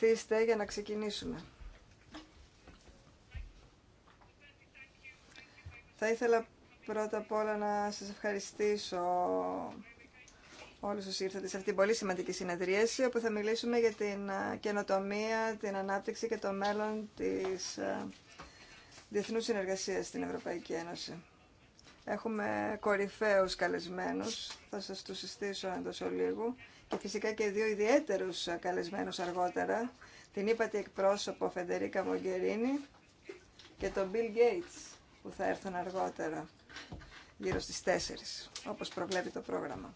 Καθίστε για να ξεκινήσουμε. Θα ήθελα πρώτα απ' όλα να σας ευχαριστήσω όλους όσοι ήρθατε σε αυτή την πολύ σημαντική συνεδρίαση όπου θα μιλήσουμε για την ε, καινοτομία, την ανάπτυξη και το μέλλον της ε, διεθνούς συνεργασίας στην Ευρωπαϊκή Ένωση. Έχουμε κορυφαίους καλεσμένους, θα σας τους συστήσω εντός ολίγου και φυσικά και δύο ιδιαίτερους καλεσμένους αργότερα, την είπατε εκπρόσωπο Φεντερίκα Μογκερίνη και τον Bill Gates που θα έρθουν αργότερα, γύρω στις 4, όπως προβλέπει το πρόγραμμα.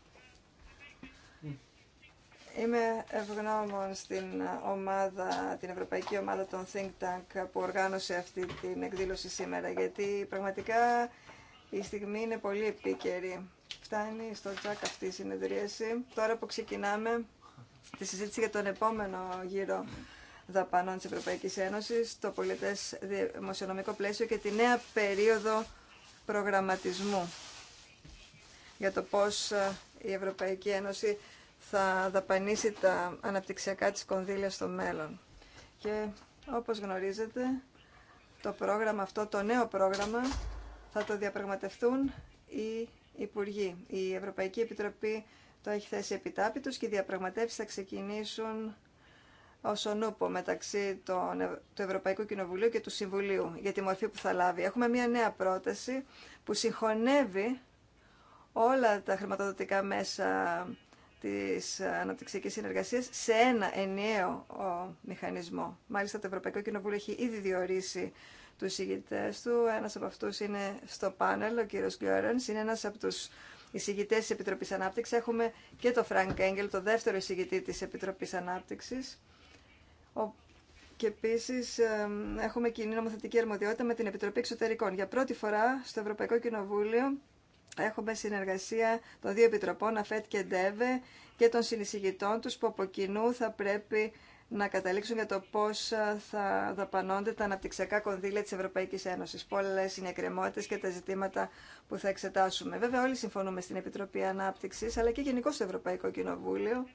Είμαι ευγνώμων στην ομάδα, την Ευρωπαϊκή Ομάδα των Think Tank που οργάνωσε αυτή την εκδήλωση σήμερα, γιατί πραγματικά η στιγμή είναι πολύ επίκαιρη. Φτάνει στο τζακ αυτή η συνεδρίαση. Τώρα που ξεκινάμε τη συζήτηση για τον επόμενο γύρο δαπανών της Ευρωπαϊκής Ένωσης, το πολιτές δημοσιονομικό πλαίσιο και τη νέα περίοδο προγραμματισμού για το πώς ε, η Ευρωπαϊκή Ένωση θα δαπανίσει τα αναπτυξιακά της κονδύλια στο μέλλον. Και όπως γνωρίζετε, το πρόγραμμα αυτό, το νέο πρόγραμμα, θα το διαπραγματευτούν οι Υπουργοί. Η Ευρωπαϊκή Επιτροπή το έχει θέσει επιτάπητος και οι διαπραγματεύσεις θα ξεκινήσουν ως νούπο μεταξύ του Ευρωπαϊκού Κοινοβουλίου και του Συμβουλίου για τη μορφή που θα λάβει. Έχουμε μια νέα πρόταση που συγχωνεύει όλα τα χρηματοδοτικά μέσα της αναπτυξιακής συνεργασίας σε ένα ενιαίο μηχανισμό. Μάλιστα το Ευρωπαϊκό Κοινοβούλιο έχει ήδη διορίσει του εισηγητέ του. Ένα από αυτού είναι στο πάνελ, ο κύριο Γκιόρεν. είναι ένα από του εισηγητέ τη Επιτροπή Ανάπτυξη. Έχουμε και τον Φρανκ Έγκελ, το δεύτερο εισηγητή τη Επιτροπή Ανάπτυξη. Και επίση έχουμε κοινή νομοθετική αρμοδιότητα με την Επιτροπή Εξωτερικών. Για πρώτη φορά στο Ευρωπαϊκό Κοινοβούλιο έχουμε συνεργασία των δύο επιτροπών, ΑΦΕΤ και ΝΤΕΒΕ, και των συνεισηγητών του που από κοινού θα πρέπει να καταλήξουν για το πώ ε, θα δαπανώνται τα αναπτυξιακά κονδύλια τη Ευρωπαϊκή Ένωση, πολλέ είναι οι και τα ζητήματα που θα εξετάσουμε. Βέβαια όλοι συμφωνούμε στην Επιτροπή ανάπτυξη, αλλά και γενικώ στο Ευρωπαϊκό Κοινοβούλιο,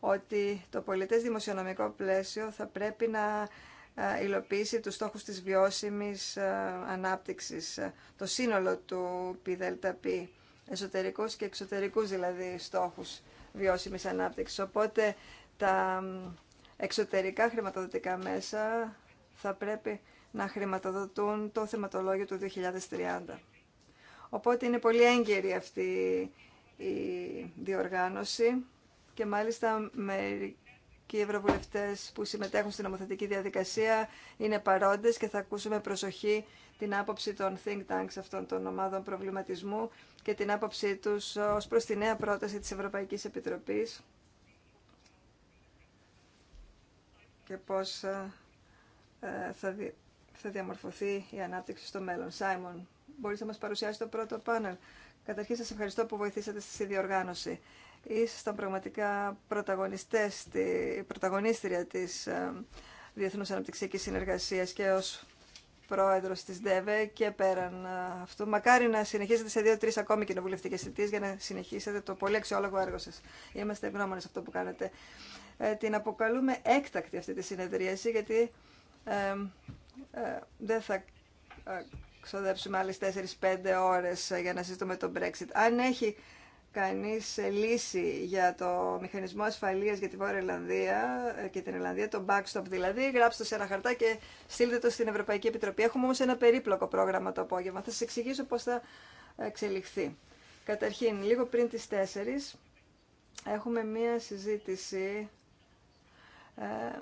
ότι το πολιτέ δημοσιονομικό πλαίσιο θα πρέπει να ε, υλοποιήσει του στόχους της βιώσιμης ε, ανάπτυξης, το σύνολο του ΠΔΠ, εσωτερικούς και εξωτερικούς δηλαδή στόχους βιώσιμης ανάπτυξης. Οπότε τα εξωτερικά χρηματοδοτικά μέσα θα πρέπει να χρηματοδοτούν το θεματολόγιο του 2030. Οπότε είναι πολύ έγκαιρη αυτή η διοργάνωση και μάλιστα μερικοί ευρωβουλευτές που συμμετέχουν στην νομοθετική διαδικασία είναι παρόντες και θα ακούσουμε προσοχή την άποψη των think tanks αυτών των ομάδων προβληματισμού και την άποψή τους ως προς τη νέα πρόταση της Ευρωπαϊκής Επιτροπής και πώς ε, ε, θα, δι... θα διαμορφωθεί η ανάπτυξη στο μέλλον. Σάιμον, μπορείς να μας παρουσιάσει το πρώτο πάνελ. Καταρχήν σας ευχαριστώ που βοηθήσατε στη διοργάνωση. Ήσασταν πραγματικά πρωταγωνιστές, τη, πρωταγωνίστρια της ε, Διεθνούς Αναπτυξιακής Συνεργασίας και ως πρόεδρος της ΔΕΒΕ και πέραν ε, αυτού. Μακάρι να συνεχίσετε σε δύο-τρει ακόμη κοινοβουλευτικές θητείες για να συνεχίσετε το πολύ αξιόλογο έργο σας. Είμαστε ευγνώμονες αυτό που κάνετε. Ε, την αποκαλούμε έκτακτη αυτή τη συνεδρίαση, γιατί ε, ε δεν θα ε, ξοδέψουμε άλλες 4-5 ώρες για να συζητούμε το Brexit. Αν έχει κανείς λύση για το μηχανισμό ασφαλείας για τη Βόρεια Ιρλανδία και την Ιρλανδία, το backstop δηλαδή, γράψτε το σε ένα χαρτά και στείλτε το στην Ευρωπαϊκή Επιτροπή. Έχουμε όμως ένα περίπλοκο πρόγραμμα το απόγευμα. Θα σας εξηγήσω πώς θα εξελιχθεί. Καταρχήν, λίγο πριν τις 4, έχουμε μία συζήτηση ε,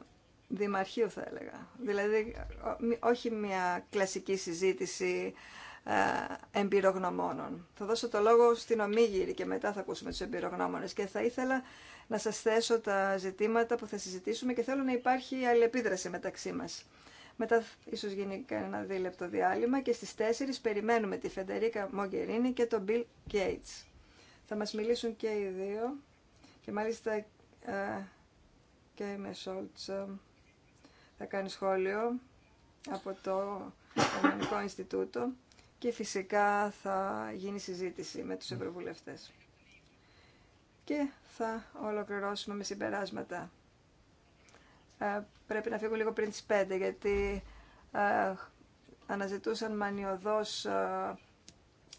δημαρχείο θα έλεγα. Δηλαδή όχι μια κλασική συζήτηση ε, εμπειρογνωμόνων. Θα δώσω το λόγο στην Ομίγυρη και μετά θα ακούσουμε τους εμπειρογνώμονες και θα ήθελα να σας θέσω τα ζητήματα που θα συζητήσουμε και θέλω να υπάρχει αλληλεπίδραση μεταξύ μας. Μετά ίσως γίνει κανένα δίλεπτο διάλειμμα και στις 4 περιμένουμε τη Φεντερίκα Μογκερίνη και τον Bill Gates. Θα μας μιλήσουν και οι δύο και μάλιστα ε, και με Σόλτς. Ε, θα κάνει σχόλιο από το Ομονικό Ινστιτούτο και φυσικά θα γίνει συζήτηση με τους ναι. ευρωβουλευτές. Και θα ολοκληρώσουμε με συμπεράσματα. Ε, πρέπει να φύγω λίγο πριν τις 5 γιατί ε, αναζητούσαν μανιωδώς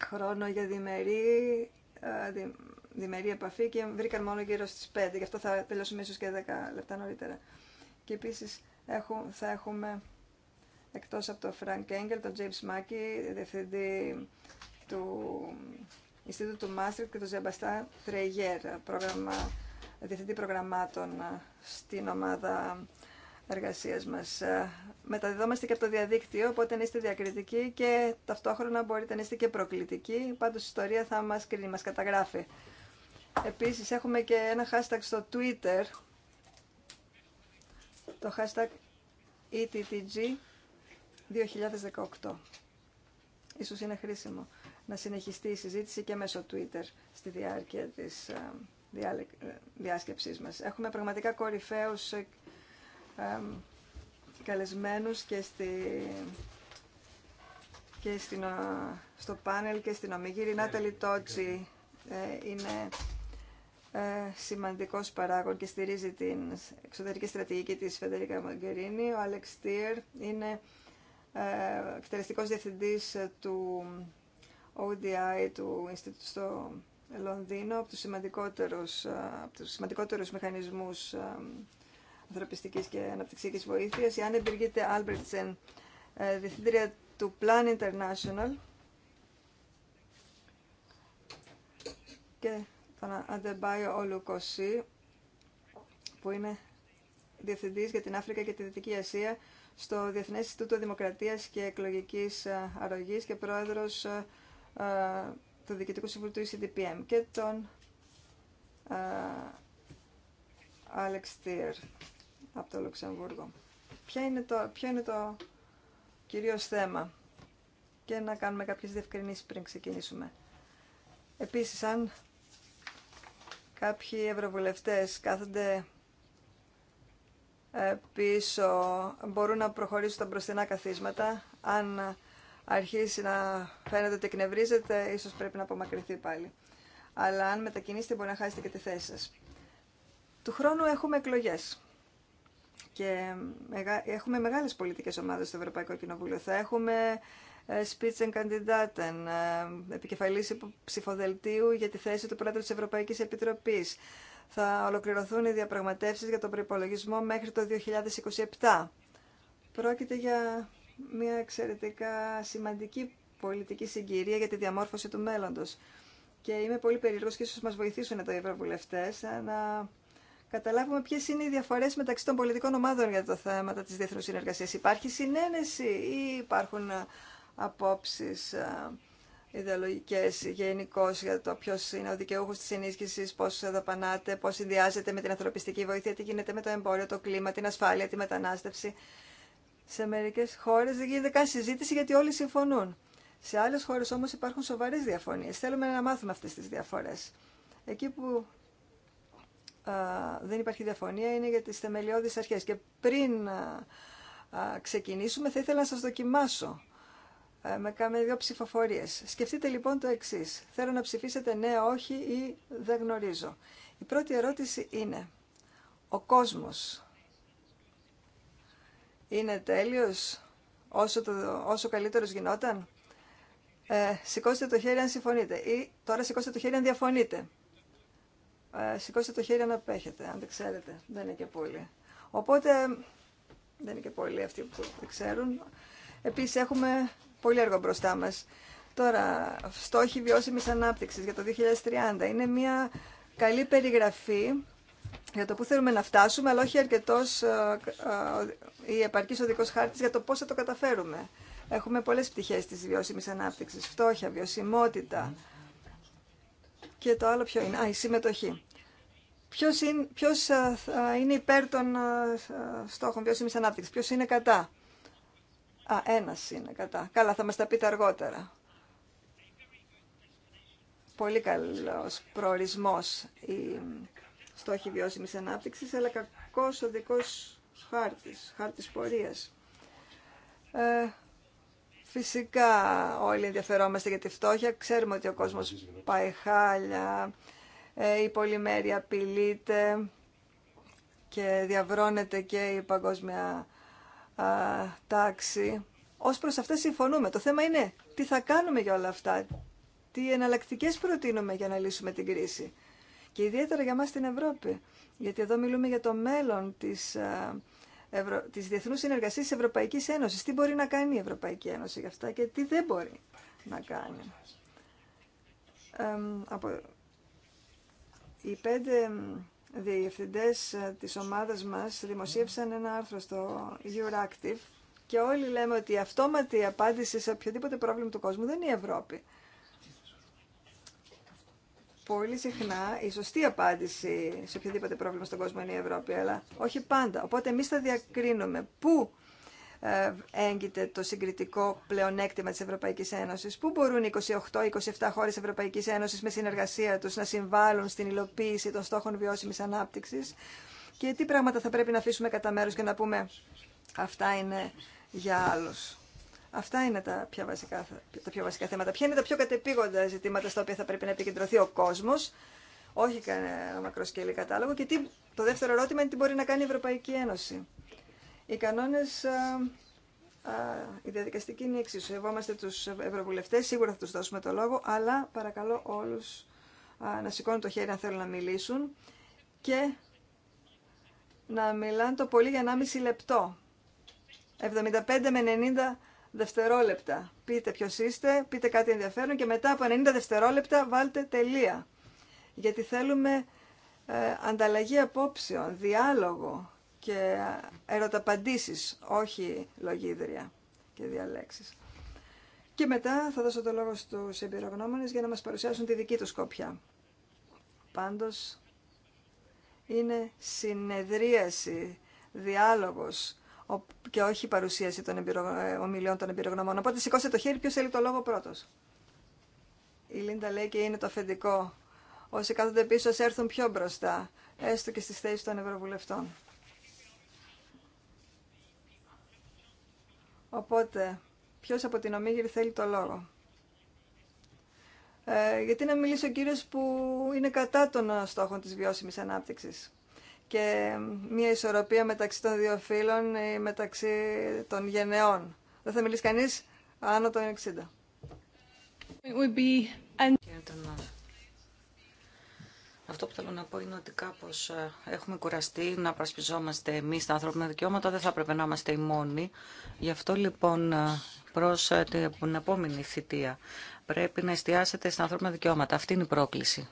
χρόνο για διμερή, διμερή επαφή και βρήκαν μόνο γύρω στι 5. Γι' αυτό θα τελειώσουμε ίσω και 10 λεπτά νωρίτερα. Και επίση θα έχουμε εκτό από τον Φρανκ Έγκελ, τον James Μάκη, διευθυντή του Ινστιτούτου του Μάστρικ και τον Ζεμπαστά Τρεγέρ, πρόγραμμα, διευθυντή προγραμμάτων στην ομάδα εργασίας μας. Ε, μεταδιδόμαστε και από το διαδίκτυο, οπότε αν είστε διακριτικοί και ταυτόχρονα μπορείτε να είστε και προκλητικοί. Πάντως η ιστορία θα μας κρίνει, μας καταγράφει. Επίσης έχουμε και ένα hashtag στο Twitter, το hashtag ETTG2018. Ίσως είναι χρήσιμο να συνεχιστεί η συζήτηση και μέσω Twitter στη διάρκεια της ε, ε, διάσκεψής μας. Έχουμε πραγματικά κορυφαίους ε, καλεσμένους και, στη, και στην, στο πάνελ και στην ομιγύρη. Νάταλη Τότσι είναι ε, σημαντικός παράγων και στηρίζει την εξωτερική στρατηγική της Φεντερίκα Μαγκερίνη. Ο Άλεξ Τιερ είναι ε, εκτελεστικός διευθυντής του ODI του Ινστιτούτου στο Λονδίνο, από τους σημαντικότερους, ε, από τους σημαντικότερους μηχανισμούς ανθρωπιστικής και αναπτυξιακής βοήθειας. Η Άννε Μπυργίτε Άλμπερτσεν, διευθύντρια του Plan International τον Αντεμπάιο Ολουκοσί, που είναι διευθυντή για την Αφρικα και τη Δυτική Ασία στο Διεθνέ Ινστιτούτο Δημοκρατίας και Εκλογική ε, Αρρωγής και πρόεδρο ε, ε, του Διοικητικού Συμβουλίου του ECDPM και τον Άλεξ Τιερ από το Λουξεμβούργο. είναι το, ποιο είναι το κυρίως θέμα και να κάνουμε κάποιες διευκρινήσεις πριν ξεκινήσουμε. Επίσης, αν κάποιοι ευρωβουλευτές κάθονται ε, πίσω, μπορούν να προχωρήσουν τα μπροστινά καθίσματα. Αν αρχίσει να φαίνεται ότι εκνευρίζεται, ίσως πρέπει να απομακρυνθεί πάλι. Αλλά αν μετακινήσετε μπορεί να χάσετε και τη θέση σας. Του χρόνου έχουμε εκλογές και έχουμε μεγάλες πολιτικές ομάδες στο Ευρωπαϊκό Κοινοβούλιο. Θα έχουμε ε, Spitzenkandidaten, ε, επικεφαλής ψηφοδελτίου για τη θέση του Πρόεδρου τη Ευρωπαϊκή Επιτροπή. Θα ολοκληρωθούν οι διαπραγματεύσει για τον προπολογισμό μέχρι το 2027. Πρόκειται για μια εξαιρετικά σημαντική πολιτική συγκυρία για τη διαμόρφωση του μέλλοντο. Και είμαι πολύ περίεργο και ίσω μα βοηθήσουν εδώ οι ευρωβουλευτές ε, να καταλάβουμε ποιε είναι οι διαφορέ μεταξύ των πολιτικών ομάδων για το θέμα τη διεθνού συνεργασία. Υπάρχει συνένεση ή υπάρχουν απόψεις ε, ιδεολογικές γενικώ για το ποιο είναι ο δικαιούχο τη ενίσχυση, πώ δαπανάτε, πώ συνδυάζεται με την ανθρωπιστική βοήθεια, τι γίνεται με το εμπόριο, το κλίμα, την ασφάλεια, τη μετανάστευση. Σε μερικέ χώρε δεν γίνεται καν συζήτηση γιατί όλοι συμφωνούν. Σε άλλε χώρε όμω υπάρχουν σοβαρέ διαφωνίε. Θέλουμε να μάθουμε αυτέ τι διαφορέ. Εκεί που α, ε, δεν υπάρχει διαφωνία είναι για τι θεμελιώδει αρχέ. Και πριν α, ε, ξεκινήσουμε, θα ήθελα να σα δοκιμάσω ε, με κάνουμε δύο ψηφοφορίες. Σκεφτείτε λοιπόν το εξή. Θέλω να ψηφίσετε ναι, όχι ή δεν γνωρίζω. Η πρώτη ερώτηση είναι, ο κόσμος είναι τέλειος όσο, το, όσο καλύτερος γινόταν. Ε, σηκώστε το χέρι αν συμφωνείτε ή τώρα σηκώστε το χέρι αν διαφωνείτε. Ε, σηκώστε το χέρι αν απέχετε, αν δεν ξέρετε. Δεν είναι και πολύ. Οπότε δεν είναι και πολύ αυτοί που δεν ξέρουν. Επίσης έχουμε πολύ έργο μπροστά μας. Τώρα, στόχοι βιώσιμης ανάπτυξη για το 2030 είναι μια καλή περιγραφή για το πού θέλουμε να φτάσουμε, αλλά όχι αρκετός ή ε, ε, επαρκής οδικό χάρτη για το πώ θα το καταφέρουμε. Έχουμε πολλές πτυχέ τη βιώσιμη ανάπτυξη. φτώχεια, βιωσιμότητα και το άλλο ποιο είναι, α, η συμμετοχή. Ποιο είναι, ε, είναι υπέρ των στόχων βιώσιμη ανάπτυξη, Ποιο είναι κατά. Α, ένας είναι κατά. Καλά, θα μας τα πείτε αργότερα. Πολύ καλός προορισμός η στόχη βιώσιμης ανάπτυξης, αλλά κακός δικός χάρτης, χάρτης πορείας. Ε, φυσικά όλοι ενδιαφερόμαστε για τη φτώχεια. Ξέρουμε ότι ο κόσμος πάει χάλια, ε, η πολυμέρεια απειλείται και διαβρώνεται και η παγκόσμια τάξη. Ω προ αυτά συμφωνούμε. Το θέμα είναι τι θα κάνουμε για όλα αυτά. Τι εναλλακτικέ προτείνουμε για να λύσουμε την κρίση. Και ιδιαίτερα για μας στην Ευρώπη. Γιατί εδώ μιλούμε για το μέλλον της, Ευρω... της Διεθνούς Συνεργασίας Ευρωπαϊκής Ένωσης. Τι μπορεί να κάνει η Ευρωπαϊκή Ένωση για αυτά και τι δεν μπορεί να κάνει. Οι πέντε διευθυντές ε, της ομάδας μας δημοσίευσαν ένα άρθρο στο Euractiv και όλοι λέμε ότι η αυτόματη απάντηση σε οποιοδήποτε πρόβλημα του κόσμου δεν είναι η Ευρώπη. Πολύ συχνά η σωστή απάντηση σε οποιοδήποτε πρόβλημα στον κόσμο είναι η Ευρώπη, αλλά όχι πάντα. Οπότε εμείς θα διακρίνουμε πού ε, έγκυται το συγκριτικό πλεονέκτημα της Ευρωπαϊκής Ένωσης. Πού μπορούν 28-27 χώρες Ευρωπαϊκής Ένωσης με συνεργασία τους να συμβάλλουν στην υλοποίηση των στόχων βιώσιμης ανάπτυξης και τι πράγματα θα πρέπει να αφήσουμε κατά μέρο και να πούμε αυτά είναι για άλλους. Αυτά είναι τα πιο, βασικά, τα πιο βασικά θέματα. Ποια είναι τα πιο κατεπήγοντα ζητήματα στα οποία θα πρέπει να επικεντρωθεί ο κόσμο, όχι κανένα μακροσκελή κατάλογο. Και τι, το δεύτερο ερώτημα είναι τι μπορεί να κάνει η Ευρωπαϊκή Ένωση. Οι κανόνες, ε, ε, η διαδικαστική είναι εξή. Σεβόμαστε τους ευρωβουλευτέ, σίγουρα θα του δώσουμε το λόγο, αλλά παρακαλώ όλους ε, να σηκώνουν το χέρι αν θέλουν να μιλήσουν και να μιλάνε το πολύ για 1,5 λεπτό. 75 με 90 δευτερόλεπτα. Πείτε ποιο είστε, πείτε κάτι ενδιαφέρον και μετά από 90 δευτερόλεπτα βάλτε τελεία. Γιατί θέλουμε ανταλλαγή απόψεων, διάλογο και ερωταπαντήσεις, όχι λογίδρια και διαλέξεις. Και μετά θα δώσω το λόγο στους εμπειρογνώμονες για να μας παρουσιάσουν τη δική τους κόπια. Πάντως, είναι συνεδρίαση, διάλογος και όχι παρουσίαση των ομιλιών των εμπειρογνωμών. Οπότε σηκώστε το χέρι ποιος θέλει το λόγο πρώτος. Η Λίντα λέει και είναι το αφεντικό. Όσοι κάθονται πίσω έρθουν πιο μπροστά, έστω και στις θέσεις των Ευρωβουλευτών. Οπότε, ποιος από την Ομίγυρη θέλει το λόγο. Ε, γιατί να μιλήσει ο κύριος που είναι κατά των στόχων της βιώσιμης ανάπτυξης και μια ισορροπία μεταξύ των δύο φύλων ή μεταξύ των γενεών. Δεν θα μιλήσει κανείς άνω των 60. Αυτό που θέλω να πω είναι ότι κάπως ε, έχουμε κουραστεί να πρασπιζόμαστε εμείς τα ανθρώπινα δικαιώματα, δεν θα έπρεπε να είμαστε οι μόνοι. Γι' αυτό λοιπόν ε, προ ε, την επόμενη θητεία πρέπει να εστιάσετε στα ανθρώπινα δικαιώματα. Αυτή είναι η πρόκληση.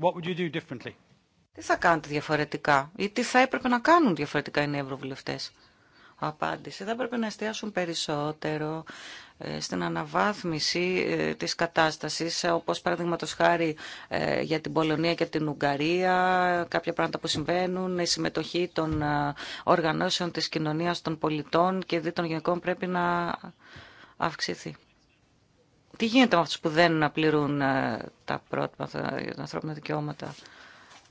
What would you do differently? Τι θα κάνετε διαφορετικά ή τι θα έπρεπε να κάνουν διαφορετικά οι ευρωβουλευτές απάντηση. Θα πρέπει να εστιάσουν περισσότερο ε, στην αναβάθμιση ε, της κατάστασης, ε, όπως παραδείγματο χάρη για την Πολωνία και την Ουγγαρία, κάποια πράγματα που συμβαίνουν, η συμμετοχή των οργανώσεων της κοινωνίας των πολιτών και δι των γενικών πρέπει να αυξηθεί. Τι γίνεται με αυτούς που δεν πληρούν τα πρότυπα για τα ανθρώπινα δικαιώματα,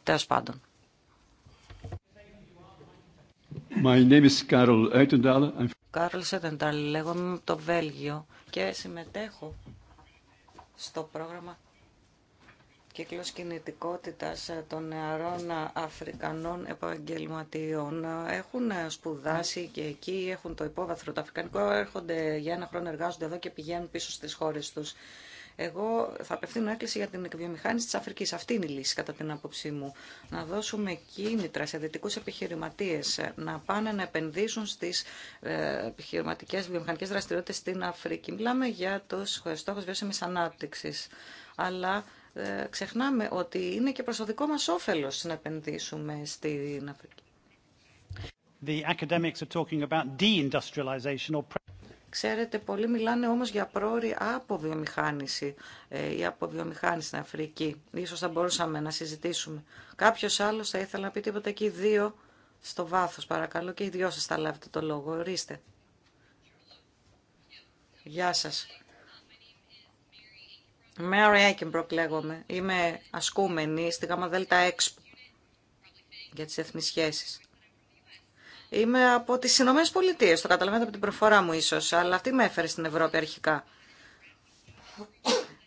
τέλος πάντων. My name is Κάρολ Uitendale, λέγομαι από το Βέλγιο και συμμετέχω στο πρόγραμμα κύκλος κινητικότητας των νεαρών Αφρικανών επαγγελματιών. Έχουν σπουδάσει και εκεί έχουν το υπόβαθρο το αφρικανικό, έρχονται για ένα χρόνο εργάζονται εδώ και πηγαίνουν πίσω στις χώρες τους. Εγώ θα απευθύνω έκκληση για την εκβιομηχάνηση τη Αφρική. Αυτή είναι η λύση, κατά την άποψή μου. Να δώσουμε κίνητρα σε δυτικού επιχειρηματίε να πάνε να επενδύσουν στι ε, επιχειρηματικέ βιομηχανικέ δραστηριότητε στην Αφρική. Μιλάμε για του στόχου βιώσιμη ανάπτυξη. Αλλά ε, ξεχνάμε ότι είναι και προ το δικό μα όφελο να επενδύσουμε στην Αφρική. The academics are talking about deindustrialization or Ξέρετε, πολλοί μιλάνε όμως για πρόορη αποβιομηχάνηση ή ε, αποβιομηχάνηση στην Αφρική. Ίσως θα μπορούσαμε να συζητήσουμε. Κάποιος άλλος θα ήθελα να πει τίποτα εκεί δύο στο βάθος παρακαλώ και οι δυο σας θα λάβετε το λόγο. Ορίστε. Γεια σας. Mary Aikenbrook λέγομαι. Είμαι ασκούμενη στη ΔΕΛΤΑ ΕΞΠΟ για τις εθνείς σχέσεις. Είμαι από τις Ηνωμένε Πολιτείε, το καταλαβαίνετε από την προφορά μου ίσως, αλλά αυτή με έφερε στην Ευρώπη αρχικά.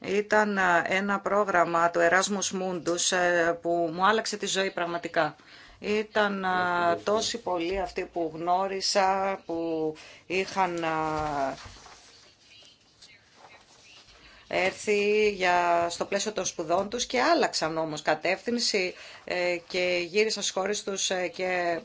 Ήταν ε, ένα πρόγραμμα του Erasmus Mundus ε, που μου άλλαξε τη ζωή πραγματικά. Ήταν ε, τόσοι πολλοί αυτοί που γνώρισα, που είχαν έρθει για, στο πλαίσιο των σπουδών τους και άλλαξαν όμως κατεύθυνση και γύρισαν στις χώρες τους και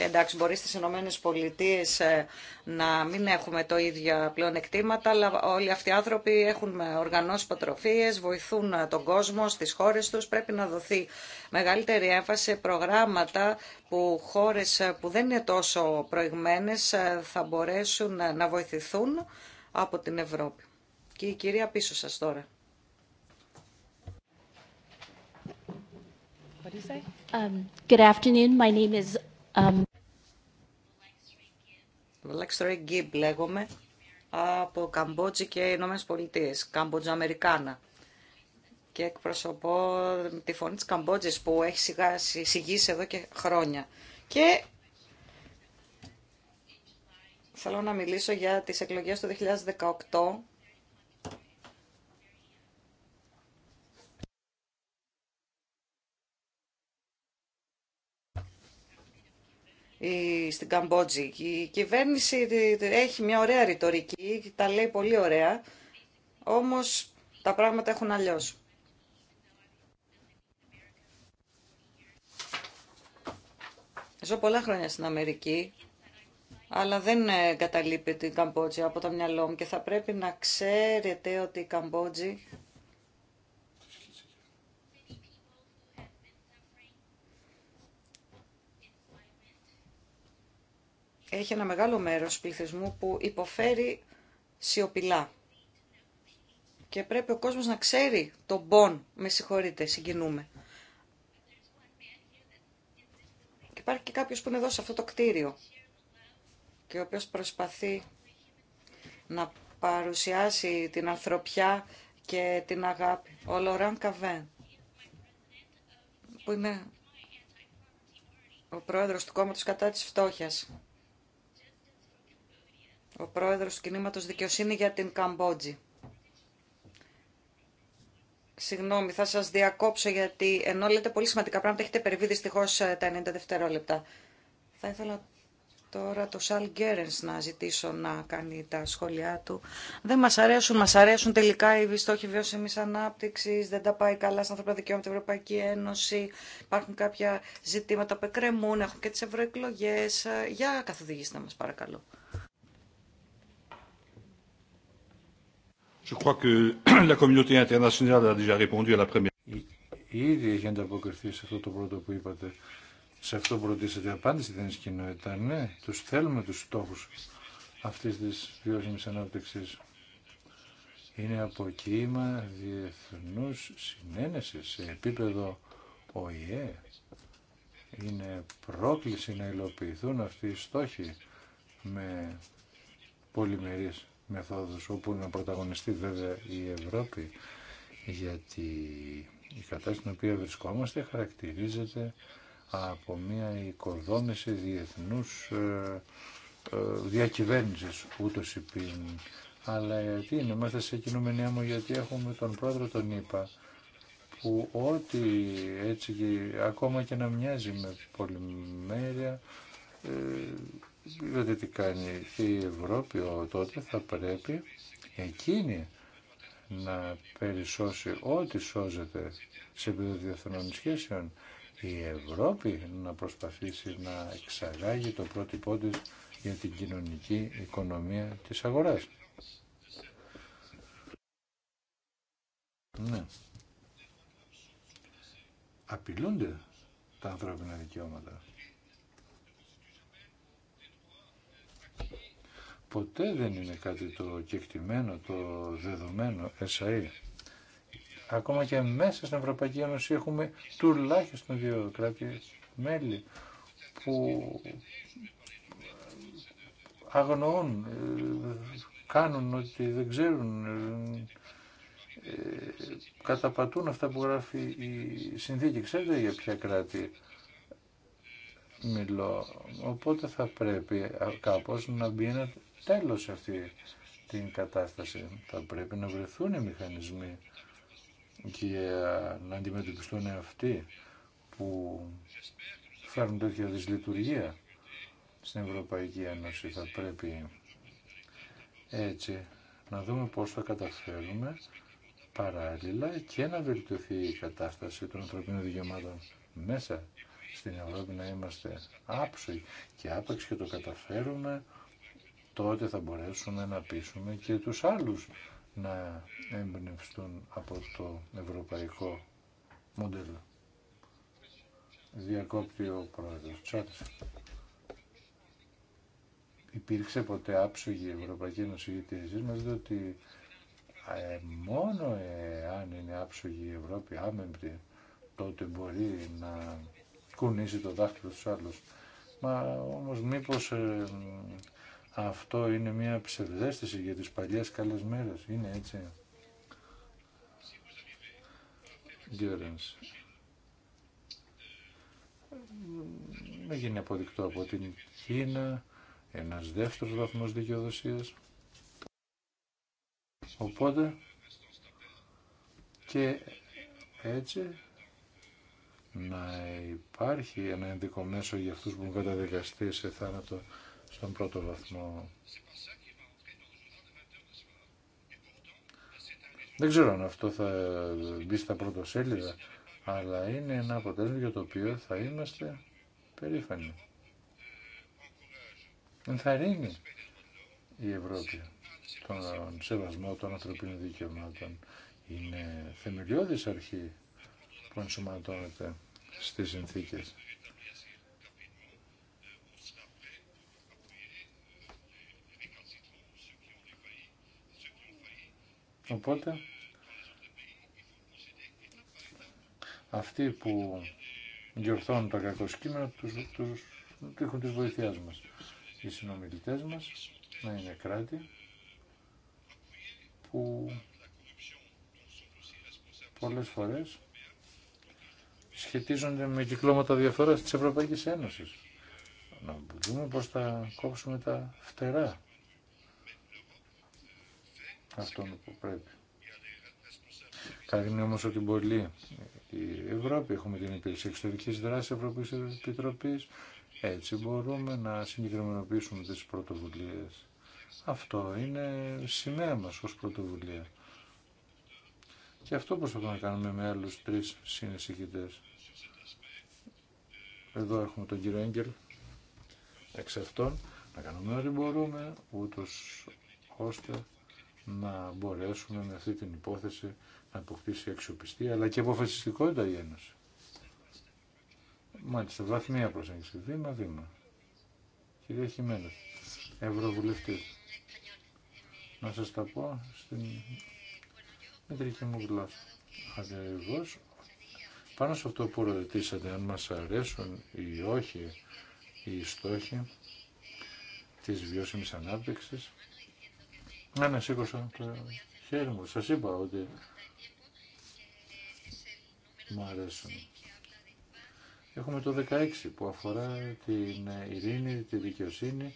Εντάξει, μπορεί στι Ηνωμένε Πολιτείε ε, να μην έχουμε το ίδια πλεονεκτήματα, αλλά όλοι αυτοί οι άνθρωποι έχουν οργανώσει υποτροφίε, βοηθούν ε, τον κόσμο στις χώρες τους. Πρέπει να δοθεί μεγαλύτερη έμφαση σε προγράμματα που χώρες ε, που δεν είναι τόσο προηγμένες θα μπορέσουν να βοηθηθούν από την Ευρώπη. Και η κυρία πίσω σας τώρα. Um, good afternoon. My um, Λέξ Γκίμπ λέγομαι από Καμπότζη και Ηνωμένες Πολιτείες, Καμποτζοαμερικάνα. Και εκπροσωπώ τη φωνή της Καμπότζης που έχει συγγύσει εδώ και χρόνια. Και θέλω να μιλήσω για τις εκλογές του 2018 στην Καμπότζη. Η κυβέρνηση έχει μια ωραία ρητορική, τα λέει πολύ ωραία, όμως τα πράγματα έχουν αλλιώς. Ζω πολλά χρόνια στην Αμερική, αλλά δεν καταλείπει την Καμπότζη από τα μυαλό μου και θα πρέπει να ξέρετε ότι η Καμπότζη έχει ένα μεγάλο μέρος πληθυσμού που υποφέρει σιωπηλά. Και πρέπει ο κόσμος να ξέρει τον πόν, με συγχωρείτε, συγκινούμε. Και υπάρχει και κάποιος που είναι εδώ σε αυτό το κτίριο και ο οποίος προσπαθεί να παρουσιάσει την ανθρωπιά και την αγάπη. Ο Λοράν Καβέν, που είναι ο πρόεδρος του κόμματος κατά της φτώχειας ο πρόεδρος του κινήματος Δικαιοσύνη για την Καμπότζη. Συγγνώμη, θα σας διακόψω γιατί ενώ λέτε πολύ σημαντικά πράγματα έχετε περιβεί δυστυχώ ε, τα 90 δευτερόλεπτα. Θα ήθελα τώρα το Σαλ Γκέρενς να ζητήσω να κάνει τα σχόλιά του. Δεν μας αρέσουν, μας αρέσουν τελικά οι στόχοι βιώσιμης ανάπτυξης, δεν τα πάει καλά στα ανθρώπινα δικαιώματα, στην Ευρωπαϊκή Ένωση, υπάρχουν κάποια ζητήματα που εκκρεμούν, έχουν και τις ευρωεκλογές. Ε, για καθοδηγήστε μας παρακαλώ. Je crois que la communauté internationale a déjà répondu à la première. Ήδη έχει ανταποκριθεί σε αυτό το πρώτο που είπατε. Σε αυτό που ρωτήσατε, απάντηση δεν κοινότητα. Ναι, του θέλουμε του στόχου αυτή τη βιώσιμη ανάπτυξη. Είναι από κύμα διεθνού συνένεση σε επίπεδο ΟΗΕ. Είναι πρόκληση να υλοποιηθούν αυτοί οι στόχοι με πολυμερείς μεθόδους όπου να πρωταγωνιστεί βέβαια η Ευρώπη γιατί η κατάσταση στην οποία βρισκόμαστε χαρακτηρίζεται από μια οικοδόμηση διεθνούς ε, ε, διακυβέρνησης ούτως Αλλά γιατί είναι, είμαστε σε κοινωνία μου γιατί έχουμε τον πρόεδρο τον Ήπα που ό,τι έτσι ακόμα και να μοιάζει με πολυμέρεια ε, διότι τι κάνει η Ευρώπη τότε θα πρέπει εκείνη να περισσώσει ό,τι σώζεται σε επίπεδο διεθνών σχέσεων η Ευρώπη να προσπαθήσει να εξαγάγει το πρότυπό της για την κοινωνική οικονομία της αγοράς. Ναι. Απειλούνται τα ανθρώπινα δικαιώματα. ποτέ δεν είναι κάτι το κεκτημένο, το δεδομένο Εσαί. Ακόμα και μέσα στην Ευρωπαϊκή Ένωση έχουμε τουλάχιστον δύο κράτη μέλη που αγνοούν, κάνουν ότι δεν ξέρουν, καταπατούν αυτά που γράφει η συνθήκη. Ξέρετε για ποια κράτη μιλώ. Οπότε θα πρέπει κάπως να μπει ένα τέλος αυτή την κατάσταση. Θα πρέπει να βρεθούν οι μηχανισμοί και ε, να αντιμετωπιστούν αυτοί που φέρνουν τέτοια δυσλειτουργία στην Ευρωπαϊκή Ένωση. Θα πρέπει έτσι να δούμε πώς θα καταφέρουμε παράλληλα και να βελτιωθεί η κατάσταση των ανθρωπίνων δικαιωμάτων μέσα στην Ευρώπη να είμαστε άψογοι και άπαξ και το καταφέρουμε τότε θα μπορέσουμε να πείσουμε και τους άλλους να εμπνευστούν από το ευρωπαϊκό μοντέλο. Διακόπτει ο πρόεδρος Υπήρξε ποτέ άψογη η Ευρωπαϊκή Ένωση γιατί εσείς μας δείτε ότι ε, μόνο εάν είναι άψογη η Ευρώπη άμεμπτη τότε μπορεί να κουνήσει το δάχτυλο στους άλλους. Μα όμως μήπως ε, αυτό είναι μια ψευδέστηση για τις παλιές καλές μέρες. Είναι έτσι. Γκέρενς. γίνει αποδεικτό από την Κίνα, ένας δεύτερος βαθμός δικαιοδοσίας. Οπότε και έτσι να υπάρχει ένα ενδικό μέσο για αυτούς που έχουν καταδικαστεί σε θάνατο στον πρώτο βαθμό. Δεν ξέρω αν αυτό θα μπει στα πρώτα σέλιδα, αλλά είναι ένα αποτέλεσμα για το οποίο θα είμαστε περήφανοι. Ενθαρρύνει η Ευρώπη τον σεβασμό των ανθρωπίνων δικαιωμάτων. Είναι θεμελιώδης αρχή που ενσωματώνεται στις συνθήκες. Οπότε, αυτοί που γιορθώνουν τα κακό τους, τους, έχουν τις βοηθειάς μας. Οι συνομιλητές μας να είναι κράτη που πολλές φορές σχετίζονται με κυκλώματα διαφοράς της Ευρωπαϊκής Ένωσης. Να δούμε πώς θα κόψουμε τα φτερά αυτόν που πρέπει. Κάνει όμως ότι μπορεί η Ευρώπη, έχουμε την υπηρεσία εξωτερικής δράση Ευρωπαϊκή Επιτροπή έτσι μπορούμε να συγκεκριμενοποιήσουμε τι πρωτοβουλίε. Αυτό είναι σημαία μα ως πρωτοβουλία. Και αυτό προσπαθούμε να κάνουμε με άλλου τρεις συνεισηγητέ. Εδώ έχουμε τον κύριο Έγκελ, εξ αυτών, να κάνουμε ό,τι μπορούμε, ούτω ώστε να μπορέσουμε με αυτή την υπόθεση να αποκτήσει αξιοπιστία αλλά και αποφασιστικότητα η Ένωση. Μάλιστα, βαθμία προσέγγιση. Βήμα, βήμα. Κυρία Χιμένος, Ευρωβουλευτή. Να σας τα πω στην μητρική μου γλώσσα. Ακριβώς πάνω σε αυτό που ρωτήσατε, αν μας αρέσουν ή όχι οι στόχοι της βιώσιμης ανάπτυξης, ναι, ναι, σήκωσα το χέρι μου. Σας είπα ότι μου αρέσουν. Έχουμε το 16 που αφορά την ειρήνη, τη δικαιοσύνη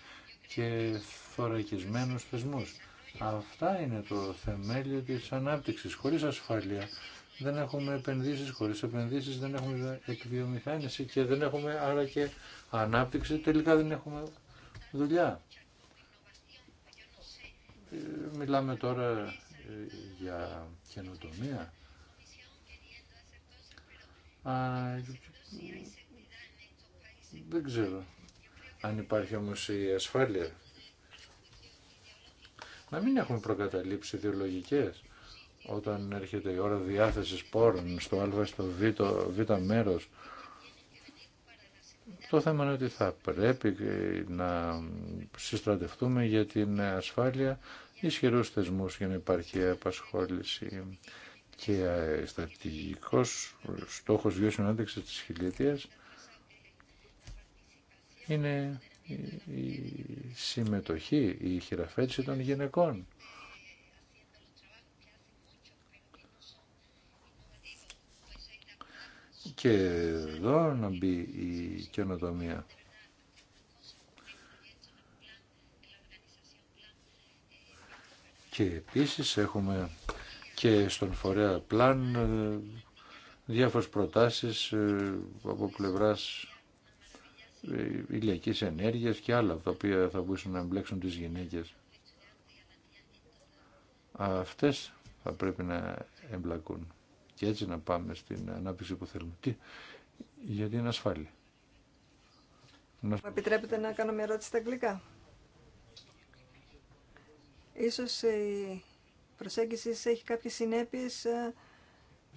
και θωρακισμένους θεσμούς. Αυτά είναι το θεμέλιο της ανάπτυξης. Χωρίς ασφάλεια δεν έχουμε επενδύσεις, χωρίς επενδύσεις δεν έχουμε εκβιομηχάνηση και δεν έχουμε άρα και ανάπτυξη, τελικά δεν έχουμε δουλειά. Μιλάμε τώρα ε, για καινοτομία. δεν ξέρω αν υπάρχει όμως η ασφάλεια. Να μην έχουμε προκαταλήψει ιδεολογικές όταν έρχεται η ώρα διάθεσης πόρων στο α, στο β, β μέρος το θέμα είναι ότι θα πρέπει να συστρατευτούμε για την ασφάλεια ισχυρούς θεσμούς για να υπάρχει απασχόληση και ε, στρατηγικός στόχος δυο ανάπτυξης της χιλιετίας είναι η συμμετοχή, η χειραφέτηση των γυναικών. και εδώ να μπει η καινοτομία. Και επίσης έχουμε και στον φορέα πλάν ε, διάφορες προτάσεις ε, από πλευράς ε, ηλιακής ενέργειας και άλλα τα οποία θα μπορούσαν να εμπλέξουν τις γυναίκες. Αυτές θα πρέπει να εμπλακούν και έτσι να πάμε στην ανάπτυξη που θέλουμε. Τι, γιατί είναι ασφάλεια. επιτρέπετε να κάνω μια ερώτηση στα αγγλικά. Ίσως η προσέγγιση έχει κάποιες συνέπειες ε,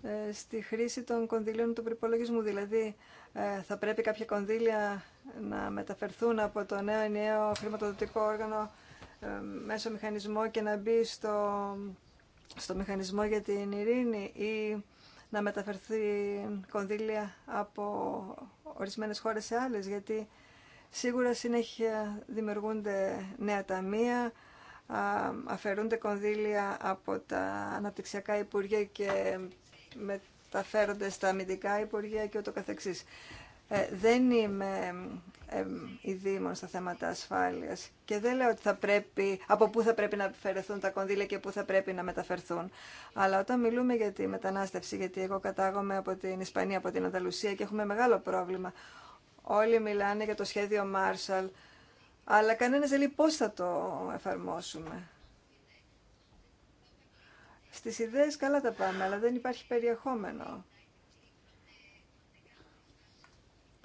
ε, στη χρήση των κονδύλιων του προπολογισμού. Δηλαδή, ε, θα πρέπει κάποια κονδύλια να μεταφερθούν από το νέο ενιαίο χρηματοδοτικό όργανο μέσω μηχανισμό και να μπει στο, στο μηχανισμό για την ειρήνη ή να μεταφερθεί κονδύλια από ορισμένες χώρες σε άλλες, γιατί σίγουρα συνέχεια δημιουργούνται νέα ταμεία, αφαιρούνται κονδύλια από τα αναπτυξιακά υπουργεία και μεταφέρονται στα αμυντικά υπουργεία και ούτω καθεξής. Ε, δεν είμαι ειδήμων στα θέματα ασφάλειας και δεν λέω ότι θα πρέπει, από πού θα πρέπει να αφαιρεθούν τα κονδύλια και πού θα πρέπει να μεταφερθούν. Αλλά όταν μιλούμε για τη μετανάστευση, γιατί εγώ κατάγομαι από την Ισπανία, από την Ανταλουσία και έχουμε μεγάλο πρόβλημα. Όλοι μιλάνε για το σχέδιο Marshall, αλλά κανένας δεν λέει πώς θα το εφαρμόσουμε. Στις ιδέες καλά τα πάμε, αλλά δεν υπάρχει περιεχόμενο.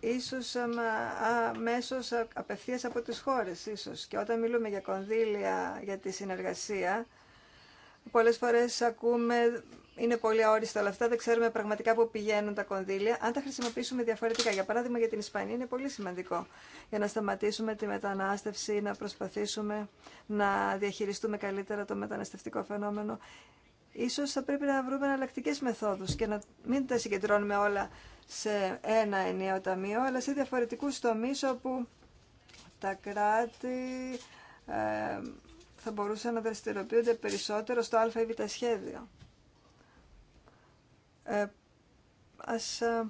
ίσως αμέσω απευθείας από τις χώρες ίσως. Και όταν μιλούμε για κονδύλια, για τη συνεργασία, πολλές φορές ακούμε είναι πολύ αόριστα όλα αυτά, δεν ξέρουμε πραγματικά πού πηγαίνουν τα κονδύλια. Αν τα χρησιμοποιήσουμε διαφορετικά, για παράδειγμα για την Ισπανία, είναι πολύ σημαντικό για να σταματήσουμε τη μετανάστευση, να προσπαθήσουμε να διαχειριστούμε καλύτερα το μεταναστευτικό φαινόμενο Ίσως θα πρέπει να βρούμε εναλλακτικέ μεθόδους και να μην τα συγκεντρώνουμε όλα σε ένα ενιαίο ταμείο, αλλά σε διαφορετικούς τομείς όπου τα κράτη ε, θα μπορούσαν να δραστηριοποιούνται περισσότερο στο α ή β σχέδιο. Ε, ας ε,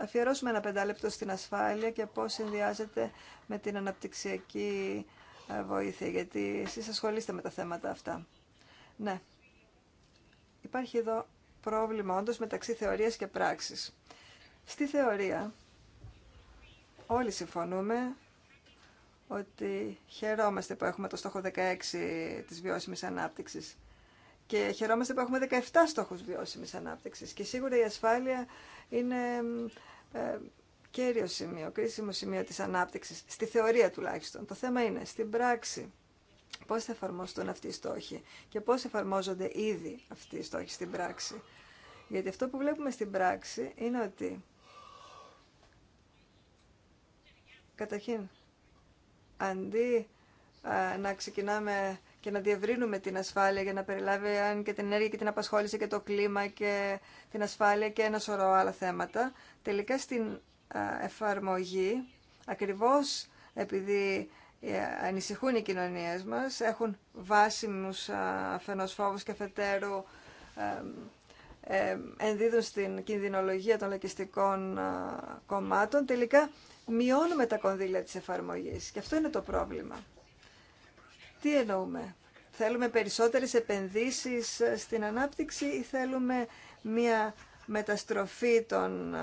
αφιερώσουμε ένα πεντάλεπτο στην ασφάλεια και πώς συνδυάζεται με την αναπτυξιακή ε, βοήθεια, γιατί εσείς ασχολείστε με τα θέματα αυτά. Ναι, Υπάρχει εδώ πρόβλημα όντως μεταξύ θεωρίας και πράξης. Στη θεωρία όλοι συμφωνούμε ότι χαιρόμαστε που έχουμε το στόχο 16 της βιώσιμης ανάπτυξης και χαιρόμαστε που έχουμε 17 στόχους βιώσιμης ανάπτυξης και σίγουρα η ασφάλεια είναι ε, κέριο σημείο, κρίσιμο σημείο της ανάπτυξης, στη θεωρία τουλάχιστον. Το θέμα είναι στην πράξη πώς θα εφαρμοστούν αυτοί οι στόχοι και πώς εφαρμόζονται ήδη αυτοί οι στόχοι στην πράξη. Γιατί αυτό που βλέπουμε στην πράξη είναι ότι καταρχήν αντί α, να ξεκινάμε και να διευρύνουμε την ασφάλεια για να περιλάβει αν και την ενέργεια και την απασχόληση και το κλίμα και την ασφάλεια και ένα σωρό άλλα θέματα, τελικά στην εφαρμογή ακριβώς επειδή ε, ανησυχούν οι κοινωνίες μας, έχουν βάσιμους αφενός φόβους και αφετέρου ενδίδουν στην κινδυνολογία των λακιστικών κομμάτων, τελικά μειώνουμε τα κονδύλια της εφαρμογής. Και αυτό είναι το πρόβλημα. Τι εννοούμε. Θέλουμε περισσότερες επενδύσεις ε, στην ανάπτυξη ή θέλουμε μια μεταστροφή των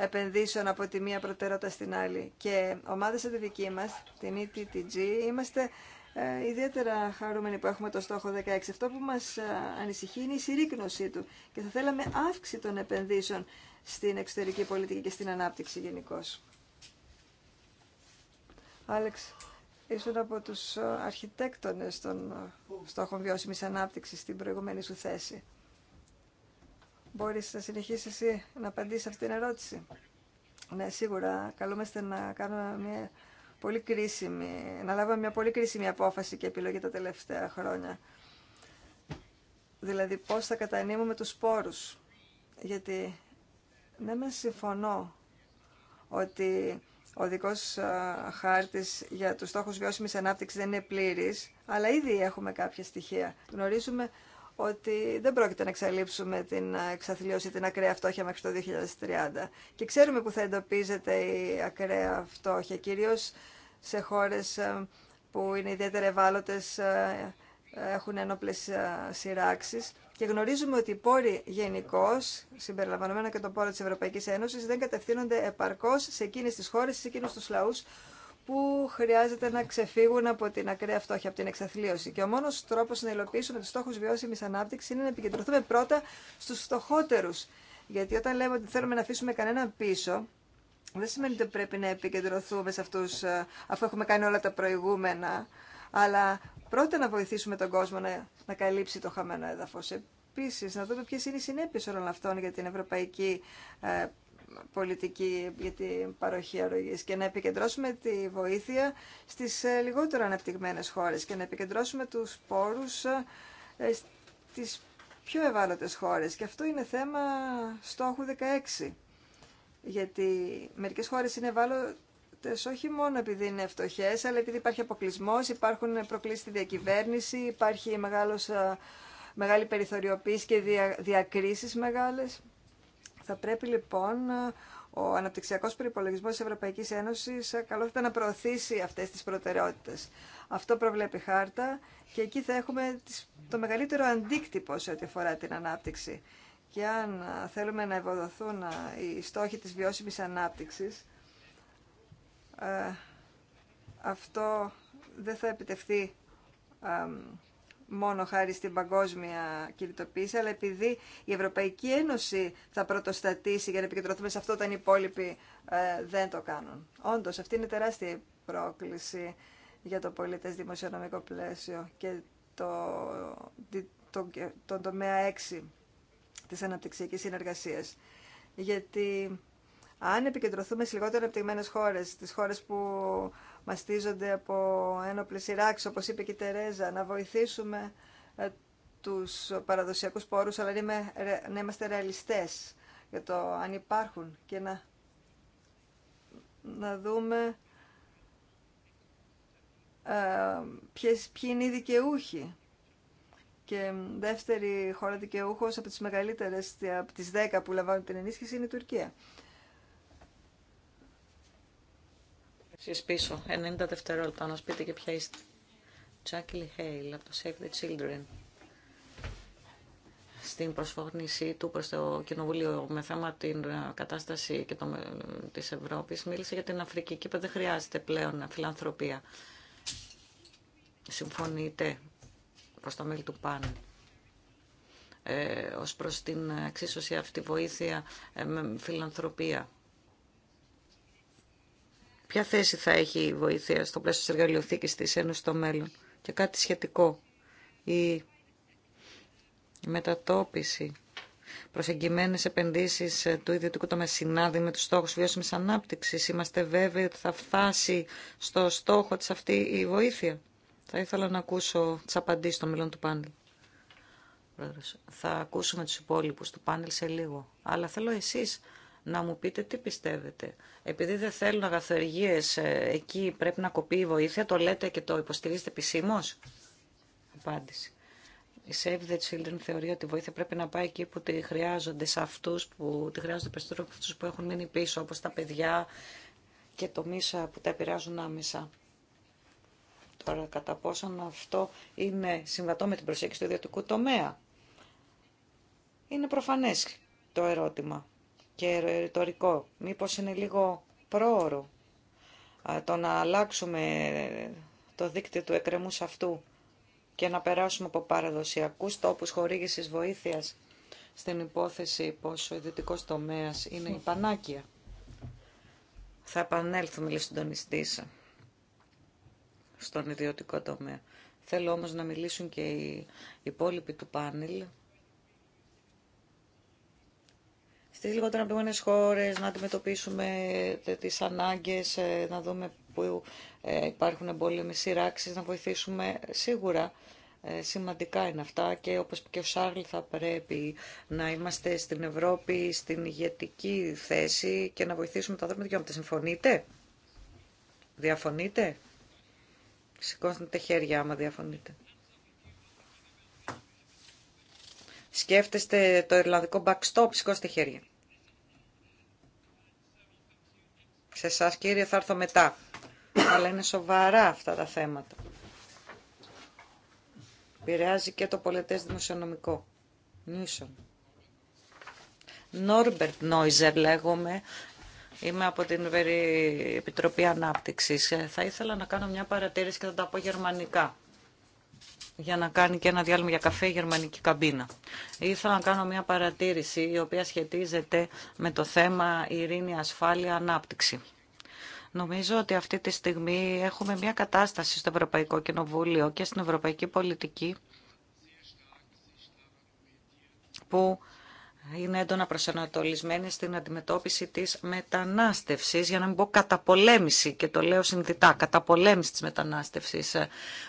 επενδύσεων από τη μία προτεραιότητα στην άλλη. Και ομάδα σαν τη δική μας, την ETTG, είμαστε ε, ιδιαίτερα χαρούμενοι που έχουμε το στόχο 16. Αυτό που μας ε, ανησυχεί είναι η συρρήκνωσή του και θα θέλαμε αύξηση των επενδύσεων στην εξωτερική πολιτική και στην ανάπτυξη γενικώ. Άλεξ, ήσουν από τους ε, αρχιτέκτονες των στόχων βιώσιμης ανάπτυξης στην προηγούμενη σου θέση. Μπορείς να συνεχίσεις εσύ να απαντήσεις αυτήν την ερώτηση. Ναι, σίγουρα. Καλούμαστε να κάνουμε μια πολύ κρίσιμη, να λάβουμε μια πολύ κρίσιμη απόφαση και επιλογή τα τελευταία χρόνια. Δηλαδή, πώς θα κατανείμουμε τους σπόρους. Γιατί, ναι, με συμφωνώ ότι ο δικός χάρτης για τους στόχους βιώσιμης ανάπτυξης δεν είναι πλήρης, αλλά ήδη έχουμε κάποια στοιχεία. Γνωρίζουμε ότι δεν πρόκειται να εξαλείψουμε την εξαθλίωση, την ακραία φτώχεια μέχρι το 2030. Και ξέρουμε που θα εντοπίζεται η ακραία φτώχεια, κυρίως σε χώρες ε, που είναι ιδιαίτερα ευάλωτε, ε, έχουν ένοπλες ε, σειράξεις. Και γνωρίζουμε ότι οι πόροι γενικώ, συμπεριλαμβανομένα και το πόρο τη Ευρωπαϊκή Ένωση, δεν κατευθύνονται επαρκώ σε εκείνε τι χώρε, σε εκείνου του λαού που χρειάζεται να ξεφύγουν από την ακραία φτώχεια, από την εξαθλίωση. Και ο μόνο τρόπο να υλοποιήσουμε του στόχου βιώσιμη ανάπτυξη είναι να επικεντρωθούμε πρώτα στου φτωχότερου. Γιατί όταν λέμε ότι θέλουμε να αφήσουμε κανέναν πίσω, δεν σημαίνει ότι πρέπει να επικεντρωθούμε σε αυτού ε, αφού έχουμε κάνει όλα τα προηγούμενα, αλλά πρώτα να βοηθήσουμε τον κόσμο να, καλύψει το χαμένο έδαφο. Επίση, να δούμε ποιε είναι οι συνέπειε όλων αυτών για την ευρωπαϊκή ε, πολιτική για την παροχή αρρωγής και να επικεντρώσουμε τη βοήθεια στις ε, λιγότερο αναπτυγμένες χώρες και να επικεντρώσουμε τους πόρους ε, στις πιο ευάλωτες χώρες. Και αυτό είναι θέμα στόχου 16. Γιατί μερικές χώρες είναι ευάλωτες όχι μόνο επειδή είναι φτωχέ, αλλά επειδή υπάρχει αποκλεισμό, υπάρχουν προκλήσεις στη διακυβέρνηση, υπάρχει ε, μεγάλη περιθωριοποίηση και διακρίσεις μεγάλες. Θα πρέπει λοιπόν ο αναπτυξιακός περιπολογισμό τη Ευρωπαϊκής Ένωσης ε, καλό θα να προωθήσει αυτέ τις προτεραιότητες. Αυτό προβλέπει χάρτα και εκεί θα έχουμε το μεγαλύτερο αντίκτυπο σε ό,τι αφορά την ανάπτυξη. Και αν ε, θέλουμε να ευοδοθούν ε, οι στόχοι της βιώσιμης ανάπτυξης, αυτό δεν θα επιτευχθεί μόνο χάρη στην παγκόσμια κινητοποίηση, αλλά επειδή η Ευρωπαϊκή Ένωση θα πρωτοστατήσει για να επικεντρωθούμε σε αυτό όταν οι υπόλοιποι ε, δεν το κάνουν. Όντως, αυτή είναι τεράστια πρόκληση για το πολίτες δημοσιονομικό πλαίσιο και τον τομέα 6 της αναπτυξιακής συνεργασίας. Γιατί αν επικεντρωθούμε σε λιγότερο αναπτυγμένες χώρες, τις χώρες που μαστίζονται από ένα σειράξεις, όπως είπε και η Τερέζα, να βοηθήσουμε ε, τους παραδοσιακούς πόρους, αλλά να είμαστε ρεαλιστές για το αν υπάρχουν και να, να δούμε ε, ποιες, ποιοι είναι οι δικαιούχοι. Και δεύτερη χώρα δικαιούχος από τις μεγαλύτερες, από τις 10 που λαμβάνουν την ενίσχυση, είναι η Τουρκία. σε πίσω, 90 δευτερόλεπτα, να πείτε και ποια είστε. Τζάκλι Χέιλ από το Save the Children στην προσφώνησή του προ το Κοινοβούλιο με θέμα την ε, κατάσταση και το, ε, της Ευρώπης μίλησε για την Αφρική και είπε δεν χρειάζεται πλέον φιλανθρωπία. Συμφωνείτε προς τα μέλη του ΠΑΝ, ε, ως προς την εξίσωση αυτή βοήθεια ε, με φιλανθρωπία. Ποια θέση θα έχει η βοήθεια στο πλαίσιο της εργαλειοθήκης της Ένωσης στο μέλλον και κάτι σχετικό. Η μετατόπιση προσεγγιμένε επενδύσει του ιδιωτικού τομέα συνάδει με του στόχου βιώσιμη ανάπτυξη. Είμαστε βέβαιοι ότι θα φτάσει στο στόχο τη αυτή η βοήθεια. Θα ήθελα να ακούσω τι απαντήσει των μελών του πάνελ. Θα ακούσουμε του υπόλοιπου του πάνελ σε λίγο. Αλλά θέλω εσεί να μου πείτε τι πιστεύετε. Επειδή δεν θέλουν αγαθοεργίε, ε, εκεί πρέπει να κοπεί η βοήθεια, το λέτε και το υποστηρίζετε επισήμω. Απάντηση. Η Save the Children θεωρεί ότι η βοήθεια πρέπει να πάει εκεί που τη χρειάζονται, σε αυτού που τη χρειάζονται περισσότερο από αυτού που έχουν μείνει πίσω, όπω τα παιδιά και το μίσα που τα επηρεάζουν άμεσα. Τώρα, κατά πόσον αυτό είναι συμβατό με την προσέγγιση του ιδιωτικού τομέα. Είναι προφανές το ερώτημα και ρητορικό. Μήπως είναι λίγο πρόωρο το να αλλάξουμε το δίκτυο του Εκρεμούς αυτού και να περάσουμε από παραδοσιακούς τόπους χορήγησης βοήθειας στην υπόθεση πως ο ιδιωτικός τομέας είναι η πανάκια. Θα επανέλθουμε λίγο συντονιστής στον ιδιωτικό τομέα. Θέλω όμως να μιλήσουν και οι υπόλοιποι του πάνελ Στι λιγότερο αναπτυγμένε χώρε να αντιμετωπίσουμε τις ανάγκες, ε, να δούμε που ε, υπάρχουν εμπόλεμοι σειράξει. να βοηθήσουμε σίγουρα. Ε, σημαντικά είναι αυτά και όπως και ο Σάρλ θα πρέπει να είμαστε στην Ευρώπη στην ηγετική θέση και να βοηθήσουμε τα δρόμια δικαιώματα. Συμφωνείτε? Διαφωνείτε? Σηκώστε τα χέρια άμα διαφωνείτε. Σκέφτεστε το Ιρλανδικό backstop, σηκώστε χέρια. Σε εσά κύριε θα έρθω μετά. Αλλά είναι σοβαρά αυτά τα θέματα. Πηρεάζει και το πολιτέ δημοσιονομικό. Νίσον. Νόρμπερτ Νόιζερ λέγομαι. Είμαι από την Επιτροπή Ανάπτυξης. Ε, θα ήθελα να κάνω μια παρατήρηση και θα τα πω γερμανικά για να κάνει και ένα διάλειμμα για καφέ η γερμανική καμπίνα. Ήθελα να κάνω μια παρατήρηση η οποία σχετίζεται με το θέμα ειρήνη, ασφάλεια, ανάπτυξη. Νομίζω ότι αυτή τη στιγμή έχουμε μια κατάσταση στο Ευρωπαϊκό Κοινοβούλιο και στην Ευρωπαϊκή Πολιτική που είναι έντονα προσανατολισμένη στην αντιμετώπιση της μετανάστευσης, για να μην πω καταπολέμηση, και το λέω συνδυτά, καταπολέμηση της μετανάστευσης.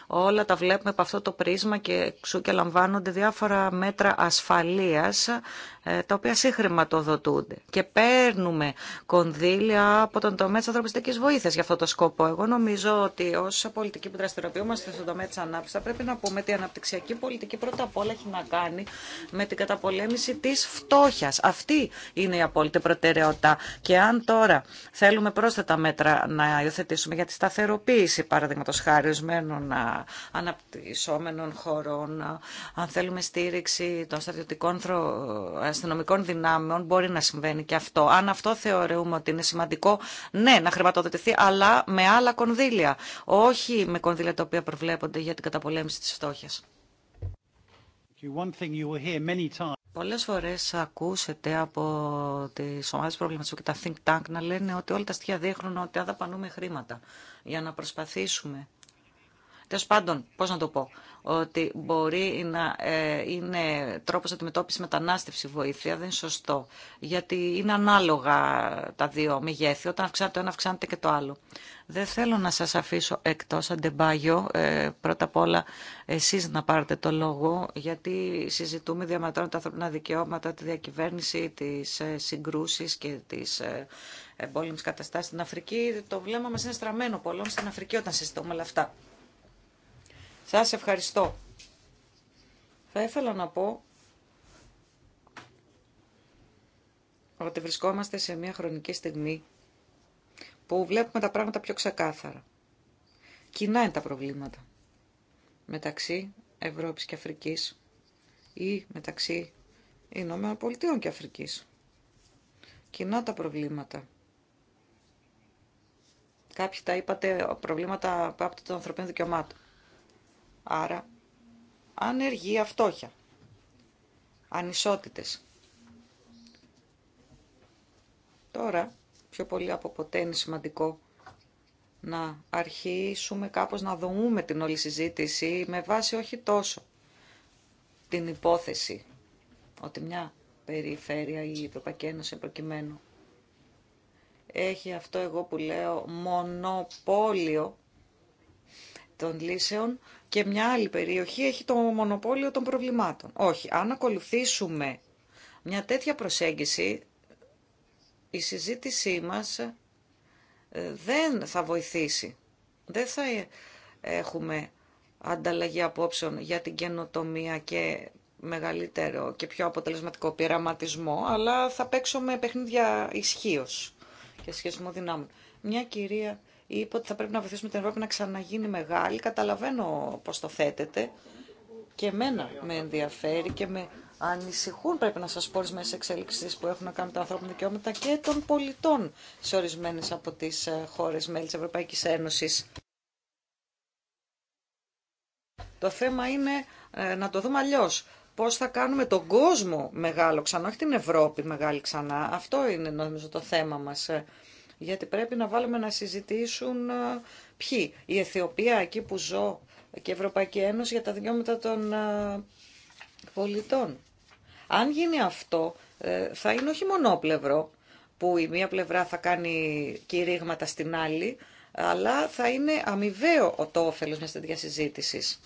Όλα τα βλέπουμε από αυτό το πρίσμα και εξού και λαμβάνονται διάφορα μέτρα ασφαλείας, ε, τα οποία συγχρηματοδοτούνται. Και παίρνουμε κονδύλια από τον τομέα της ανθρωπιστικής βοήθειας για αυτό το σκοπό. Εγώ νομίζω ότι ως πολιτική που δραστηριοποιούμαστε στον τομέα της ανάπτυξης, θα πρέπει να πούμε ότι η αναπτυξιακή πολιτική πρώτα απ' όλα έχει να κάνει με την καταπολέμηση της φτώχειας φτώχεια. Αυτή είναι η απόλυτη προτεραιότητα. Και αν τώρα θέλουμε πρόσθετα μέτρα να υιοθετήσουμε για τη σταθεροποίηση, παραδείγματο χάρη ορισμένων αναπτυσσόμενων χωρών, αν θέλουμε στήριξη των στρατιωτικών αστυνομικών δυνάμεων, μπορεί να συμβαίνει και αυτό. Αν αυτό θεωρούμε ότι είναι σημαντικό, ναι, να χρηματοδοτηθεί, αλλά με άλλα κονδύλια. Όχι με κονδύλια τα οποία προβλέπονται για την καταπολέμηση τη φτώχεια. Πολλές φορές ακούσετε από τις ομάδες προβληματισμού και τα think tank να λένε ότι όλα τα στοιχεία δείχνουν ότι αν δαπανούμε χρήματα για να προσπαθήσουμε Τέλο πάντων, πώ να το πω, ότι μπορεί να ε, είναι τρόπο αντιμετώπιση μετανάστευση βοήθεια, δεν είναι σωστό. Γιατί είναι ανάλογα τα δύο μεγέθη. Όταν αυξάνεται το ένα, αυξάνεται και το άλλο. Δεν θέλω να σα αφήσω εκτό, αντεμπάγιο. Ε, πρώτα απ' όλα, εσεί να πάρετε το λόγο, γιατί συζητούμε διαμετρώντα τα ανθρώπινα δικαιώματα, τη διακυβέρνηση, τι ε, συγκρούσει και τι εμπόλεμε καταστάσει στην Αφρική. Το βλέμμα μα είναι στραμμένο πολλών στην Αφρική όταν συζητούμε όλα αυτά. Σας ευχαριστώ. Θα ήθελα να πω ότι βρισκόμαστε σε μια χρονική στιγμή που βλέπουμε τα πράγματα πιο ξεκάθαρα. Κοινά είναι τα προβλήματα μεταξύ Ευρώπης και Αφρικής ή μεταξύ Ηνωμένων Πολιτείων και Αφρικής. Κοινά τα προβλήματα. Κάποιοι τα είπατε προβλήματα από των ανθρώπινο δικαιωμάτων. Άρα, ανεργία, φτώχεια, ανισότητες. Τώρα, πιο πολύ από ποτέ είναι σημαντικό να αρχίσουμε κάπως να δομούμε την όλη συζήτηση με βάση όχι τόσο την υπόθεση ότι μια περιφέρεια ή η Ευρωπαϊκή Ένωση έχει αυτό εγώ που λέω μονοπόλιο των λύσεων και μια άλλη περιοχή έχει το μονοπόλιο των προβλημάτων. Όχι, αν ακολουθήσουμε μια τέτοια προσέγγιση, η συζήτησή μας ε, δεν θα βοηθήσει. Δεν θα ε, έχουμε ανταλλαγή απόψεων για την καινοτομία και μεγαλύτερο και πιο αποτελεσματικό πειραματισμό, αλλά θα παίξουμε παιχνίδια ισχύω και σχεσμό δυνάμων. Μια κυρία είπε ότι θα πρέπει να βοηθήσουμε την Ευρώπη να ξαναγίνει μεγάλη. Καταλαβαίνω πώς το θέτετε και εμένα με ενδιαφέρει και με ανησυχούν πρέπει να σας πω ορισμένες εξέλιξεις που έχουν να κάνουν τα ανθρώπινα δικαιώματα και των πολιτών σε ορισμένες από τις ε, χώρες μέλη της Ευρωπαϊκής Ένωσης. Το θέμα είναι ε, να το δούμε αλλιώ. Πώς θα κάνουμε τον κόσμο μεγάλο ξανά, όχι την Ευρώπη μεγάλη ξανά. Αυτό είναι νομίζω το θέμα μας. Ε γιατί πρέπει να βάλουμε να συζητήσουν ε, ποιοι. Η Αιθιοπία, εκεί που ζω, και η Ευρωπαϊκή Ένωση για τα δικαιώματα των ε, πολιτών. Αν γίνει αυτό, ε, θα είναι όχι μονόπλευρο, που η μία πλευρά θα κάνει κηρύγματα στην άλλη, αλλά θα είναι αμοιβαίο ο όφελος μιας τέτοιας συζήτησης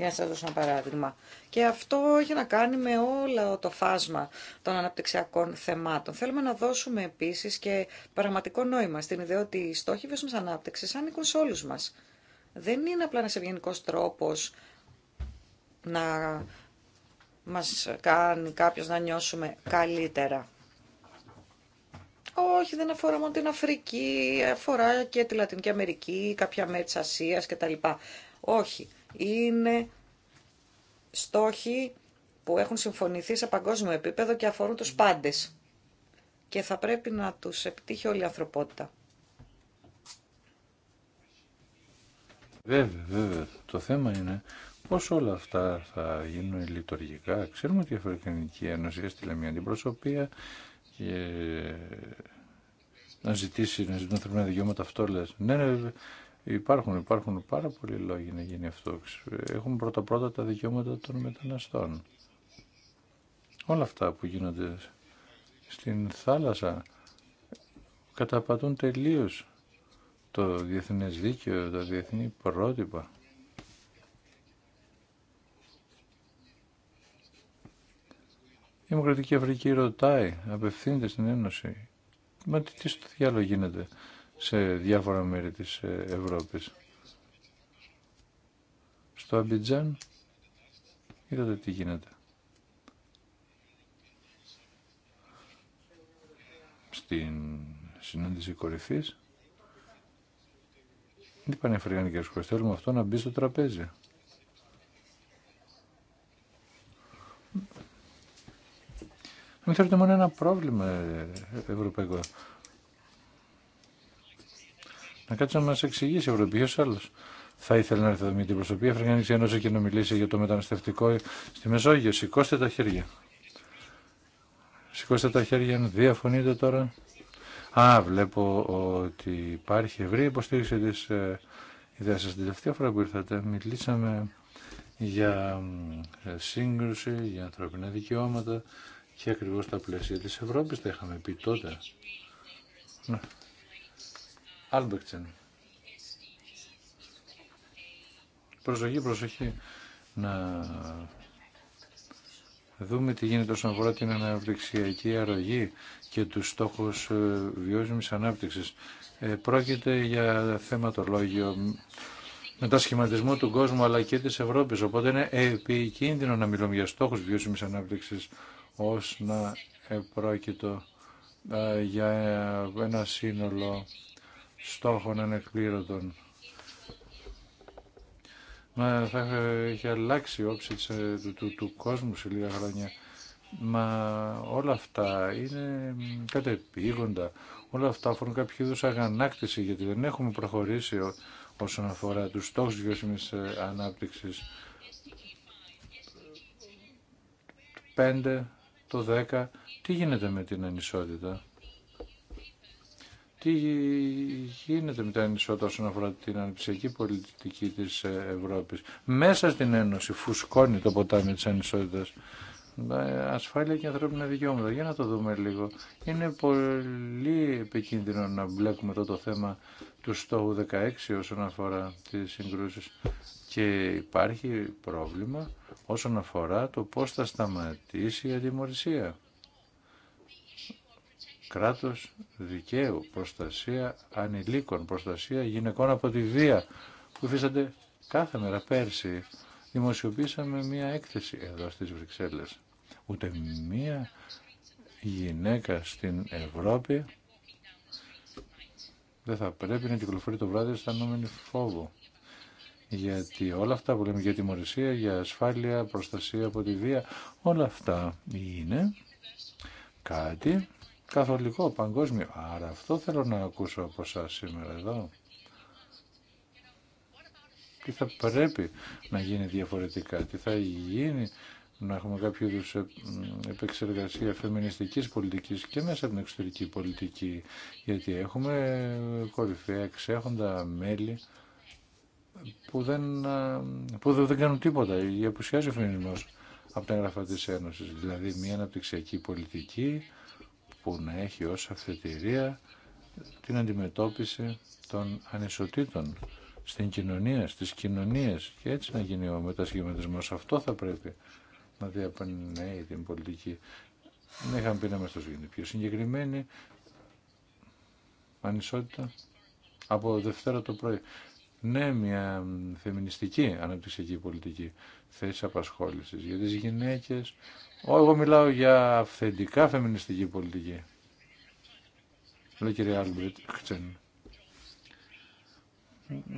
για να σας δώσω ένα παράδειγμα. Και αυτό έχει να κάνει με όλο το φάσμα των αναπτυξιακών θεμάτων. Θέλουμε να δώσουμε επίσης και πραγματικό νόημα στην ιδέα ότι οι στόχοι βιώσιμης ανάπτυξης ανήκουν σε όλους μας. Δεν είναι απλά ένας ευγενικός τρόπος να μας κάνει κάποιος να νιώσουμε καλύτερα. Όχι, δεν αφορά μόνο την Αφρική, αφορά και τη Λατινική Αμερική, κάποια μέρη της Ασίας κτλ. Όχι, είναι στόχοι που έχουν συμφωνηθεί σε παγκόσμιο επίπεδο και αφορούν τους πάντες. Και θα πρέπει να τους επιτύχει όλη η ανθρωπότητα. Βέβαια, βέβαια. Το θέμα είναι πώς όλα αυτά θα γίνουν λειτουργικά. Ξέρουμε ότι η Αφρικανική Ένωση έστειλε μια αντιπροσωπεία και να ζητήσει, να ζητήσει να δικαιώματα αυτό λες. Ναι, ναι, Υπάρχουν, υπάρχουν πάρα πολλοί λόγοι να γίνει αυτό. Έχουμε πρώτα-πρώτα τα δικαιώματα των μεταναστών. Όλα αυτά που γίνονται στην θάλασσα καταπατούν τελείως το διεθνές δίκαιο, τα διεθνή πρότυπα. Η Δημοκρατική Αφρική ρωτάει, απευθύνεται στην Ένωση. Μα τι, τι στο διάλογο γίνεται σε διάφορα μέρη της ε, Ευρώπης. Στο Αμπιτζάν είδατε τι γίνεται. Στην συνάντηση κορυφής είπαν οι Αφρικανικές χώρες, θέλουμε αυτό να μπει στο τραπέζι. Μην θέλετε μόνο ένα πρόβλημα ε, ευρωπαϊκό. Να κάτσει να μα εξηγήσει ο ή άλλο. Θα ήθελε να έρθει εδώ με την προσωπή Αφρικανή Ένωση και να μιλήσει για το μεταναστευτικό στη Μεσόγειο. Σηκώστε τα χέρια. Σηκώστε τα χέρια, διαφωνείτε τώρα. Α, βλέπω ότι υπάρχει ευρύ υποστήριξη τη ε, ιδέα σα. Την τελευταία φορά που ήρθατε, μιλήσαμε για ε, σύγκρουση, για ανθρώπινα δικαιώματα και ακριβώς τα πλαίσια της Ευρώπης τα είχαμε πει τότε. Ναι. Άλμπεκτσεν. Προσοχή, προσοχή. Να δούμε τι γίνεται όσον αφορά την αναπτυξιακή αρρωγή και τους στόχους ε, βιώσιμης ανάπτυξης. Ε, πρόκειται για θεματολόγιο μετασχηματισμό του κόσμου αλλά και της Ευρώπης. Οπότε είναι επικίνδυνο να μιλούμε για στόχους βιώσιμης ανάπτυξης ως να πρόκειται ε, για ένα σύνολο στόχων ανεκπλήρωτων. Μα θα έχει αλλάξει η όψη ε, του, του, του κόσμου σε λίγα χρόνια. Μα όλα αυτά είναι κατεπήγοντα. Όλα αυτά αφορούν κάποιο είδου αγανάκτηση, γιατί δεν έχουμε προχωρήσει όσον αφορά τους στόχους ανάπτυξη. Ε, ανάπτυξης. 5, το 10, τι γίνεται με την ανισότητα τι γίνεται με τα ανισότητα όσον αφορά την ανεψυχική πολιτική της Ευρώπης. Μέσα στην Ένωση φουσκώνει το ποτάμι της ανισότητας. Ε, ασφάλεια και ανθρώπινα δικαιώματα. Για να το δούμε λίγο. Είναι πολύ επικίνδυνο να μπλέκουμε το, θέμα του στόχου 16 όσον αφορά τις συγκρούσεις. Και υπάρχει πρόβλημα όσον αφορά το πώς θα σταματήσει η αντιμορρησία κράτος δικαίου, προστασία ανηλίκων, προστασία γυναικών από τη βία που υφίστανται κάθε μέρα πέρσι. Δημοσιοποίησαμε μία έκθεση εδώ στις Βρυξέλλες. Ούτε μία γυναίκα στην Ευρώπη δεν θα πρέπει να κυκλοφορεί το βράδυ αισθανόμενη φόβο. Γιατί όλα αυτά που λέμε για τιμωρησία, για ασφάλεια, προστασία από τη βία, όλα αυτά είναι κάτι καθολικό, παγκόσμιο. Άρα αυτό θέλω να ακούσω από εσά σήμερα εδώ. Τι θα πρέπει να γίνει διαφορετικά, τι θα γίνει να έχουμε κάποιο είδου ε, επεξεργασία φεμινιστικής πολιτικής και μέσα από την εξωτερική πολιτική, γιατί έχουμε ε, κορυφαία εξέχοντα μέλη που δεν, ε, που δεν κάνουν τίποτα ή απουσιάζει ο φεμινισμός από τα έγγραφα της Ένωσης, δηλαδή μια αναπτυξιακή πολιτική που να έχει ως αυθετηρία την αντιμετώπιση των ανισοτήτων στην κοινωνία, στις κοινωνίες και έτσι να γίνει ο μετασχηματισμός. Αυτό θα πρέπει να διαπνέει την πολιτική. Δεν είχαμε πει να μας το γίνει πιο συγκεκριμένη ανισότητα από Δευτέρα το πρωί. Ναι, μια φεμινιστική αναπτυξιακή πολιτική θέσεις απασχόλησης, για τις γυναίκες. Εγώ μιλάω για αυθεντικά φεμινιστική πολιτική. Λέω κύριε Άλμπριτ, χτσεν.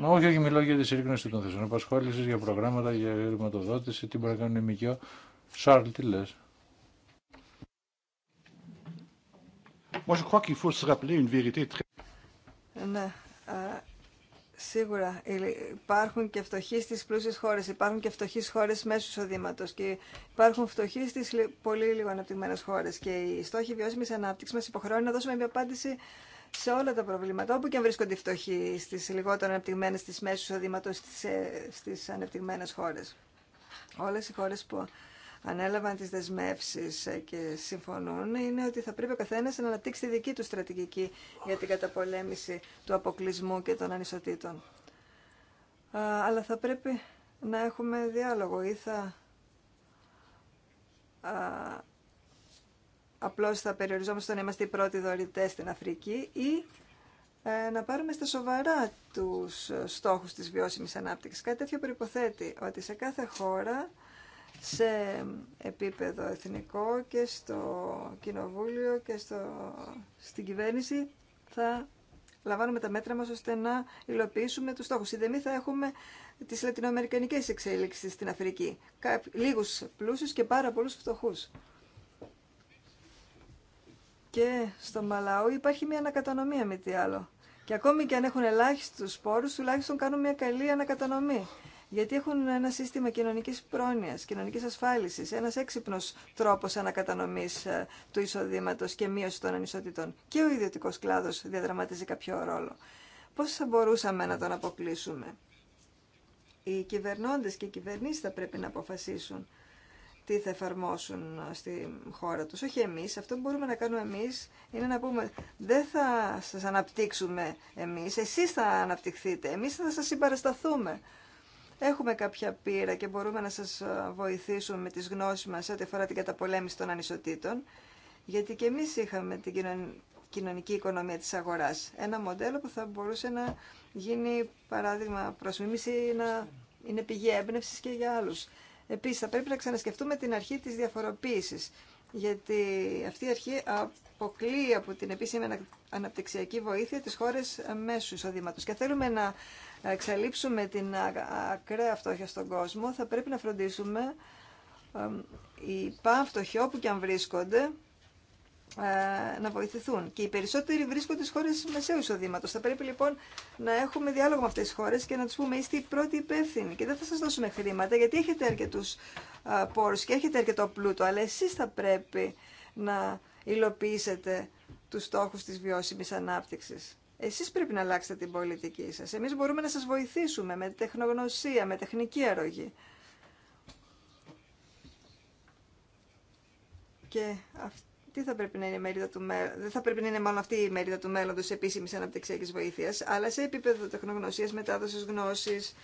Όχι, όχι, μιλάω για τη συρρήκνωση των θέσεων απασχόλησης, για προγράμματα, για χρηματοδότηση, τι μπορεί να κάνουν οι ΜΚΟ. Σάρλ, τι λες. Ναι, Σίγουρα ε, υπάρχουν και φτωχοί στι πλούσιε χώρε, υπάρχουν και φτωχοί χώρε μέσου εισοδήματο και υπάρχουν φτωχοί στι πολύ λίγο αναπτυγμένε χώρε. Και οι στόχοι βιώσιμη ανάπτυξη μα υποχρεώνουν να δώσουμε μια απάντηση σε όλα τα προβλήματα, όπου και αν βρίσκονται οι φτωχοί στι λιγότερο αναπτυγμένε, στι μέσου εισοδήματο, στι ε, ανεπτυγμένε χώρε. Όλε οι χώρε που ανέλαβαν τις δεσμεύσεις και συμφωνούν είναι ότι θα πρέπει ο καθένας να αναπτύξει τη δική του στρατηγική για την καταπολέμηση του αποκλεισμού και των ανισοτήτων. Αλλά θα πρέπει να έχουμε διάλογο ή θα απλώς θα περιοριζόμαστε να είμαστε οι πρώτοι δωρητές στην Αφρική ή ε, να πάρουμε στα σοβαρά τους στόχους τη βιώσιμης ανάπτυξης. Κάτι τέτοιο προϋποθέτει ότι σε κάθε χώρα σε επίπεδο εθνικό και στο κοινοβούλιο και στο, στην κυβέρνηση θα λαμβάνουμε τα μέτρα μας ώστε να υλοποιήσουμε τους στόχους. Συνδεμή θα έχουμε τις λατινοαμερικανικές εξέλιξεις στην Αφρική. Λίγους πλούσιους και πάρα πολλούς φτωχούς. Και στο Μαλαού υπάρχει μια ανακατανομία με τι άλλο. Και ακόμη και αν έχουν ελάχιστου πόρου, τουλάχιστον κάνουν μια καλή ανακατανομή γιατί έχουν ένα σύστημα κοινωνικής πρόνοιας, κοινωνικής ασφάλισης, ένας έξυπνος τρόπος ανακατανομής ε, του εισοδήματος και μείωση των ανισοτήτων. Και ο ιδιωτικός κλάδος διαδραματίζει κάποιο ρόλο. Πώς θα μπορούσαμε να τον αποκλείσουμε. Οι κυβερνώντες και οι κυβερνήσεις θα πρέπει να αποφασίσουν τι θα εφαρμόσουν ε, στη χώρα τους. Όχι εμείς, αυτό που μπορούμε να κάνουμε εμείς είναι να πούμε δεν θα σας αναπτύξουμε εμείς, εσείς θα αναπτυχθείτε, εμείς θα σας συμπαρασταθούμε έχουμε κάποια πείρα και μπορούμε να σας ε, βοηθήσουμε με τις γνώσεις μας ό,τι αφορά την καταπολέμηση των ανισοτήτων, γιατί και εμείς είχαμε την κοινωνική οικονομία της αγοράς. Ένα μοντέλο που θα μπορούσε να γίνει παράδειγμα προς ή να είναι πηγή έμπνευση και για άλλους. Επίσης, θα πρέπει να ξανασκεφτούμε την αρχή της διαφοροποίησης, γιατί αυτή η αρχή αποκλείει από την επίσημη αναπτυξιακή βοήθεια τις χώρες μέσου εισοδήματο. Και θέλουμε να εξαλείψουμε την ακραία φτώχεια στον κόσμο, θα πρέπει να φροντίσουμε οι παν-φτωχοί, όπου και αν βρίσκονται ε, να βοηθηθούν. Και οι περισσότεροι βρίσκονται στι χώρε μεσαίου εισοδήματο. Θα πρέπει λοιπόν να έχουμε διάλογο με αυτέ τι χώρε και να του πούμε είστε οι πρώτοι υπεύθυνοι. Και δεν θα σα δώσουμε χρήματα γιατί έχετε αρκετού ε, πόρου και έχετε αρκετό πλούτο. Αλλά εσεί θα πρέπει να υλοποιήσετε του στόχου τη βιώσιμη ανάπτυξη. Εσείς πρέπει να αλλάξετε την πολιτική σας. Εμείς μπορούμε να σας βοηθήσουμε με τεχνογνωσία, με τεχνική αρρωγή. Και αυτή θα πρέπει να είναι η μερίδα του μέλλοντος. Δεν θα πρέπει να είναι μόνο αυτή η μερίδα του μέλλοντος επίσημης αναπτυξιακής βοήθειας, αλλά σε επίπεδο τεχνογνωσίας, μετάδοσης γνώσης,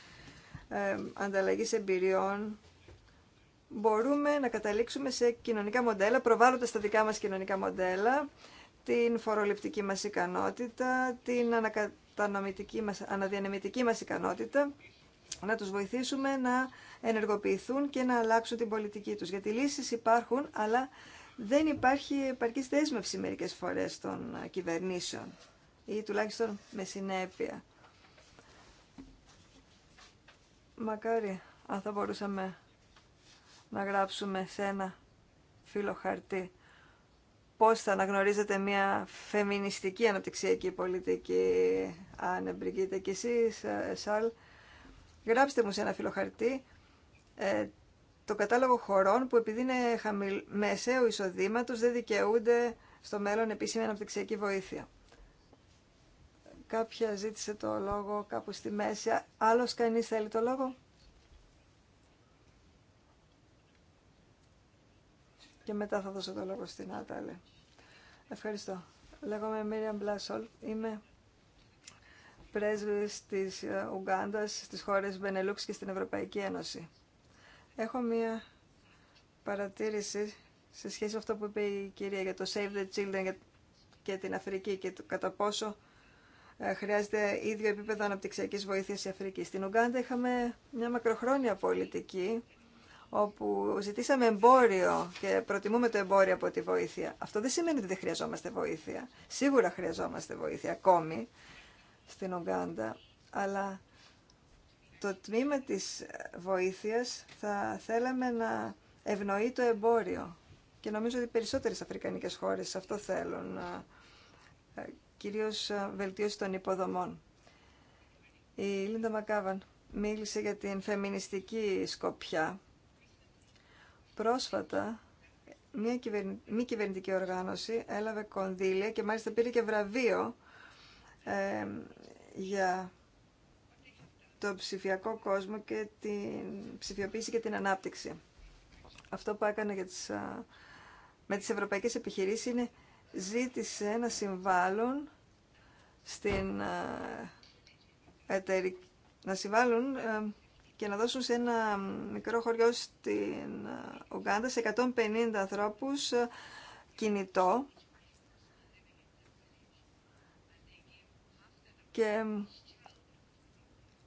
ε, ανταλλαγής εμπειριών, μπορούμε να καταλήξουμε σε κοινωνικά μοντέλα, προβάλλοντας τα δικά μας κοινωνικά μοντέλα, την φοροληπτική μας ικανότητα, την αναδιανεμητική μας ικανότητα, να τους βοηθήσουμε να ενεργοποιηθούν και να αλλάξουν την πολιτική τους. Γιατί λύσεις υπάρχουν, αλλά δεν υπάρχει επαρκή δέσμευση μερικές φορές των κυβερνήσεων ή τουλάχιστον με συνέπεια. Μακάρι αν θα μπορούσαμε να γράψουμε σε ένα φύλλο χαρτί πώς θα αναγνωρίζετε μια φεμινιστική αναπτυξιακή πολιτική, αν εμπρικείτε κι εσείς, ε, Σαλ. Γράψτε μου σε ένα φιλοχαρτί ε, το κατάλογο χωρών που επειδή είναι χαμηλ... μεσαίου εισοδήματος δεν δικαιούνται στο μέλλον επίσημη αναπτυξιακή βοήθεια. Κάποια ζήτησε το λόγο κάπου στη μέση. Άλλος κανείς θέλει το λόγο. και μετά θα δώσω το λόγο στην Άταλη. Ευχαριστώ. Λέγομαι Μίρια Μπλάσολ. Είμαι πρέσβης της ε, Ουγγάντας στις χώρες Μπενελούξ και στην Ευρωπαϊκή Ένωση. Έχω μία παρατήρηση σε σχέση με αυτό που είπε η κυρία για το Save the Children και την Αφρική και το κατά πόσο ε, χρειάζεται ίδιο επίπεδο αναπτυξιακής βοήθειας η Αφρική. Στην Ουγκάντα είχαμε μια μακροχρόνια πολιτική όπου ζητήσαμε εμπόριο και προτιμούμε το εμπόριο από τη βοήθεια. Αυτό δεν σημαίνει ότι δεν χρειαζόμαστε βοήθεια. Σίγουρα χρειαζόμαστε βοήθεια ακόμη στην Ουγγάντα, αλλά το τμήμα της βοήθειας θα θέλαμε να ευνοεί το εμπόριο. Και νομίζω ότι περισσότερες αφρικανικές χώρες αυτό θέλουν, ε, ε, κυρίως ε, βελτίωση των υποδομών. Η Λίντα Μακάβαν μίλησε για την φεμινιστική σκοπιά Πρόσφατα, μια μη κυβερνητική οργάνωση έλαβε κονδύλια και μάλιστα πήρε και βραβείο για το ψηφιακό κόσμο και την ψηφιοποίηση και την ανάπτυξη. Αυτό που έκανε για τις, με τις ευρωπαϊκές επιχειρήσεις είναι ζήτησε να συμβάλλουν στην εταιρική να συμβάλλουν και να δώσουν σε ένα μικρό χωριό στην ε, Ουγγάντα σε 150 ανθρώπους ε, κινητό και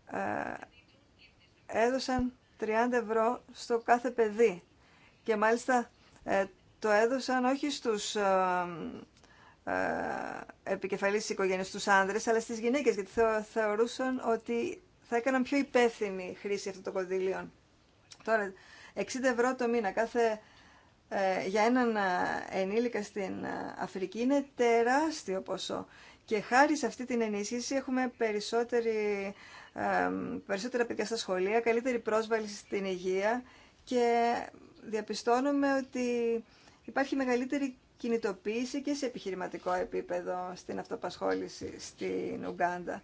ε, έδωσαν 30 ευρώ στο κάθε παιδί και μάλιστα το έδωσαν όχι στους επικεφαλής οικογένειας, στους άνδρες αλλά στις γυναίκες γιατί θεωρούσαν ότι θα έκαναν πιο υπεύθυνη χρήση αυτών των κονδυλίων. Τώρα, 60 ευρώ το μήνα κάθε, ε, για έναν ε, ενήλικα στην ε, Αφρική είναι τεράστιο ποσό. Και χάρη σε αυτή την ενίσχυση έχουμε περισσότερη, περισσότερα παιδιά στα σχολεία, καλύτερη πρόσβαση στην υγεία και διαπιστώνουμε ότι υπάρχει μεγαλύτερη κινητοποίηση και σε επιχειρηματικό επίπεδο στην αυτοπασχόληση στην Ουγκάντα.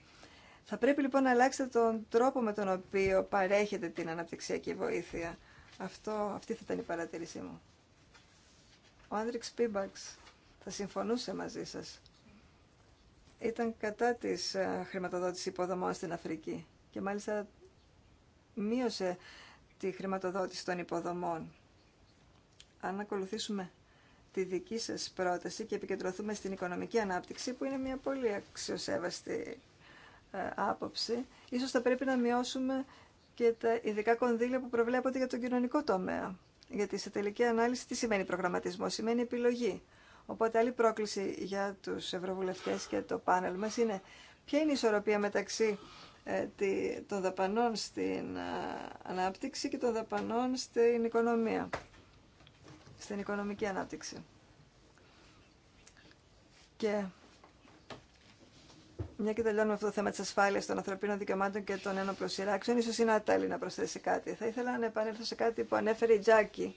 Θα πρέπει λοιπόν να αλλάξετε τον τρόπο με τον οποίο παρέχετε την αναπτυξιακή βοήθεια. Αυτό, αυτή θα ήταν η παρατήρησή μου. Ο Άντριξ Πίμπαξ θα συμφωνούσε μαζί σας. Ήταν κατά της ε, χρηματοδότησης υποδομών στην Αφρική και μάλιστα μείωσε τη χρηματοδότηση των υποδομών. Αν ακολουθήσουμε τη δική σας πρόταση και επικεντρωθούμε στην οικονομική ανάπτυξη, που είναι μια πολύ αξιοσέβαστη ε, άποψη, ίσως θα πρέπει να μειώσουμε και τα ειδικά κονδύλια που προβλέπονται για τον κοινωνικό τομέα. Γιατί σε τελική ανάλυση τι σημαίνει προγραμματισμό, σημαίνει επιλογή. Οπότε άλλη πρόκληση για τους ευρωβουλευτές και το πάνελ μας είναι ποια είναι η ισορροπία μεταξύ ε, των δαπανών στην ε, ανάπτυξη και των δαπανών στην οικονομία, στην οικονομική ανάπτυξη. Και μια και τελειώνουμε αυτό το θέμα τη ασφάλεια των ανθρωπίνων δικαιωμάτων και των ένοπλων σειράξεων, ίσω είναι ατέλει να προσθέσει κάτι. Θα ήθελα να επανέλθω σε κάτι που ανέφερε η Τζάκη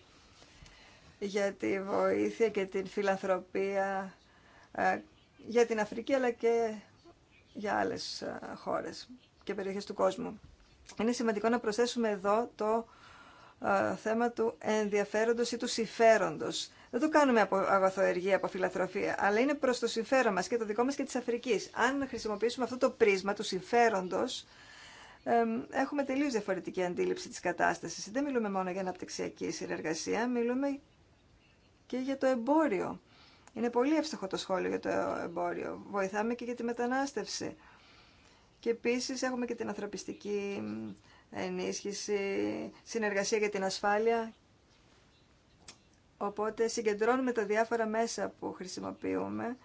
για τη βοήθεια και την φιλανθρωπία ε, για την Αφρική αλλά και για άλλες ε, χώρες και περιοχέ του κόσμου. Είναι σημαντικό να προσθέσουμε εδώ το ε, θέμα του ενδιαφέροντος ή του συμφέροντος δεν το κάνουμε από αγαθοεργία, από φιλαθροφία, αλλά είναι προ το συμφέρον μα και το δικό μα και τη Αφρική. Αν χρησιμοποιήσουμε αυτό το πρίσμα του συμφέροντο, έχουμε τελείω διαφορετική αντίληψη τη κατάσταση. Δεν μιλούμε μόνο για αναπτυξιακή συνεργασία, μιλούμε και για το εμπόριο. Είναι πολύ εύστοχο το σχόλιο για το εμπόριο. Βοηθάμε και για τη μετανάστευση. Και επίση έχουμε και την ανθρωπιστική ενίσχυση, συνεργασία για την ασφάλεια Οπότε συγκεντρώνουμε τα διάφορα μέσα που χρησιμοποιούμε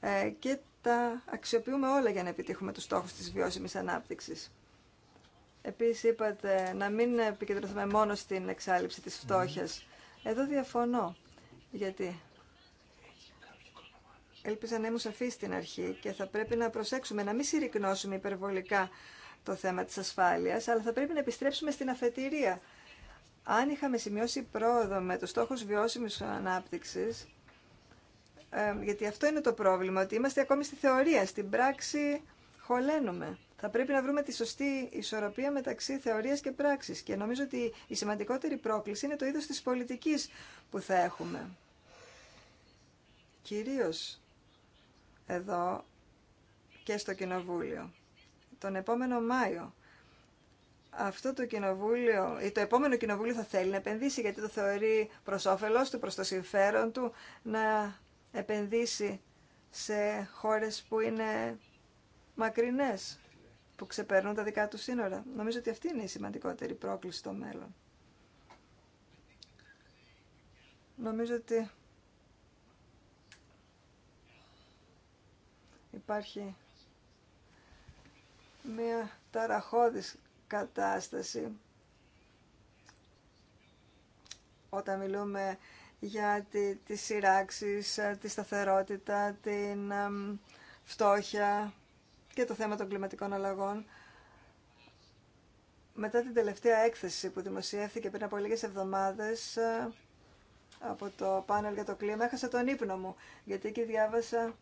ε, και τα αξιοποιούμε όλα για να επιτύχουμε τους στόχους της βιώσιμης ανάπτυξης. Επίσης είπατε να μην επικεντρωθούμε μόνο στην εξάλληψη της φτώχειας. Εδώ διαφωνώ. Γιατί Ελπίζα να ήμουν σαφή στην αρχή και θα πρέπει να προσέξουμε να μην συρρυκνώσουμε υπερβολικά το θέμα της ασφάλειας, αλλά θα πρέπει να επιστρέψουμε στην αφετηρία, αν είχαμε σημειώσει πρόοδο με τους στόχους βιώσιμης ανάπτυξης, γιατί αυτό είναι το πρόβλημα, ότι είμαστε ακόμη στη θεωρία, στην πράξη χωλένουμε. Θα πρέπει να βρούμε τη σωστή ισορροπία μεταξύ θεωρίας και πράξης και νομίζω ότι η σημαντικότερη πρόκληση είναι το είδος της πολιτικής που θα έχουμε. Κυρίως εδώ και στο Κοινοβούλιο. Τον επόμενο Μάιο αυτό το κοινοβούλιο ή το επόμενο κοινοβούλιο θα θέλει να επενδύσει γιατί το θεωρεί προς όφελός του, προς το συμφέρον του να επενδύσει σε χώρες που είναι μακρινές, που ξεπερνούν τα δικά του σύνορα. Νομίζω ότι αυτή είναι η σημαντικότερη πρόκληση στο μέλλον. Νομίζω ότι υπάρχει μία ταραχώδης κατάσταση όταν μιλούμε για τη, τις σειράξεις, ε, τη σταθερότητα, την φτώχεια και το θέμα των κλιματικών αλλαγών. Μετά την τελευταία έκθεση που δημοσιεύθηκε πριν από λίγες εβδομάδες ε, από το πάνελ για το κλίμα, έχασα τον ύπνο μου, γιατί εκεί διάβασα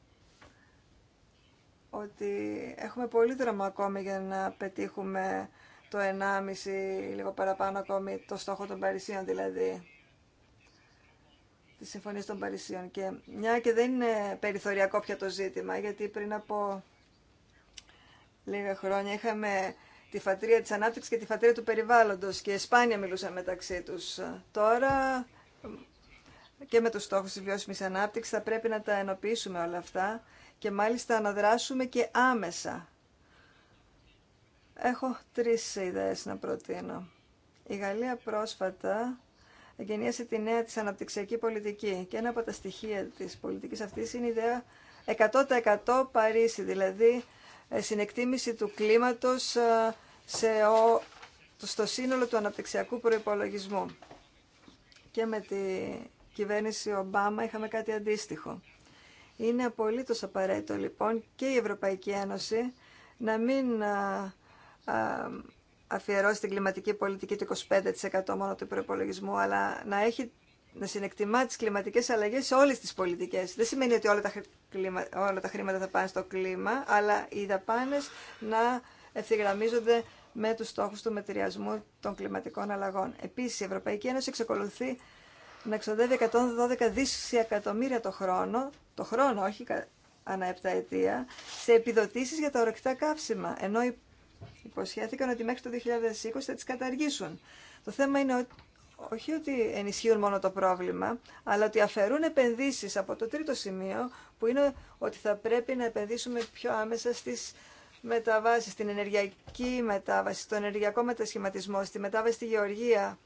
ότι έχουμε πολύ δρόμο ακόμη για να πετύχουμε το 1,5 λίγο παραπάνω ακόμη το στόχο των Παρισίων δηλαδή τη Συμφωνία των Παρισίων και μια και δεν είναι περιθωριακό πια το ζήτημα γιατί πριν από λίγα χρόνια είχαμε τη φατρία της ανάπτυξης και τη φατρία του περιβάλλοντος και σπάνια μιλούσαν μεταξύ τους. Τώρα και με τους στόχους της βιώσιμης ανάπτυξης θα πρέπει να τα ενοποιήσουμε όλα αυτά και μάλιστα να δράσουμε και άμεσα Έχω τρεις ιδέες να προτείνω. Η Γαλλία πρόσφατα εγκαινίασε τη νέα της αναπτυξιακή πολιτική και ένα από τα στοιχεία της πολιτικής αυτής είναι η ιδέα 100% Παρίσι, δηλαδή ε, συνεκτίμηση του κλίματος ε, σε ο, στο σύνολο του αναπτυξιακού προϋπολογισμού. Και με τη κυβέρνηση Ομπάμα είχαμε κάτι αντίστοιχο. Είναι απολύτως απαραίτητο λοιπόν και η Ευρωπαϊκή Ένωση να μην ε, ε, αφιερώσει την κλιματική πολιτική το 25% μόνο του προπολογισμού, αλλά να έχει να συνεκτιμά τις κλιματικές αλλαγές σε όλες τις πολιτικές. Δεν σημαίνει ότι όλα τα, όλα τα χρήματα θα πάνε στο κλίμα, αλλά οι δαπάνες να ευθυγραμμίζονται με τους στόχους του μετριασμού των κλιματικών αλλαγών. Επίσης, η Ευρωπαϊκή Ένωση εξακολουθεί να εξοδεύει 112 δισεκατομμύρια το χρόνο, το χρόνο όχι ανά 7 αιτία, σε επιδοτήσεις για τα ορεκτά καύσιμα, ενώ υποσχέθηκαν ότι μέχρι το 2020 θα τις καταργήσουν. Το θέμα είναι όχι ότι ενισχύουν μόνο το πρόβλημα, αλλά ότι αφαιρούν επενδύσεις από το τρίτο σημείο, που είναι ότι θα πρέπει να επενδύσουμε πιο άμεσα στις μεταβάσεις, στην ενεργειακή μετάβαση, στον ενεργειακό μετασχηματισμό, στη μετάβαση στη γεωργία,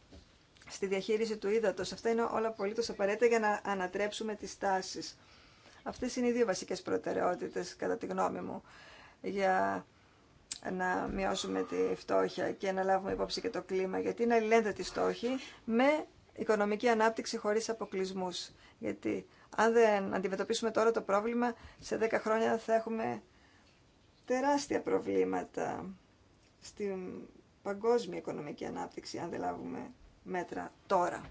στη διαχείριση του ύδατος. Αυτά είναι όλα απολύτως απαραίτητα για να ανατρέψουμε τις τάσεις. Αυτές είναι οι δύο βασικές προτεραιότητες, κατά τη γνώμη μου, για να μειώσουμε τη φτώχεια και να λάβουμε υπόψη και το κλίμα, γιατί είναι αλληλένδετη στόχη με οικονομική ανάπτυξη χωρίς αποκλεισμούς. Γιατί αν δεν αντιμετωπίσουμε τώρα το πρόβλημα, σε 10 χρόνια θα έχουμε τεράστια προβλήματα στην παγκόσμια οικονομική ανάπτυξη, αν δεν λάβουμε μέτρα τώρα.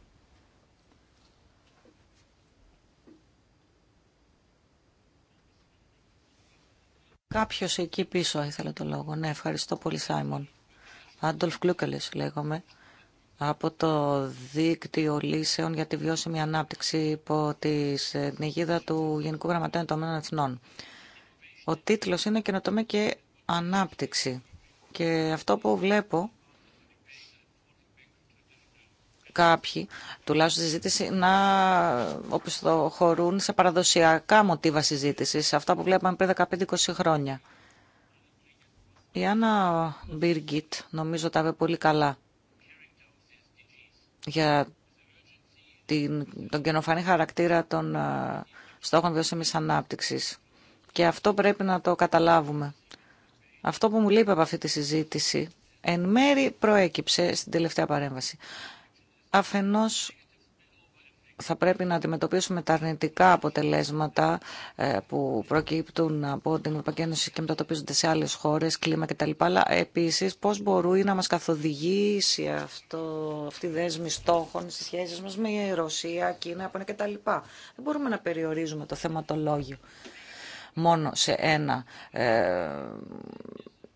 Κάποιο εκεί πίσω ήθελε το λόγο. Ναι, ευχαριστώ πολύ Σάιμον. Άντολφ Κλούκελε, λέγομαι από το Δίκτυο Λύσεων για τη Βιώσιμη Ανάπτυξη υπό ε, την αιγίδα του Γενικού Γραμματέα των Εθνών. Ο τίτλος είναι «Καινοτομία και Ανάπτυξη». Και αυτό που βλέπω κάποιοι, τουλάχιστον συζήτηση, να οπισθοχωρούν σε παραδοσιακά μοτίβα συζήτησης, αυτά που βλέπαμε πριν 15-20 χρόνια. Η Άννα Μπίργκιτ νομίζω τα είπε πολύ καλά για την, τον καινοφανή χαρακτήρα των ε, στόχων βιώσιμης ανάπτυξης. Και αυτό πρέπει να το καταλάβουμε. Αυτό που μου λείπει από αυτή τη συζήτηση, εν μέρη προέκυψε στην τελευταία παρέμβαση. Αφενός θα πρέπει να αντιμετωπίσουμε τα αρνητικά αποτελέσματα ε, που προκύπτουν από την Ευρωπαϊκή Ένωση και μετατοπίζονται σε άλλες χώρες, κλίμα κτλ. Αλλά επίσης πώς μπορεί να μας καθοδηγήσει αυτό, αυτή η δέσμη στόχων στις σχέσεις μας με η Ρωσία, Κίνα, κτλ. Δεν μπορούμε να περιορίζουμε το θεματολόγιο μόνο σε ένα ε,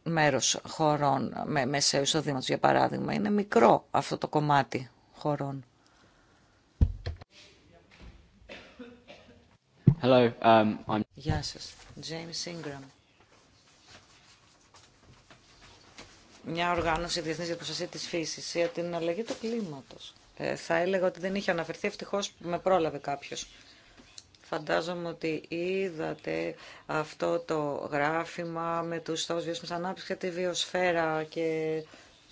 μέρος χωρών με μεσαίου εισοδήματος, για παράδειγμα. Είναι μικρό αυτό το κομμάτι χωρών. Hello, um, I'm... Γεια σας. James Ingram. Μια οργάνωση διεθνής για προστασία της φύσης για την αλλαγή του κλίματος. Ε, θα έλεγα ότι δεν είχε αναφερθεί, ευτυχώς με πρόλαβε κάποιος. Φαντάζομαι ότι είδατε αυτό το γράφημα με τους στόχους βιώσιμης ανάπτυξης και τη βιοσφαίρα και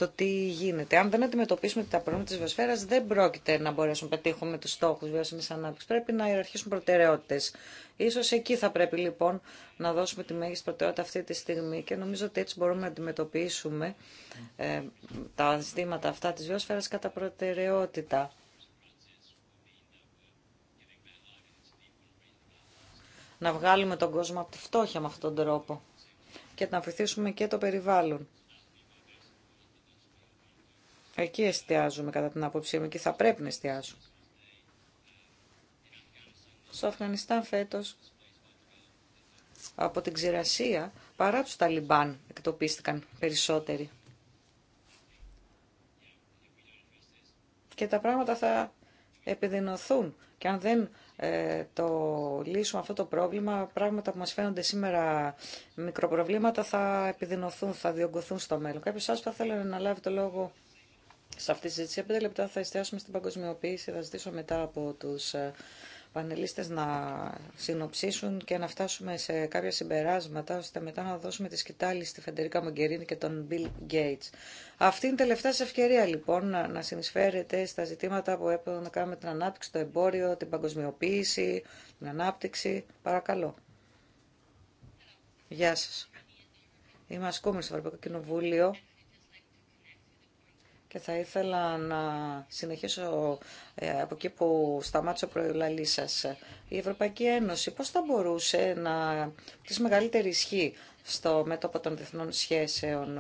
το τι γίνεται. Αν δεν αντιμετωπίσουμε τα προβλήματα τη βιοσφαίρα, δεν πρόκειται να μπορέσουμε να πετύχουμε του στόχου βιώσιμη ανάπτυξη. Πρέπει να ιεραρχήσουν προτεραιότητε. σω εκεί θα πρέπει λοιπόν να δώσουμε τη μέγιστη προτεραιότητα αυτή τη στιγμή και νομίζω ότι έτσι μπορούμε να αντιμετωπίσουμε ε, τα ζητήματα αυτά τη βιοσφαίρας κατά προτεραιότητα. Να βγάλουμε τον κόσμο από τη φτώχεια με αυτόν τον τρόπο και να βοηθήσουμε και το περιβάλλον. Εκεί εστιάζουμε κατά την άποψή μου και θα πρέπει να εστιάζουμε. Στο Αφγανιστάν φέτος από την ξηρασία παρά τους Ταλιμπάν εκτοπίστηκαν περισσότεροι. Και τα πράγματα θα επιδεινωθούν και αν δεν ε, το λύσουμε αυτό το πρόβλημα, πράγματα που μας φαίνονται σήμερα μικροπροβλήματα θα επιδεινωθούν, θα διωγγωθούν στο μέλλον. Κάποιος άλλος θα θέλει να λάβει το λόγο σε αυτή τη συζήτηση, πέντε λεπτά θα εστιάσουμε στην παγκοσμιοποίηση. Θα ζητήσω μετά από του ε, πανελίστε να συνοψίσουν και να φτάσουμε σε κάποια συμπεράσματα, ώστε μετά να δώσουμε τη σκητάλη στη Φεντερίκα Μογκερίνη και τον Bill Gates. Αυτή είναι η τελευταία σα ευκαιρία λοιπόν να συνεισφέρετε στα ζητήματα που έπρεπε να κάνουμε την ανάπτυξη, το εμπόριο, την παγκοσμιοποίηση, την ανάπτυξη. Παρακαλώ. Γεια σα. Είμαι ασκούμενη στο Ευρωπαϊκό Κοινοβούλιο και θα ήθελα να συνεχίσω ε, από εκεί που σταμάτησε ο προελαλή σα. Η Ευρωπαϊκή Ένωση πώς θα μπορούσε να της μεγαλύτερη ισχύ στο μέτωπο των διεθνών σχέσεων.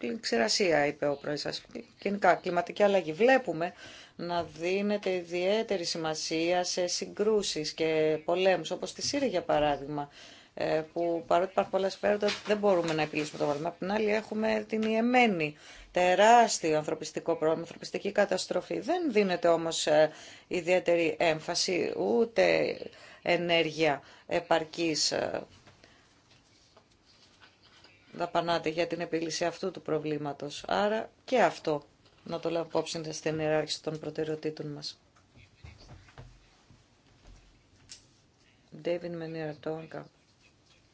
Ε, ξηρασία, είπε ο πρόεδρος σας. Γενικά, κλιματική αλλαγή. Βλέπουμε να δίνεται ιδιαίτερη σημασία σε συγκρούσεις και πολέμους, όπως στη Σύρια, για παράδειγμα. Ε, που παρότι υπάρχουν πολλά συμφέροντα δεν μπορούμε να επιλύσουμε το πρόβλημα. Απ' την άλλη έχουμε την Ιεμένη, τεράστιο ανθρωπιστικό πρόβλημα, ανθρωπιστική καταστροφή. Δεν δίνεται όμως ε, ιδιαίτερη έμφαση ούτε ενέργεια επαρκής ε, δαπανάται για την επίλυση αυτού του προβλήματος. Άρα και αυτό να το λάβουμε υπόψη στην ιεράρχηση των προτεραιοτήτων μας. David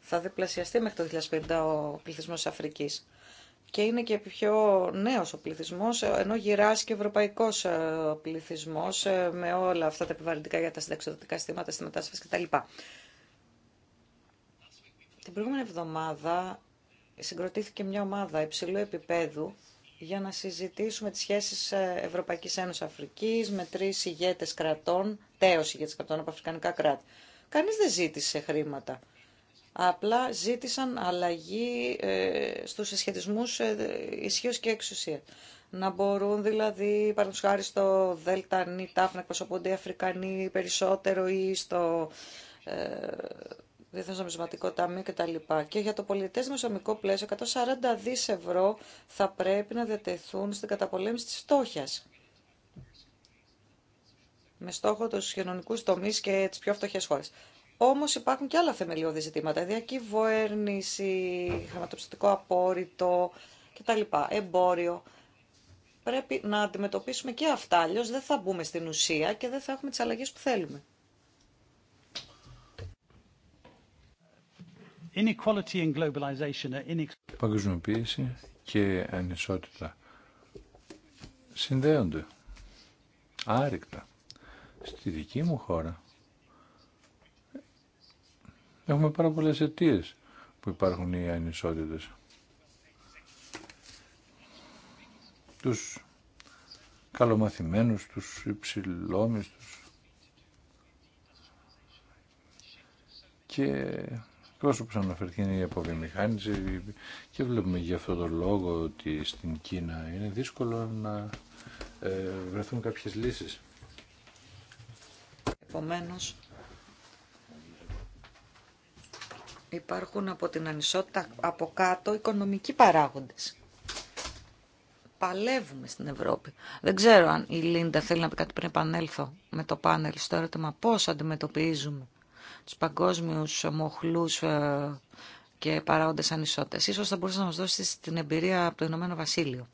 θα διπλασιαστεί μέχρι το 2050 ο πληθυσμός της Αφρικής. Και είναι και πιο νέος ο πληθυσμός, ενώ γυράσει και ε, ο ευρωπαϊκός πληθυσμός ε, με όλα αυτά τα επιβαρυντικά για τα συνταξιδοτικά στήματα, στη μετάσφαση κτλ. Την προηγούμενη εβδομάδα συγκροτήθηκε μια ομάδα υψηλού επίπεδου για να συζητήσουμε τις σχέσεις ε, Ευρωπαϊκής Ένωσης Αφρικής με τρεις ηγέτες κρατών, τέος ηγέτες κρατών από αφρικανικά κράτη. Κανείς δεν ζήτησε χρήματα Απλά ζήτησαν αλλαγή ε, στους συσχετισμούς ε, ισχύω και εξουσία. Να μπορούν δηλαδή, παραδείγματος χάρη στο Δέλτα Τάφνα, να εκπροσωπούνται οι Αφρικανοί περισσότερο ή στο ε, Διεθνές Νομισματικό Ταμείο κτλ. Και για το πολιτισμικό πλαίσιο, 140 δις ευρώ θα πρέπει να διατεθούν στην καταπολέμηση της φτώχειας. Με στόχο τους κοινωνικούς τομείς και τις πιο φτωχές χώρες. Όμως υπάρχουν και άλλα θεμελιώδη ζητήματα, διακυβέρνηση, χρηματοπιστωτικό απόρριτο κτλ. Εμπόριο. Πρέπει να αντιμετωπίσουμε και αυτά, αλλιώ δεν θα μπούμε στην ουσία και δεν θα έχουμε τις αλλαγές που θέλουμε. Inequality Παγκοσμιοποίηση και ανισότητα συνδέονται άρρηκτα. Στη δική μου χώρα Έχουμε πάρα πολλέ αιτίε που υπάρχουν οι ανισότητε. Τους καλομαθημένους, τους υψηλόμιστους και που αναφερθεί είναι η αποβιομηχάνηση και βλέπουμε για αυτό το λόγο ότι στην Κίνα είναι δύσκολο να ε, βρεθούν κάποιες λύσεις. Επομένως, Υπάρχουν από την ανισότητα από κάτω οικονομικοί παράγοντες. Παλεύουμε στην Ευρώπη. Δεν ξέρω αν η Λίντα θέλει να πει κάτι πριν επανέλθω με το πάνελ στο ερώτημα πώς αντιμετωπίζουμε τους παγκόσμιους μοχλούς ε, και παράγοντες ανισότητας. Ίσως θα μπορούσε να μας δώσει την εμπειρία από το Ηνωμένο Βασίλειο.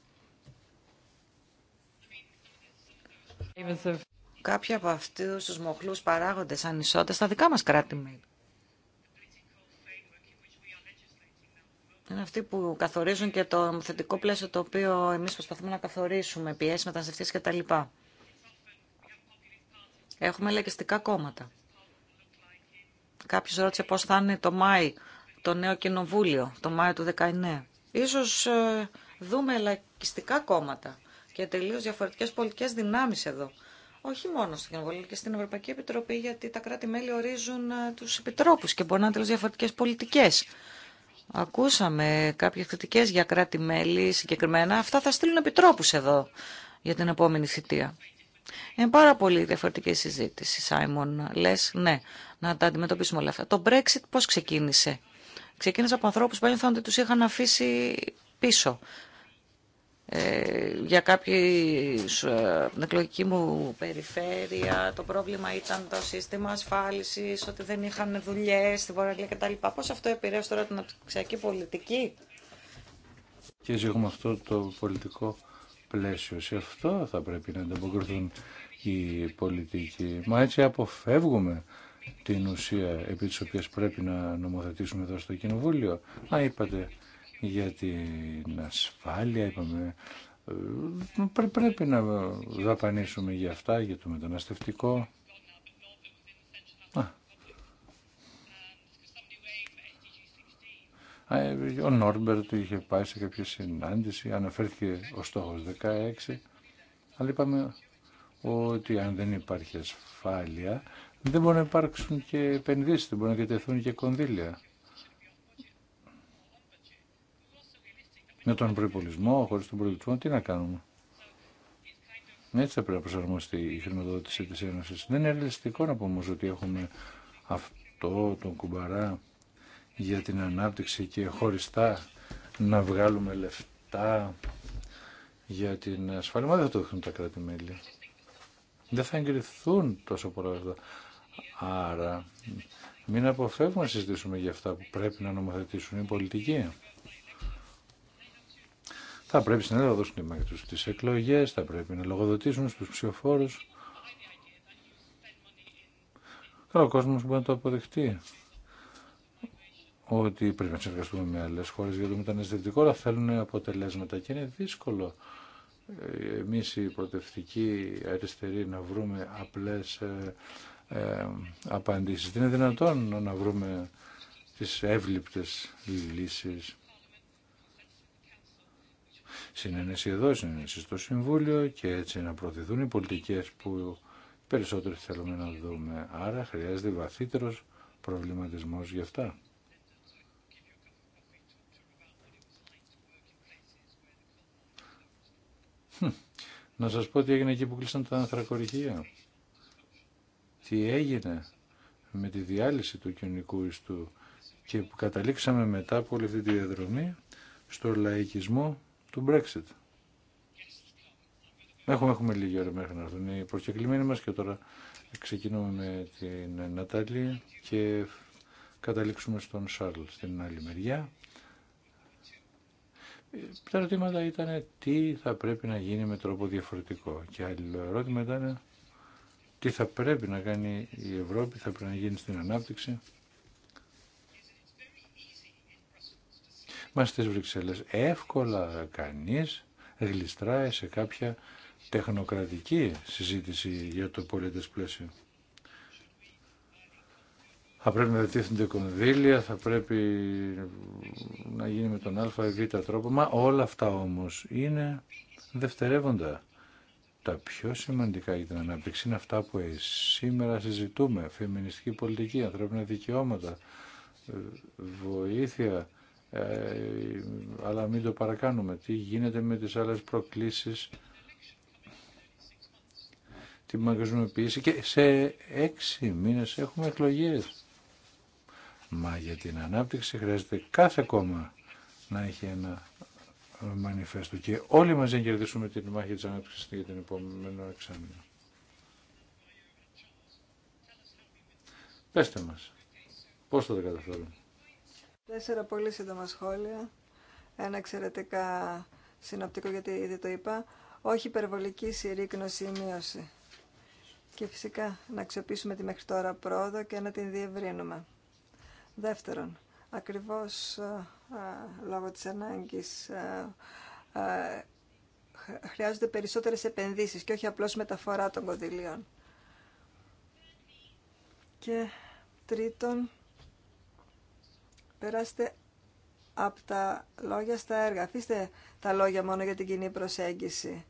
Κάποιοι από αυτούς τους μοχλούς παράγοντες ανισότητας στα δικά μας κράτη-μέλη. Είναι αυτοί που καθορίζουν και το θετικό πλαίσιο το οποίο εμείς προσπαθούμε να καθορίσουμε, πιέσει μεταναστευτής και τα λοιπά. Έχουμε λαϊκιστικά κόμματα. Κάποιος ρώτησε πώς θα είναι το Μάη το νέο κοινοβούλιο, το Μάιο του 19. Ίσως ε, δούμε λαϊκιστικά κόμματα και τελείω διαφορετικές πολιτικές δυνάμεις εδώ. Όχι μόνο στην Κοινοβουλία και στην Ευρωπαϊκή Επιτροπή, γιατί τα κράτη-μέλη ορίζουν ε, του επιτρόπου και μπορεί να είναι τελείω διαφορετικέ πολιτικέ. Ακούσαμε κάποιες κριτικές για κράτη-μέλη συγκεκριμένα. Αυτά θα στείλουν επιτρόπους εδώ για την επόμενη θητεία. Είναι πάρα πολύ διαφορετική συζήτηση, Σάιμον. Λες, ναι, να τα αντιμετωπίσουμε όλα αυτά. Το Brexit πώς ξεκίνησε. Ξεκίνησε από ανθρώπους που ένιωθαν ότι τους είχαν αφήσει πίσω. Ε, για κάποιον ε, εκλογική μου περιφέρεια, το πρόβλημα ήταν το σύστημα ασφάλισης, ότι δεν είχαν δουλειές στην Βορραλία κτλ. Πώς αυτό επηρέασε τώρα την αυξιακή πολιτική. Και έχουμε αυτό το πολιτικό πλαίσιο. Σε αυτό θα πρέπει να ανταποκριθούν οι πολιτικοί. Μα έτσι αποφεύγουμε την ουσία επί της οποίας πρέπει να νομοθετήσουμε εδώ στο Κοινοβούλιο. Να είπατε για την ασφάλεια, είπαμε, ε, πρέπει να δαπανίσουμε για αυτά, για το μεταναστευτικό. Ε, ο Νόρμπερτ είχε πάει σε κάποια συνάντηση, αναφέρθηκε ο στόχος 16, αλλά είπαμε ότι αν δεν υπάρχει ασφάλεια, δεν μπορεί να υπάρξουν και επενδύσεις, δεν μπορεί να κατευθούν και κονδύλια. με τον προπολισμό, χωρί τον προπολισμό, τι να κάνουμε. Έτσι θα πρέπει να προσαρμοστεί η χρηματοδότηση τη Ένωση. Δεν είναι ρεαλιστικό να πούμε ότι έχουμε αυτό τον κουμπαρά για την ανάπτυξη και χωριστά να βγάλουμε λεφτά για την ασφάλεια. Μα δεν θα το δείχνουν τα κράτη-μέλη. Δεν θα εγκριθούν τόσο πολλά λεφτά. Άρα μην αποφεύγουμε να συζητήσουμε για αυτά που πρέπει να νομοθετήσουν οι πολιτικοί. Θα πρέπει στην Ελλάδα να δώσουν τη μάχη τους στις εκλογές, θα πρέπει να λογοδοτήσουν στους ψηφοφόρους. ο κόσμο μπορεί να το αποδεχτεί ότι πρέπει να συνεργαστούμε με άλλε χώρε για το μεταναστευτικό, αλλά θέλουν αποτελέσματα και είναι δύσκολο ε, Εμεί οι πρωτευτικοί αριστεροί να βρούμε απλέ ε, ε, Δεν είναι δυνατόν να βρούμε τι εύληπτε λύσει συνένεση εδώ, συνένεση στο Συμβούλιο και έτσι να προωθηθούν οι πολιτικές που περισσότερο θέλουμε να δούμε. Άρα χρειάζεται βαθύτερος προβληματισμός γι' αυτά. Να σας πω τι έγινε εκεί που κλείσαν τα ανθρακοριχεία. Τι έγινε με τη διάλυση του κοινωνικού ιστού και που καταλήξαμε μετά από όλη αυτή τη διαδρομή στο λαϊκισμό του Brexit. Έχουμε, έχουμε λίγη ώρα μέχρι να έρθουν οι προσκεκλημένοι μας και τώρα ξεκινούμε με την Νατάλη και καταλήξουμε στον Σάρλ στην άλλη μεριά. Τα ερωτήματα ήταν τι θα πρέπει να γίνει με τρόπο διαφορετικό και άλλο ερώτημα ήταν τι θα πρέπει να κάνει η Ευρώπη, θα πρέπει να γίνει στην ανάπτυξη. Μα στις Βρυξέλλες εύκολα κανείς γλιστράει σε κάποια τεχνοκρατική συζήτηση για το πολίτες πλαίσιο. Θα πρέπει να διατίθενται κονδύλια, θα πρέπει να γίνει με τον α ή β τρόπο, μα όλα αυτά όμως είναι δευτερεύοντα. Τα πιο σημαντικά για την ανάπτυξη είναι αυτά που ε, σήμερα συζητούμε. Φεμινιστική πολιτική, ανθρώπινα δικαιώματα, ε, βοήθεια ε, αλλά μην το παρακάνουμε. Τι γίνεται με τις άλλες προκλήσεις, τη μαγκοσμιοποίηση και σε έξι μήνες έχουμε εκλογές. Μα για την ανάπτυξη χρειάζεται κάθε κόμμα να έχει ένα μανιφέστο και όλοι μαζί να κερδίσουμε την μάχη της ανάπτυξης για την επόμενη εξάμεινο. Πέστε μας, πώς θα τα καταφέρουμε. Τέσσερα πολύ σύντομα σχόλια. Ένα εξαιρετικά συνοπτικό γιατί ήδη το είπα. Όχι υπερβολική συρρήκνωση ή μείωση. Και φυσικά να αξιοποιήσουμε τη μέχρι τώρα πρόοδο και να την διευρύνουμε. Δεύτερον, ακριβώς λόγω της ανάγκης χρειάζονται περισσότερες επενδύσεις και όχι απλώς μεταφορά των κονδυλίων. Και τρίτον, Περάστε από τα λόγια στα έργα. Αφήστε τα λόγια μόνο για την κοινή προσέγγιση.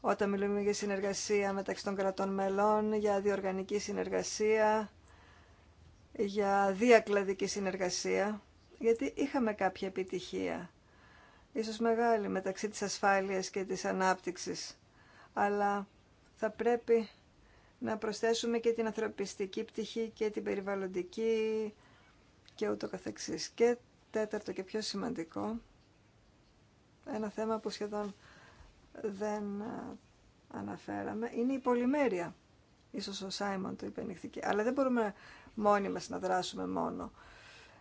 Όταν μιλούμε για συνεργασία μεταξύ των κρατών μελών, για διοργανική συνεργασία, για διακλαδική συνεργασία, γιατί είχαμε κάποια επιτυχία, ίσως μεγάλη μεταξύ της ασφάλειας και της ανάπτυξης, αλλά θα πρέπει να προσθέσουμε και την ανθρωπιστική πτυχή και την περιβαλλοντική, και ούτω καθεξής. Και τέταρτο και πιο σημαντικό, ένα θέμα που σχεδόν δεν ε, αναφέραμε, είναι η πολυμέρεια. Ίσως ο Σάιμον το υπενήχθηκε. Αλλά δεν μπορούμε μόνοι μας να δράσουμε μόνο.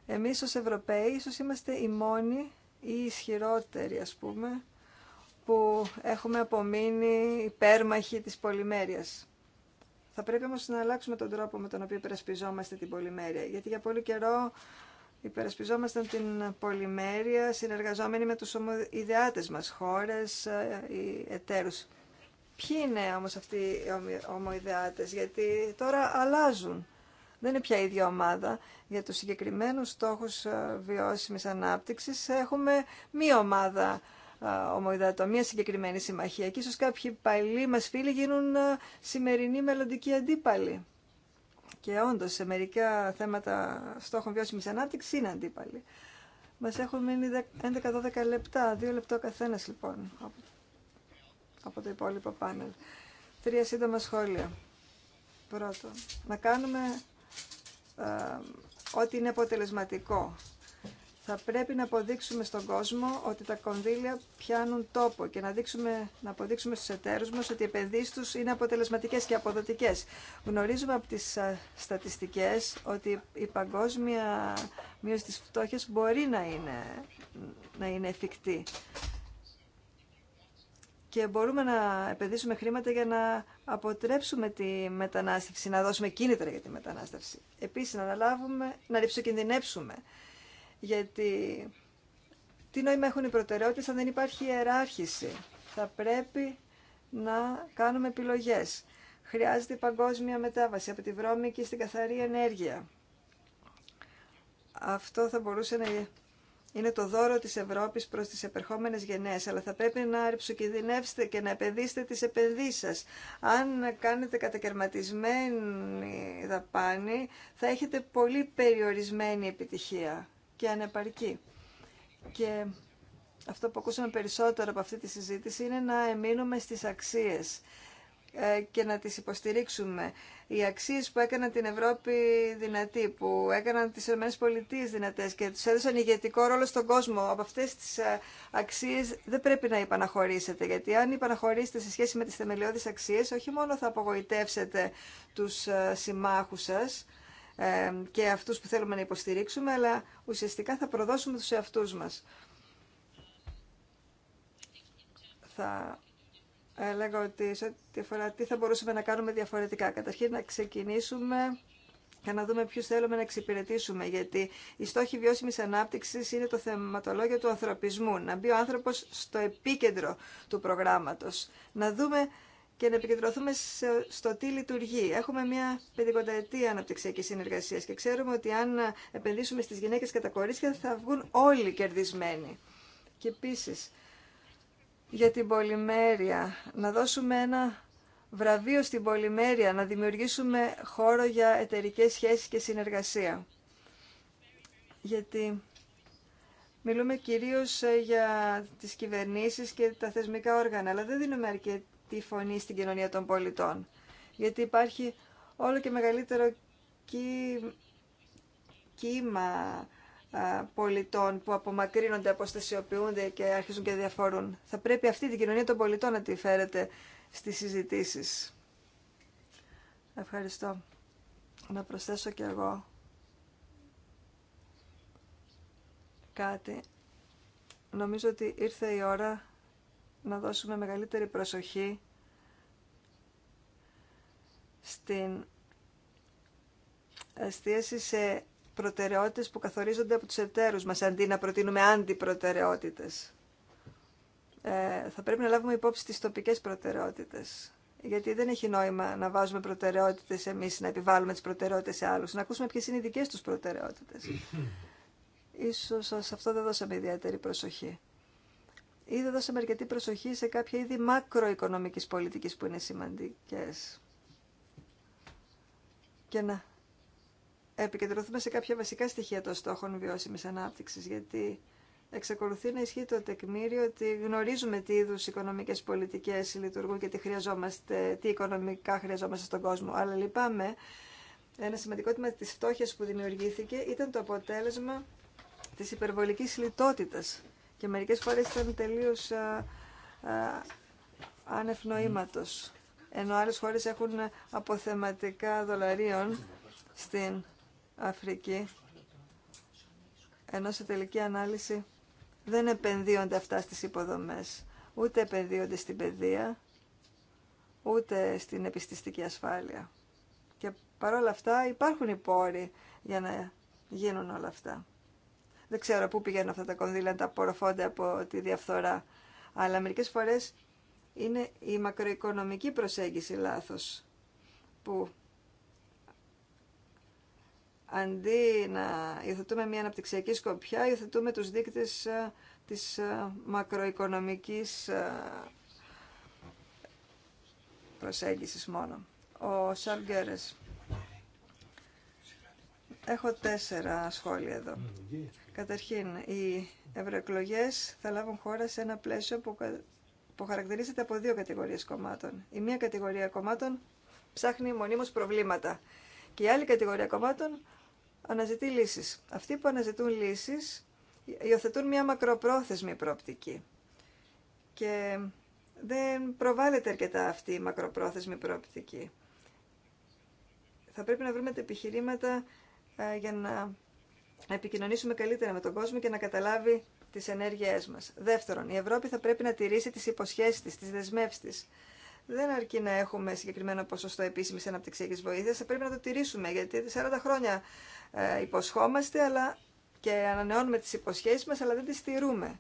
Εμείς ως Ευρωπαίοι ίσως είμαστε οι μόνοι ή οι ισχυρότεροι ας πούμε που έχουμε απομείνει υπέρμαχοι της πολυμέρειας. Θα πρέπει όμως να αλλάξουμε τον τρόπο με τον οποίο υπερασπιζόμαστε την πολυμέρεια. Γιατί για πολύ καιρό υπερασπιζόμασταν την πολυμέρεια συνεργαζόμενοι με τους ομοειδεάτες μας, χώρες ή ε, εταίρους. Ποιοι είναι όμως αυτοί οι ομοειδεάτες, γιατί τώρα αλλάζουν. Δεν είναι πια η ίδια ομάδα. Για τους συγκεκριμένους στόχους ε, βιώσιμης ανάπτυξης έχουμε μία ομάδα μια συγκεκριμένη συμμαχία και ίσως κάποιοι παλιοί μας φίλοι γίνουν σημερινοί μελλοντικοί αντίπαλοι. Και όντως σε μερικά θέματα στόχων βιώσιμης ανάπτυξη είναι αντίπαλοι. Μας έχουν μείνει 11-12 λεπτά, 2 λεπτό καθένας λοιπόν από το υπόλοιπο πάνελ. Τρία σύντομα σχόλια. πρώτο να κάνουμε ό,τι είναι αποτελεσματικό θα πρέπει να αποδείξουμε στον κόσμο ότι τα κονδύλια πιάνουν τόπο και να, δείξουμε, να αποδείξουμε στους εταίρους μας ότι οι επενδύσεις τους είναι αποτελεσματικές και αποδοτικές. Γνωρίζουμε από τις στατιστικές ότι η παγκόσμια μείωση της φτώχειας μπορεί να είναι, να είναι εφικτή. Και μπορούμε να επενδύσουμε χρήματα για να αποτρέψουμε τη μετανάστευση, να δώσουμε κίνητρα για τη μετανάστευση. Επίσης, να αναλάβουμε, να γιατί τι νόημα έχουν οι προτεραιότητες αν δεν υπάρχει ιεράρχηση. Θα πρέπει να κάνουμε επιλογές. Χρειάζεται παγκόσμια μετάβαση από τη βρώμικη στην καθαρή ενέργεια. Αυτό θα μπορούσε να είναι το δώρο της Ευρώπης προς τις επερχόμενες γενναίες, αλλά θα πρέπει να ρεψοκινδυνεύσετε και να επενδύσετε τις επενδύσεις σας. Αν κάνετε κατακαιρματισμένη δαπάνη, θα έχετε πολύ περιορισμένη επιτυχία και ανεπαρκή. Και αυτό που ακούσαμε περισσότερο από αυτή τη συζήτηση είναι να εμείνουμε στις αξίες ε, και να τις υποστηρίξουμε. Οι αξίες που έκαναν την Ευρώπη δυνατή, που έκαναν τις ΗΠΑ δυνατές και τους έδωσαν ηγετικό ρόλο στον κόσμο, από αυτές τις ε, αξίες δεν πρέπει να υπαναχωρήσετε, γιατί αν υπαναχωρήσετε σε σχέση με τις θεμελιώδεις αξίες, όχι μόνο θα απογοητεύσετε τους ε, συμμάχους σας, και αυτούς που θέλουμε να υποστηρίξουμε, αλλά ουσιαστικά θα προδώσουμε τους εαυτούς μας. Θα έλεγα ότι σε ό,τι αφορά τι θα μπορούσαμε να κάνουμε διαφορετικά. Καταρχήν να ξεκινήσουμε και να δούμε ποιους θέλουμε να εξυπηρετήσουμε. Γιατί η στόχη βιώσιμης ανάπτυξης είναι το θεματολόγιο του ανθρωπισμού. Να μπει ο άνθρωπο στο επίκεντρο του προγράμματος, Να δούμε και να επικεντρωθούμε στο τι λειτουργεί. Έχουμε μια πεντηκονταετία αναπτυξιακή συνεργασία και ξέρουμε ότι αν επενδύσουμε στι γυναίκε και τα κορίτσια θα βγουν όλοι κερδισμένοι. Και επίση για την πολυμέρεια, να δώσουμε ένα βραβείο στην πολυμέρεια, να δημιουργήσουμε χώρο για εταιρικές σχέσεις και συνεργασία. Γιατί μιλούμε κυρίως ε, για τις κυβερνήσεις και τα θεσμικά όργανα, αλλά δεν δίνουμε αρκετή τη φωνή στην κοινωνία των πολιτών. Γιατί υπάρχει όλο και μεγαλύτερο κύμα πολιτών που απομακρύνονται, αποστασιοποιούνται και αρχίζουν και διαφορούν. Θα πρέπει αυτή την κοινωνία των πολιτών να τη φέρετε στις συζητήσεις. Ευχαριστώ. Να προσθέσω κι εγώ κάτι. Νομίζω ότι ήρθε η ώρα να δώσουμε μεγαλύτερη προσοχή στην αστίαση σε προτεραιότητες που καθορίζονται από τους εταίρους μας, αντί να προτείνουμε αντιπροτεραιότητες. Ε, θα πρέπει να λάβουμε υπόψη τις τοπικές προτεραιότητες. Γιατί δεν έχει νόημα να βάζουμε προτεραιότητες εμείς, να επιβάλλουμε τις προτεραιότητες σε άλλους, να ακούσουμε ποιες είναι οι δικές τους προτεραιότητες. Ίσως σε αυτό δεν δώσαμε ιδιαίτερη προσοχή. Ήδη δώσαμε αρκετή προσοχή σε κάποια είδη μακροοικονομικής πολιτικής που είναι σημαντικές. Και να επικεντρωθούμε σε κάποια βασικά στοιχεία των στόχων βιώσιμης ανάπτυξης, γιατί εξακολουθεί να ισχύει το τεκμήριο ότι γνωρίζουμε τι είδου οικονομικές πολιτικές λειτουργούν και τι, χρειαζόμαστε, τι οικονομικά χρειαζόμαστε στον κόσμο. Αλλά λυπάμαι, ένα σημαντικό τμήμα τη φτώχειας που δημιουργήθηκε ήταν το αποτέλεσμα της υπερβολική λιτότητας και μερικές φορές ήταν τελείως ανευνοήματος. Ε, ε, ενώ άλλες χώρες έχουν αποθεματικά δολαρίων στην Αφρική, ενώ σε τελική ανάλυση δεν επενδύονται αυτά στις υποδομές, ούτε επενδύονται στην παιδεία, ούτε στην επιστηστική ασφάλεια. Και παρόλα αυτά υπάρχουν οι πόροι για να γίνουν όλα αυτά. Δεν ξέρω πού πηγαίνουν αυτά τα κονδύλια, τα απορροφώνται από τη διαφθορά. Αλλά μερικές φορές είναι η μακροοικονομική προσέγγιση λάθος που αντί να υιοθετούμε μια αναπτυξιακή σκοπιά, υιοθετούμε τους δείκτες ε, της ε, μακροοικονομικής ε, προσέγγισης μόνο. Ο Σαργκέρες. Έχω τέσσερα σχόλια εδώ. Mm, Καταρχήν, οι ευρωεκλογέ θα λάβουν χώρα σε ένα πλαίσιο που, χαρακτηρίζεται από δύο κατηγορίες κομμάτων. Η μία κατηγορία κομμάτων ψάχνει μονίμως προβλήματα και η άλλη κατηγορία κομμάτων αναζητεί λύσεις. Αυτοί που αναζητούν λύσεις υιοθετούν μια μακροπρόθεσμη πρόπτικη και δεν προβάλλεται αρκετά αυτή η μακροπρόθεσμη προοπτική. Θα πρέπει να βρούμε τα επιχειρήματα ε, για να να επικοινωνήσουμε καλύτερα με τον κόσμο και να καταλάβει τι ενέργειέ μα. Δεύτερον, η Ευρώπη θα πρέπει να τηρήσει τι υποσχέσει τη, τι δεσμεύσει τη. Δεν αρκεί να έχουμε συγκεκριμένο ποσοστό επίσημη αναπτυξιακή βοήθεια, θα πρέπει να το τηρήσουμε γιατί 40 χρόνια ε, υποσχόμαστε αλλά και ανανεώνουμε τι υποσχέσει μα, αλλά δεν τι τηρούμε.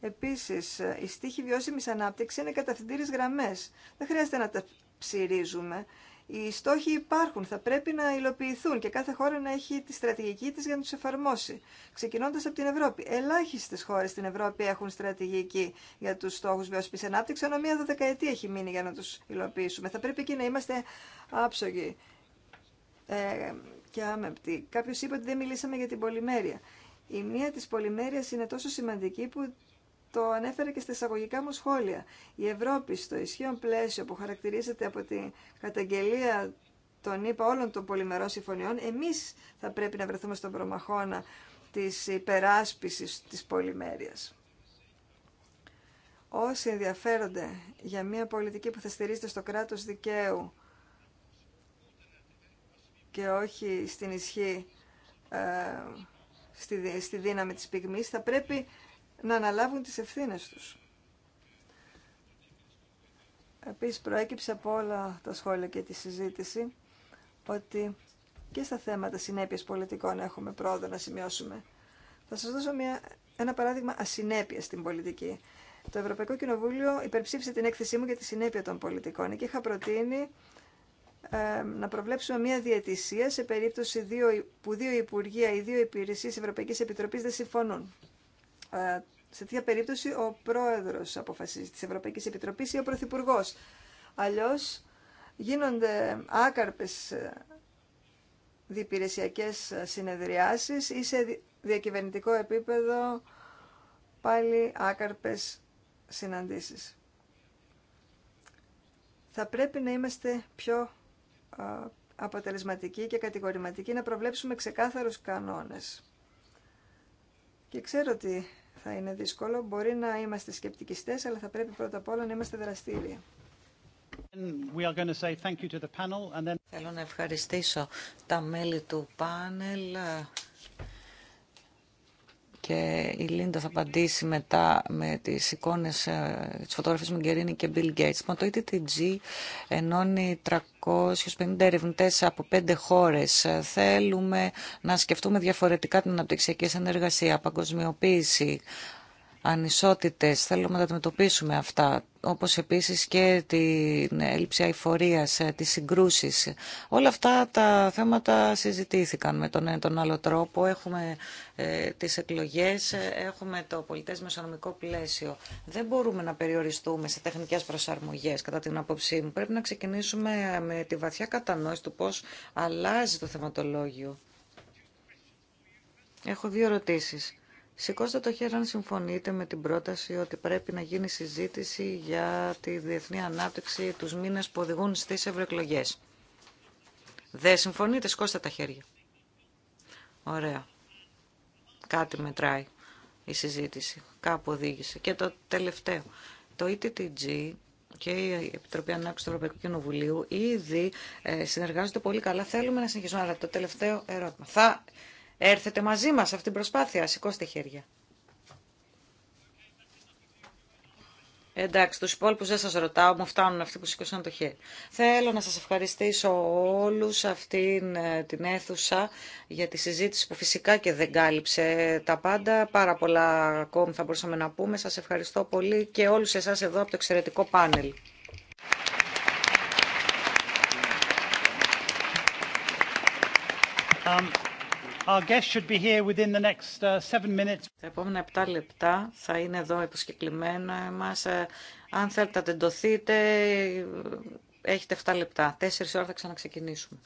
Επίση, οι ε, στίχη βιώσιμη ανάπτυξη είναι καταθυντήρε γραμμέ. Δεν χρειάζεται να τα ψυρίζουμε. Οι στόχοι υπάρχουν, θα πρέπει να υλοποιηθούν και κάθε χώρα να έχει τη στρατηγική της για να τους εφαρμόσει. Ξεκινώντας από την Ευρώπη. Ελάχιστες χώρες στην Ευρώπη έχουν στρατηγική για τους στόχους βιώσιμης ανάπτυξης, ενώ μία δεκαετία έχει μείνει για να τους υλοποιήσουμε. Θα πρέπει εκεί να είμαστε άψογοι ε, και άμεπτοι. Κάποιος είπε ότι δεν μιλήσαμε για την πολυμέρεια. Η μία της πολυμέρειας είναι τόσο σημαντική που το ανέφερα και στα εισαγωγικά μου σχόλια. Η Ευρώπη στο ισχύον πλαίσιο που χαρακτηρίζεται από την καταγγελία των είπα όλων των πολυμερών συμφωνιών, εμείς θα πρέπει να βρεθούμε στον προμαχώνα της υπεράσπισης της πολυμέρειας. Όσοι ενδιαφέρονται για μια πολιτική που θα στηρίζεται στο κράτος δικαίου και όχι στην ισχύ, ε, στη, στη δύναμη της πυγμής, θα πρέπει να αναλάβουν τις ευθύνες τους. Επίσης προέκυψε από όλα τα σχόλια και τη συζήτηση ότι και στα θέματα συνέπειας πολιτικών έχουμε πρόοδο να σημειώσουμε. Θα σας δώσω μια, ένα παράδειγμα ασυνέπεια στην πολιτική. Το Ευρωπαϊκό Κοινοβούλιο υπερψήφισε την έκθεσή μου για τη συνέπεια των πολιτικών και είχα προτείνει ε, να προβλέψουμε μια διαιτησία σε περίπτωση δύο, που δύο Υπουργεία ή δύο Υπηρεσίες Ευρωπαϊκής Επιτροπής δεν συμφωνούν. Ε, σε τέτοια περίπτωση ο πρόεδρος αποφασίζει της Ευρωπαϊκής Επιτροπής ή ο Πρωθυπουργό. Αλλιώς γίνονται άκαρπες ε, διπηρεσιακές ε, συνεδριάσεις ή σε διακυβερνητικό επίπεδο πάλι άκαρπες συναντήσεις. Θα πρέπει να είμαστε πιο αποτελεσματικοί και κατηγορηματικοί να προβλέψουμε ξεκάθαρους κανόνες. Και ξέρω ότι θα είναι δύσκολο. Μπορεί να είμαστε σκεπτικιστές, αλλά θα πρέπει πρώτα απ' όλα να είμαστε δραστήριοι. Θέλω να ευχαριστήσω τα μέλη του πάνελ και η Λίντα θα απαντήσει μετά με τις εικόνες, ε, τις φωτογραφίες με Γκερίνη και Bill Gates. Λοιπόν, το ETTG ενώνει 350 ερευνητέ από πέντε χώρες. Ε, θέλουμε να σκεφτούμε διαφορετικά την αναπτυξιακή συνεργασία, παγκοσμιοποίηση, ανισότητες. Θέλουμε να τα αντιμετωπίσουμε αυτά, όπως επίσης και την έλλειψη αηφορίας, ε, τις συγκρούσεις. Όλα αυτά τα θέματα συζητήθηκαν με τον τον άλλο τρόπο. Έχουμε ε, τις εκλογές, ε, έχουμε το πολιτές μεσονομικό πλαίσιο. Δεν μπορούμε να περιοριστούμε σε τεχνικές προσαρμογές, κατά την άποψή μου. Πρέπει να ξεκινήσουμε ε, με τη βαθιά κατανόηση του πώς αλλάζει το θεματολόγιο. Έχω δύο ερωτήσεις Σηκώστε το χέρι αν συμφωνείτε με την πρόταση ότι πρέπει να γίνει συζήτηση για τη διεθνή ανάπτυξη τους μήνες που οδηγούν στις ευρωεκλογέ. Δεν συμφωνείτε, σηκώστε τα χέρια. Ωραία. Κάτι μετράει η συζήτηση. Κάπου οδήγησε. Και το τελευταίο. Το ETTG και η Επιτροπή Ανάπτυξη του Ευρωπαϊκού Κοινοβουλίου ήδη ε, συνεργάζονται πολύ καλά. Θέλουμε να συνεχίσουμε. Αλλά το τελευταίο ερώτημα. Θα Έρθετε μαζί μας σε αυτήν την προσπάθεια. Σηκώστε χέρια. Εντάξει, τους υπόλοιπους δεν σας ρωτάω, μου φτάνουν αυτοί που σηκώσαν το χέρι. Θέλω να σας ευχαριστήσω όλους αυτήν ε, την αίθουσα για τη συζήτηση που φυσικά και δεν κάλυψε τα πάντα. Πάρα πολλά ακόμη θα μπορούσαμε να πούμε. Σας ευχαριστώ πολύ και όλους εσάς εδώ από το εξαιρετικό πάνελ. Our guest should be here within the next uh, seven minutes. Τα επόμενα 7 λεπτά θα είναι εδώ η προσκεκλημένα μας. Ε, αν θέλετε να τεντωθείτε, ε, έχετε 7 λεπτά. 4 ώρα θα ξαναξεκινήσουμε.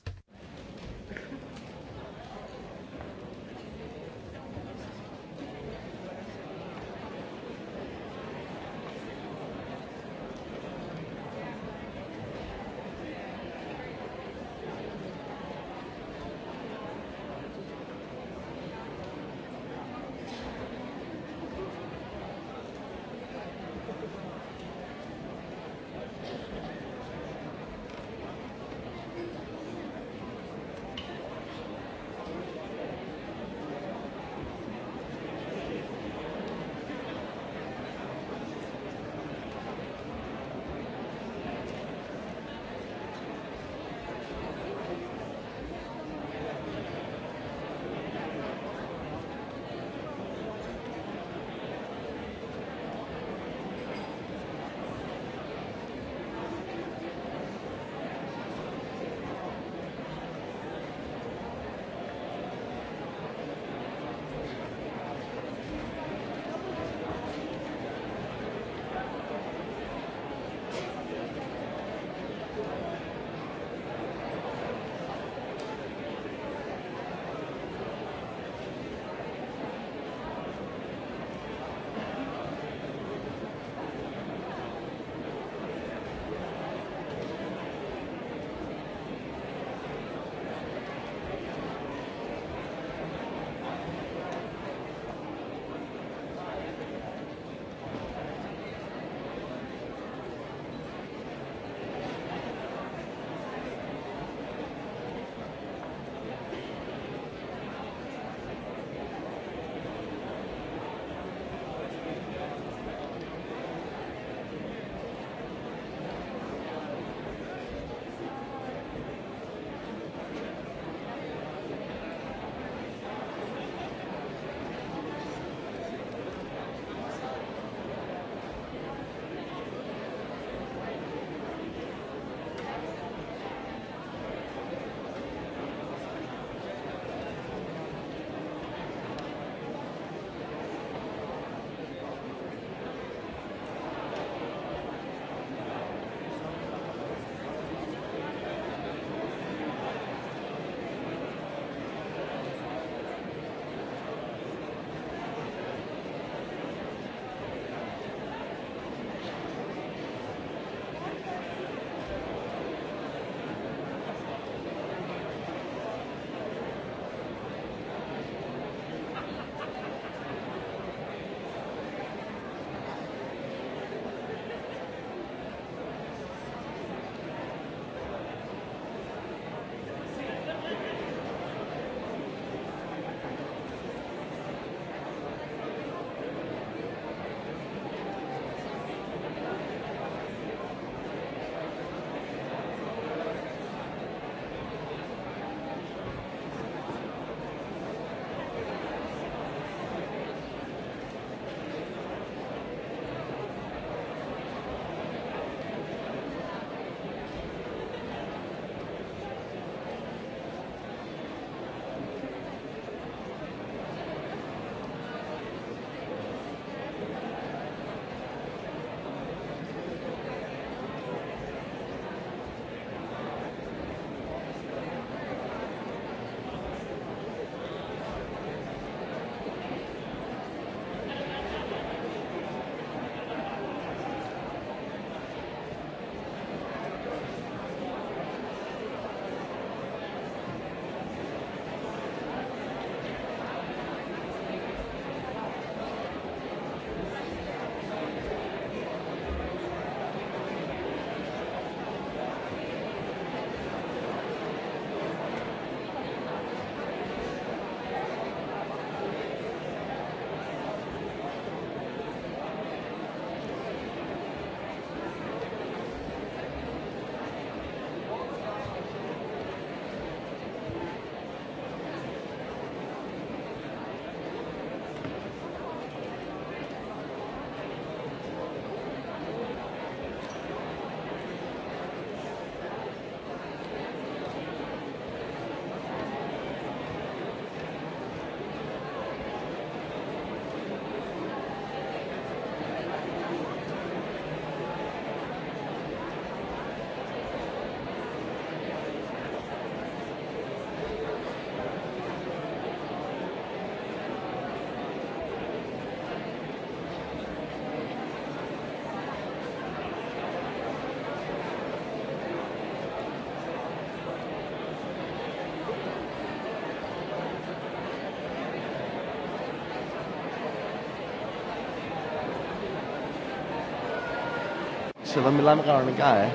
εδώ μιλάμε κανονικά, ε.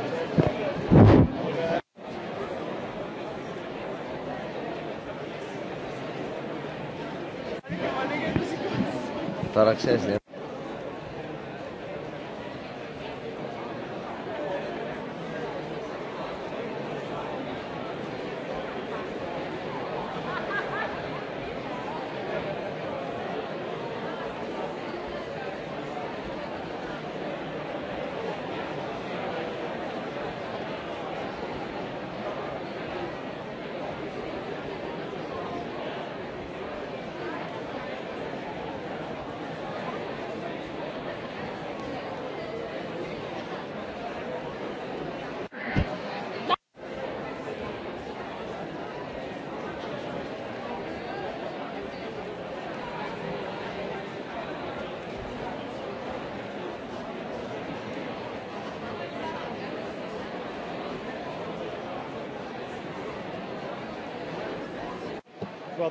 Τώρα ξέρεις, ε.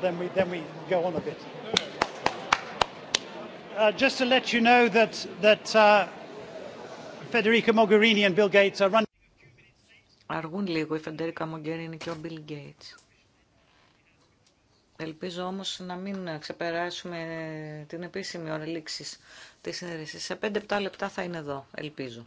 then we then we go on a bit. Uh, just to let you know that that uh, Federica Mogherini and Bill Gates are running. Αργούν λίγο η Φεντερίκα Μογκερίνη και ο Μπιλ Γκέιτς. Ελπίζω όμως να μην ξεπεράσουμε την επίσημη ώρα λήξης της συνέντευξης. Σε πέντε λεπτά θα είναι εδώ, ελπίζω.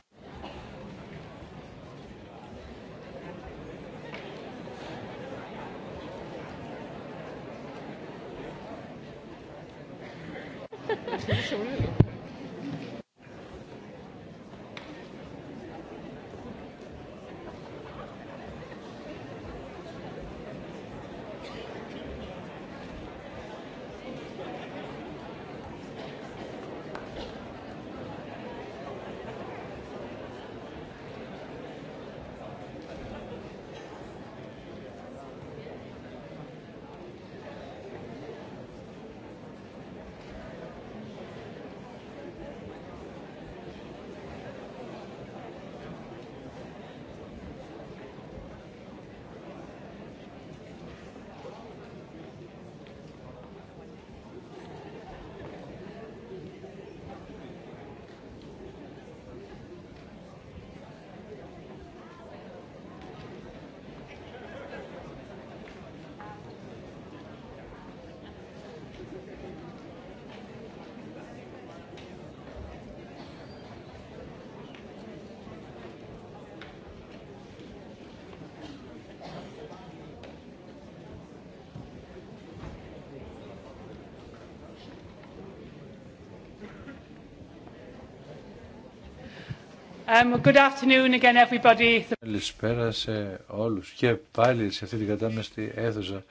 Um, good afternoon again everybody. Καλησπέρα σε όλους και πάλι σε αυτή την κατάμεστη αίθουσα.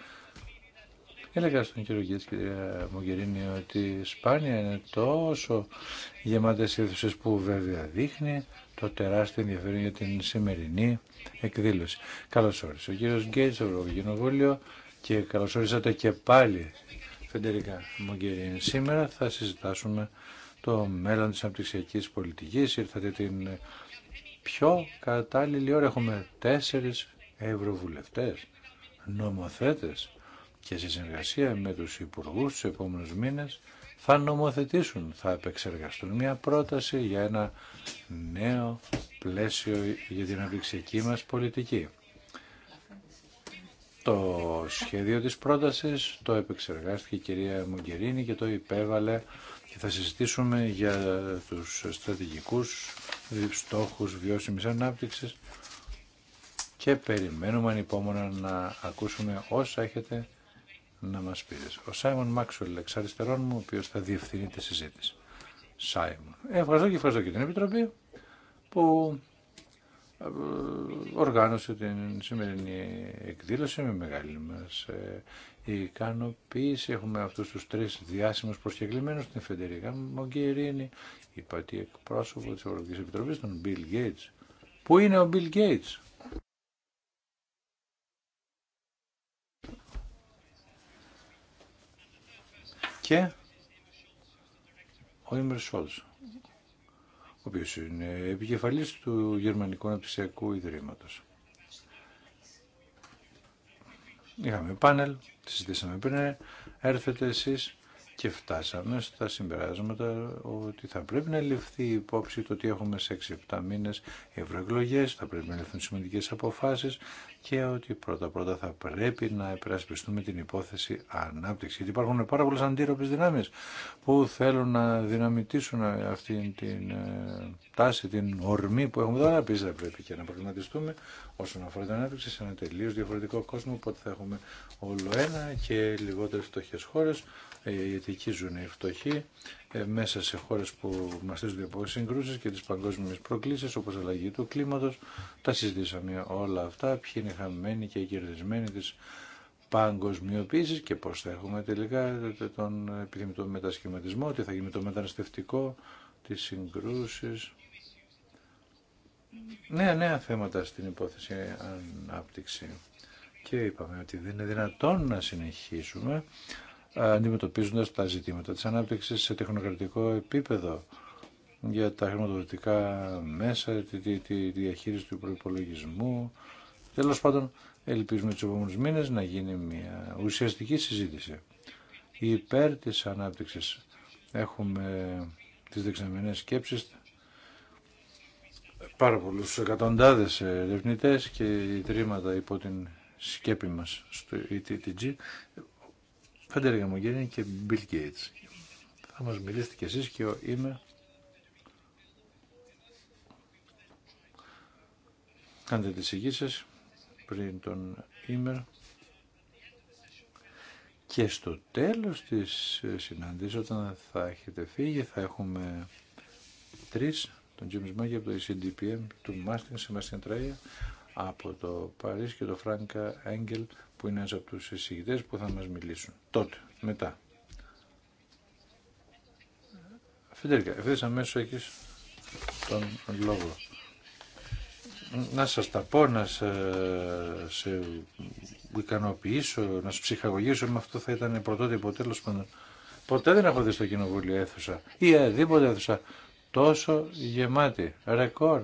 Έλεγα στον κύριο Γκέτς και κυρία Μογκερίνη ότι σπάνια είναι τόσο γεμάτε αίθουσε που βέβαια δείχνει το τεράστιο ενδιαφέρον για την σημερινή εκδήλωση. Καλώ όρισε ο κύριος Γκέτς, Ευρωβουλίο και καλώ όρισατε και πάλι Φεντερικά Μογκερίνη. Σήμερα θα συζητάσουμε το μέλλον της αναπτυξιακής πολιτικής. Ήρθατε την πιο κατάλληλη ώρα. Έχουμε τέσσερις ευρωβουλευτές, νομοθέτες και σε συνεργασία με τους υπουργούς του επόμενους μήνες θα νομοθετήσουν, θα επεξεργαστούν μια πρόταση για ένα νέο πλαίσιο για την αναπτυξιακή μας πολιτική. Το σχέδιο της πρότασης το επεξεργάστηκε η κυρία Μουγκερίνη και το υπέβαλε και θα συζητήσουμε για τους στρατηγικούς στόχους βιώσιμης ανάπτυξης και περιμένουμε ανυπόμονα να ακούσουμε όσα έχετε να μας πείτε. Ο Σάιμον Μάξουελ, εξ αριστερών μου, ο οποίος θα διευθύνει τη συζήτηση. Σάιμον. Ε, ευχαριστώ και ευχαριστώ και την Επιτροπή που ε, οργάνωσε την σημερινή εκδήλωση με μεγάλη μας ε, ικανοποίηση. Έχουμε αυτούς τους τρεις διάσημους προσκεκλημένους, την Φεντερικά Μογκερίνη, η πατή εκπρόσωπο της Ευρωπαϊκής Επιτροπής, τον Bill Gates. Πού είναι ο Bill Gates? Και ο Ήμερ Σόλτ οποίο είναι επικεφαλή του Γερμανικού Αναπτυξιακού ιδρύματο. Είχαμε πάνελ, συζητήσαμε πριν, έρθετε εσείς και φτάσαμε στα συμπεράσματα ότι θα πρέπει να ληφθεί υπόψη το ότι έχουμε σε 6-7 μήνες ευρωεκλογέ, θα πρέπει να ληφθούν σημαντικές αποφάσεις και ότι πρώτα-πρώτα θα πρέπει να επερασπιστούμε την υπόθεση ανάπτυξη. Γιατί υπάρχουν πάρα πολλές αντίρροπες δυνάμεις που θέλουν να δυναμητήσουν αυτή την ε, τάση, την ορμή που έχουμε τώρα. Επίσης θα πρέπει και να προβληματιστούμε όσον αφορά την ανάπτυξη σε ένα τελείως διαφορετικό κόσμο, οπότε θα έχουμε όλο ένα και λιγότερες φτωχές χώρες γιατί ε, εκεί ζουν οι φτωχοί ε, μέσα σε χώρες που μαστίζονται από συγκρούσεις και τις παγκόσμιες προκλήσεις όπως αλλαγή του κλίματος. Τα συζητήσαμε όλα αυτά, ποιοι είναι χαμημένοι και κερδισμένοι τη παγκοσμιοποίηση και πώς θα έχουμε τελικά τον επιθυμητό μετασχηματισμό, τι θα γίνει το μεταναστευτικό, τις συγκρούσεις. Νέα, νέα θέματα στην υπόθεση ανάπτυξη. Και είπαμε ότι δεν είναι δυνατόν να συνεχίσουμε αντιμετωπίζοντας τα ζητήματα της ανάπτυξης σε τεχνοκρατικό επίπεδο για τα χρηματοδοτικά μέσα, τη, τη, διαχείριση του προϋπολογισμού. Τέλος πάντων, ελπίζουμε τους επόμενους μήνες να γίνει μια ουσιαστική συζήτηση. Υπέρ της ανάπτυξης έχουμε τις δεξαμενές σκέψεις, πάρα πολλούς εκατοντάδες ερευνητέ και ιδρύματα υπό την σκέπη μας στο ETTG. Φαντέργα γίνει και Bill Gates. Θα μας μιλήσετε κι εσείς και είμαι... Κάντε τις εγγύσεις πριν τον Ήμερ. Και στο τέλος της συνάντησης, όταν θα έχετε φύγει, θα έχουμε τρεις, τον James Μάγκη από το ECDPM, του σε Σεμάστιν Τρέια, από το Παρίσι και το Φράγκα Έγγελ που είναι ένας από τους εισηγητές που θα μας μιλήσουν. Τότε, μετά. Φιντέρικα, ευθύς αμέσως έχεις τον λόγο. Να σας τα πω, να σε ικανοποιήσω, να σε ψυχαγωγήσω, με αυτό θα ήταν πρωτότυπο τέλος πάντων. Ποτέ δεν έχω δει στο κοινοβούλιο αίθουσα ή αδίποτε αίθουσα τόσο γεμάτη, ρεκόρ.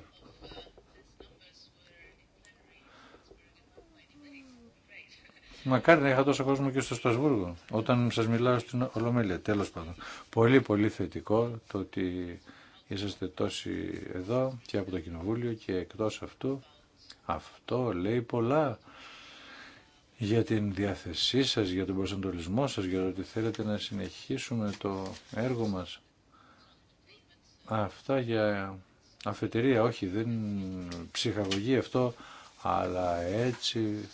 Μακάρι να είχα τόσο κόσμο και στο Στασβούργο, όταν σας μιλάω στην Ολομέλεια. Τέλος πάντων, πολύ πολύ θετικό το ότι είσαστε τόσοι εδώ και από το Κοινοβούλιο και εκτό αυτού. Αυτό λέει πολλά για την διάθεσή σας, για τον προσανατολισμό σας, για το ότι θέλετε να συνεχίσουμε το έργο μας. Αυτά για αφετηρία, όχι, δεν ψυχαγωγεί αυτό, αλλά έτσι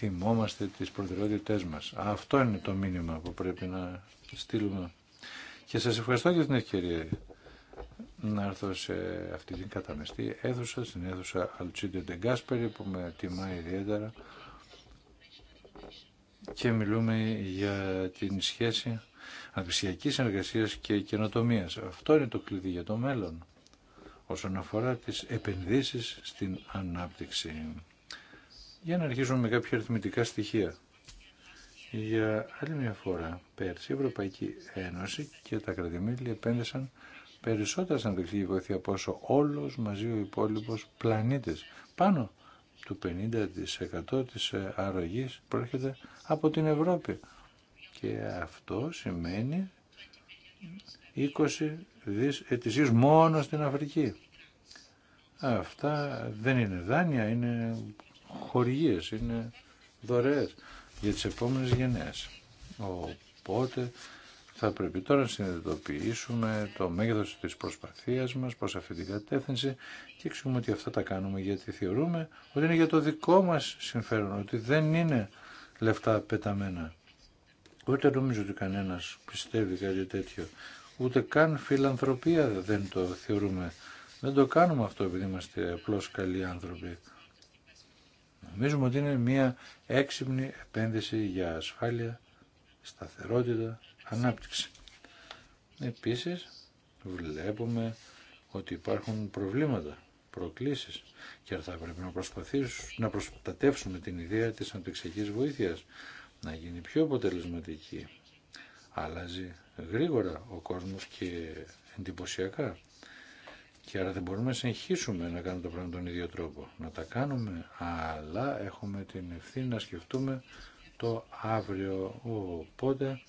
θυμόμαστε τις προτεραιότητές μας. Αυτό είναι το μήνυμα που πρέπει να στείλουμε. Και σας ευχαριστώ για την ευκαιρία να έρθω σε αυτή την καταμεστή αίθουσα, στην αίθουσα Αλτσίντε Ντεγκάσπερη που με τιμά ιδιαίτερα και μιλούμε για την σχέση αναπτυξιακής εργασίας και καινοτομίας. Αυτό είναι το κλειδί για το μέλλον όσον αφορά τις επενδύσεις στην ανάπτυξη. Για να αρχίσουμε με κάποια αριθμητικά στοιχεία. Για άλλη μια φορά, πέρσι η Ευρωπαϊκή Ένωση και τα κρατημέλη επένδυσαν περισσότερα σαν αντοχική βοήθεια από όσο όλος μαζί ο υπόλοιπο πλανήτης. Πάνω του 50% της ε, αρρωγής προέρχεται από την Ευρώπη. Και αυτό σημαίνει 20 δις ετησίως μόνο στην Αφρική. Αυτά δεν είναι δάνεια, είναι χορηγίες, είναι δωρεές για τις επόμενες γενναίες. Οπότε θα πρέπει τώρα να συνειδητοποιήσουμε το μέγεθος της προσπαθίας μας προς αυτή την κατεύθυνση και ξέρουμε ότι αυτά τα κάνουμε γιατί θεωρούμε ότι είναι για το δικό μας συμφέρον, ότι δεν είναι λεφτά πεταμένα. Ούτε νομίζω ότι κανένας πιστεύει κάτι τέτοιο. Ούτε καν φιλανθρωπία δεν το θεωρούμε. Δεν το κάνουμε αυτό επειδή είμαστε απλώς καλοί άνθρωποι. Νομίζουμε ότι είναι μια έξυπνη επένδυση για ασφάλεια, σταθερότητα, ανάπτυξη. Επίσης βλέπουμε ότι υπάρχουν προβλήματα, προκλήσεις και θα πρέπει να προσπαθήσουμε να προστατεύσουμε την ιδέα της αντεξιακής βοήθειας, να γίνει πιο αποτελεσματική. Αλλάζει γρήγορα ο κόσμος και εντυπωσιακά. Και άρα δεν μπορούμε να συνεχίσουμε να κάνουμε το πράγμα τον ίδιο τρόπο. Να τα κάνουμε, αλλά έχουμε την ευθύνη να σκεφτούμε το αύριο. Οπότε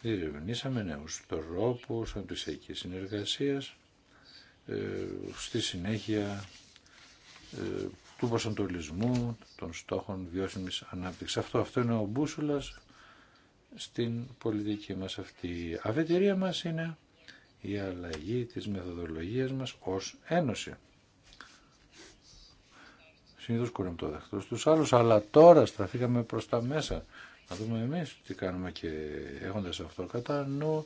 διερευνήσαμε νέους τρόπους αντισιακής συνεργασίας, ε, στη συνέχεια ε, του προσανατολισμού των στόχων βιώσιμης ανάπτυξης. Αυτό, αυτό είναι ο μπούσουλας στην πολιτική μας αυτή. Η αφετηρία μας είναι η αλλαγή της μεθοδολογίας μας ως ένωση. Συνήθως κουράμε το δαχτώ στους άλλους, αλλά τώρα στραφήκαμε προς τα μέσα. Να δούμε εμείς τι κάνουμε και έχοντας αυτό κατά νου,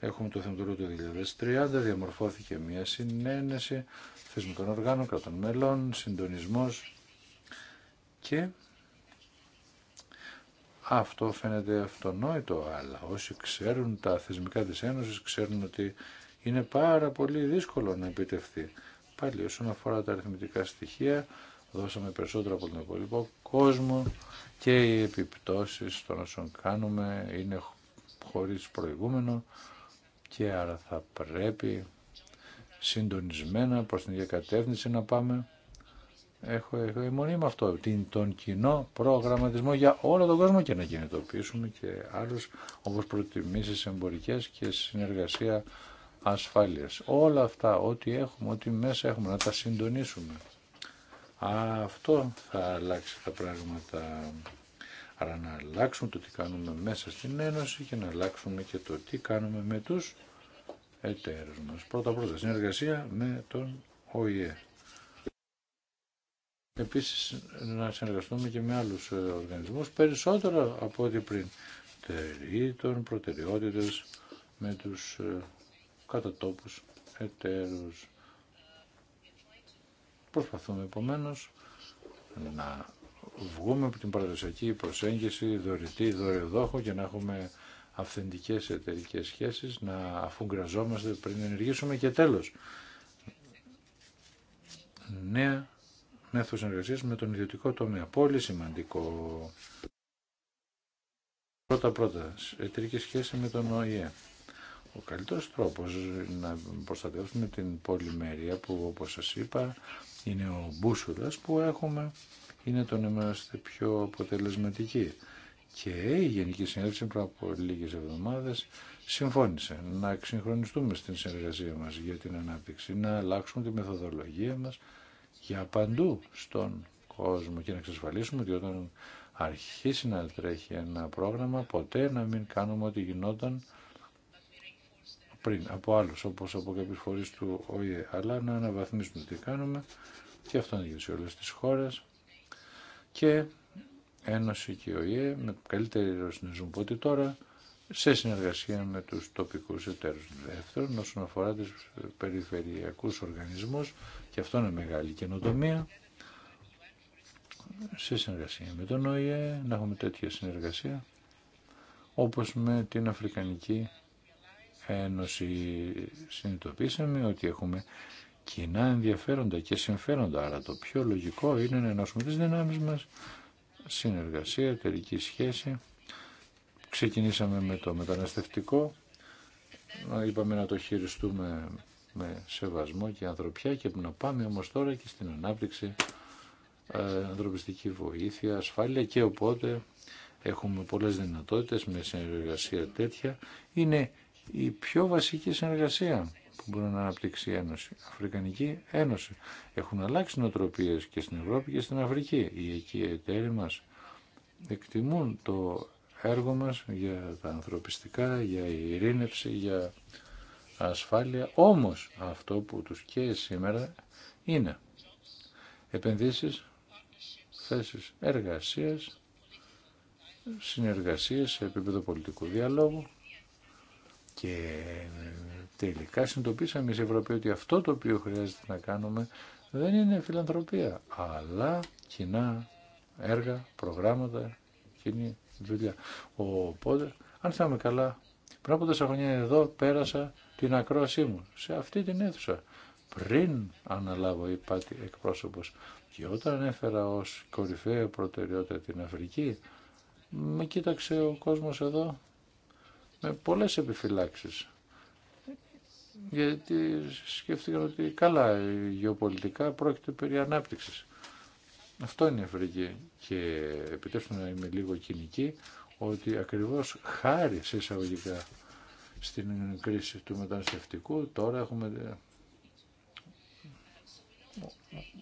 έχουμε το θέμα του 2030, διαμορφώθηκε μια συνένεση θεσμικών οργάνων, κρατών μελών, συντονισμός και αυτό φαίνεται αυτονόητο, αλλά όσοι ξέρουν τα θεσμικά της Ένωσης ξέρουν ότι είναι πάρα πολύ δύσκολο να επιτευχθεί. Πάλι όσον αφορά τα αριθμητικά στοιχεία, δώσαμε περισσότερο από τον υπόλοιπο κόσμο και οι επιπτώσεις των όσων κάνουμε είναι χωρίς προηγούμενο και άρα θα πρέπει συντονισμένα προς την διακατεύθυνση να πάμε έχω, έχω με αυτό, την, τον κοινό προγραμματισμό για όλο τον κόσμο και να κινητοποιήσουμε και άλλους όπως προτιμήσεις εμπορικές και συνεργασία ασφάλειας. Όλα αυτά, ό,τι έχουμε, ό,τι μέσα έχουμε, να τα συντονίσουμε. αυτό θα αλλάξει τα πράγματα. Άρα να αλλάξουμε το τι κάνουμε μέσα στην Ένωση και να αλλάξουμε και το τι κάνουμε με τους εταίρους μας. Πρώτα-πρώτα, συνεργασία με τον ΟΗΕ. Επίσης να συνεργαστούμε και με άλλους ε, οργανισμούς περισσότερο από ό,τι πριν. Τερίτων, προτεραιότητες με τους ε, κατατόπους εταίρους. Προσπαθούμε επομένως να βγούμε από την παραδοσιακή προσέγγιση δωρητή, δωρεοδόχο και να έχουμε αυθεντικές εταιρικέ σχέσεις, να αφουγκραζόμαστε πριν ενεργήσουμε και τέλος. Νέα μέθοδο συνεργασία με τον ιδιωτικό τομέα. Πολύ σημαντικό. Πρώτα-πρώτα, εταιρική σχέση με τον ΟΗΕ. Ο καλύτερος τρόπος να προστατεύσουμε την πολυμέρεια που όπως σας είπα είναι ο μπούσουλα που έχουμε, είναι το να είμαστε πιο αποτελεσματικοί. Και η Γενική Συνέλευση πριν από λίγε εβδομάδες συμφώνησε να εξυγχρονιστούμε στην συνεργασία μα για την ανάπτυξη, να αλλάξουμε τη μεθοδολογία μα για παντού στον κόσμο και να εξασφαλίσουμε ότι όταν αρχίσει να τρέχει ένα πρόγραμμα ποτέ να μην κάνουμε ό,τι γινόταν πριν από άλλους όπως από κάποιες φορείς του ΟΗΕ αλλά να αναβαθμίσουμε τι κάνουμε και αυτό να γίνει σε όλες τις χώρες και Ένωση και ΟΗΕ με καλύτερη ρωσινισμό από τώρα σε συνεργασία με τους τοπικούς εταίρους. Δεύτερον, όσον αφορά τους περιφερειακούς οργανισμούς, και αυτό είναι μεγάλη καινοτομία, σε συνεργασία με τον ΟΗΕ, να έχουμε τέτοια συνεργασία, όπως με την Αφρικανική Ένωση συνειδητοποίησαμε ότι έχουμε κοινά ενδιαφέροντα και συμφέροντα, άρα το πιο λογικό είναι να ενώσουμε τις δυνάμεις μας, συνεργασία, εταιρική σχέση, Ξεκινήσαμε με το μεταναστευτικό, είπαμε να το χειριστούμε με σεβασμό και ανθρωπιά και να πάμε όμως τώρα και στην ανάπτυξη, ε, ανθρωπιστική βοήθεια, ασφάλεια και οπότε έχουμε πολλές δυνατότητες με συνεργασία τέτοια. Είναι η πιο βασική συνεργασία που μπορεί να αναπτύξει η Ένωση, Αφρικανική Ένωση. Έχουν αλλάξει νοοτροπίες και στην Ευρώπη και στην Αφρική. Οι εκεί εταίροι μας εκτιμούν το έργο μας, για τα ανθρωπιστικά, για ειρήνευση, για ασφάλεια. Όμως αυτό που τους καίει σήμερα είναι επενδύσεις, θέσεις εργασίας, συνεργασίες σε επίπεδο πολιτικού διαλόγου και τελικά συνειδητοποίησαμε εμείς Ευρωπαίοι ότι αυτό το οποίο χρειάζεται να κάνουμε δεν είναι φιλανθρωπία, αλλά κοινά έργα, προγράμματα, κοινή δουλειά. Οπότε, αν είμαι καλά, πριν από τέσσερα χρόνια εδώ πέρασα την ακρόασή μου σε αυτή την αίθουσα πριν αναλάβω η πάτη εκπρόσωπος και όταν έφερα ως κορυφαία προτεραιότητα την Αφρική με κοίταξε ο κόσμος εδώ με πολλές επιφυλάξεις γιατί σκέφτηκαν ότι καλά γεωπολιτικά πρόκειται περί ανάπτυξης αυτό είναι η Αφρική και επιτρέψτε να είμαι λίγο κοινική ότι ακριβώς χάρη σε εισαγωγικά στην κρίση του μεταναστευτικού τώρα έχουμε ε,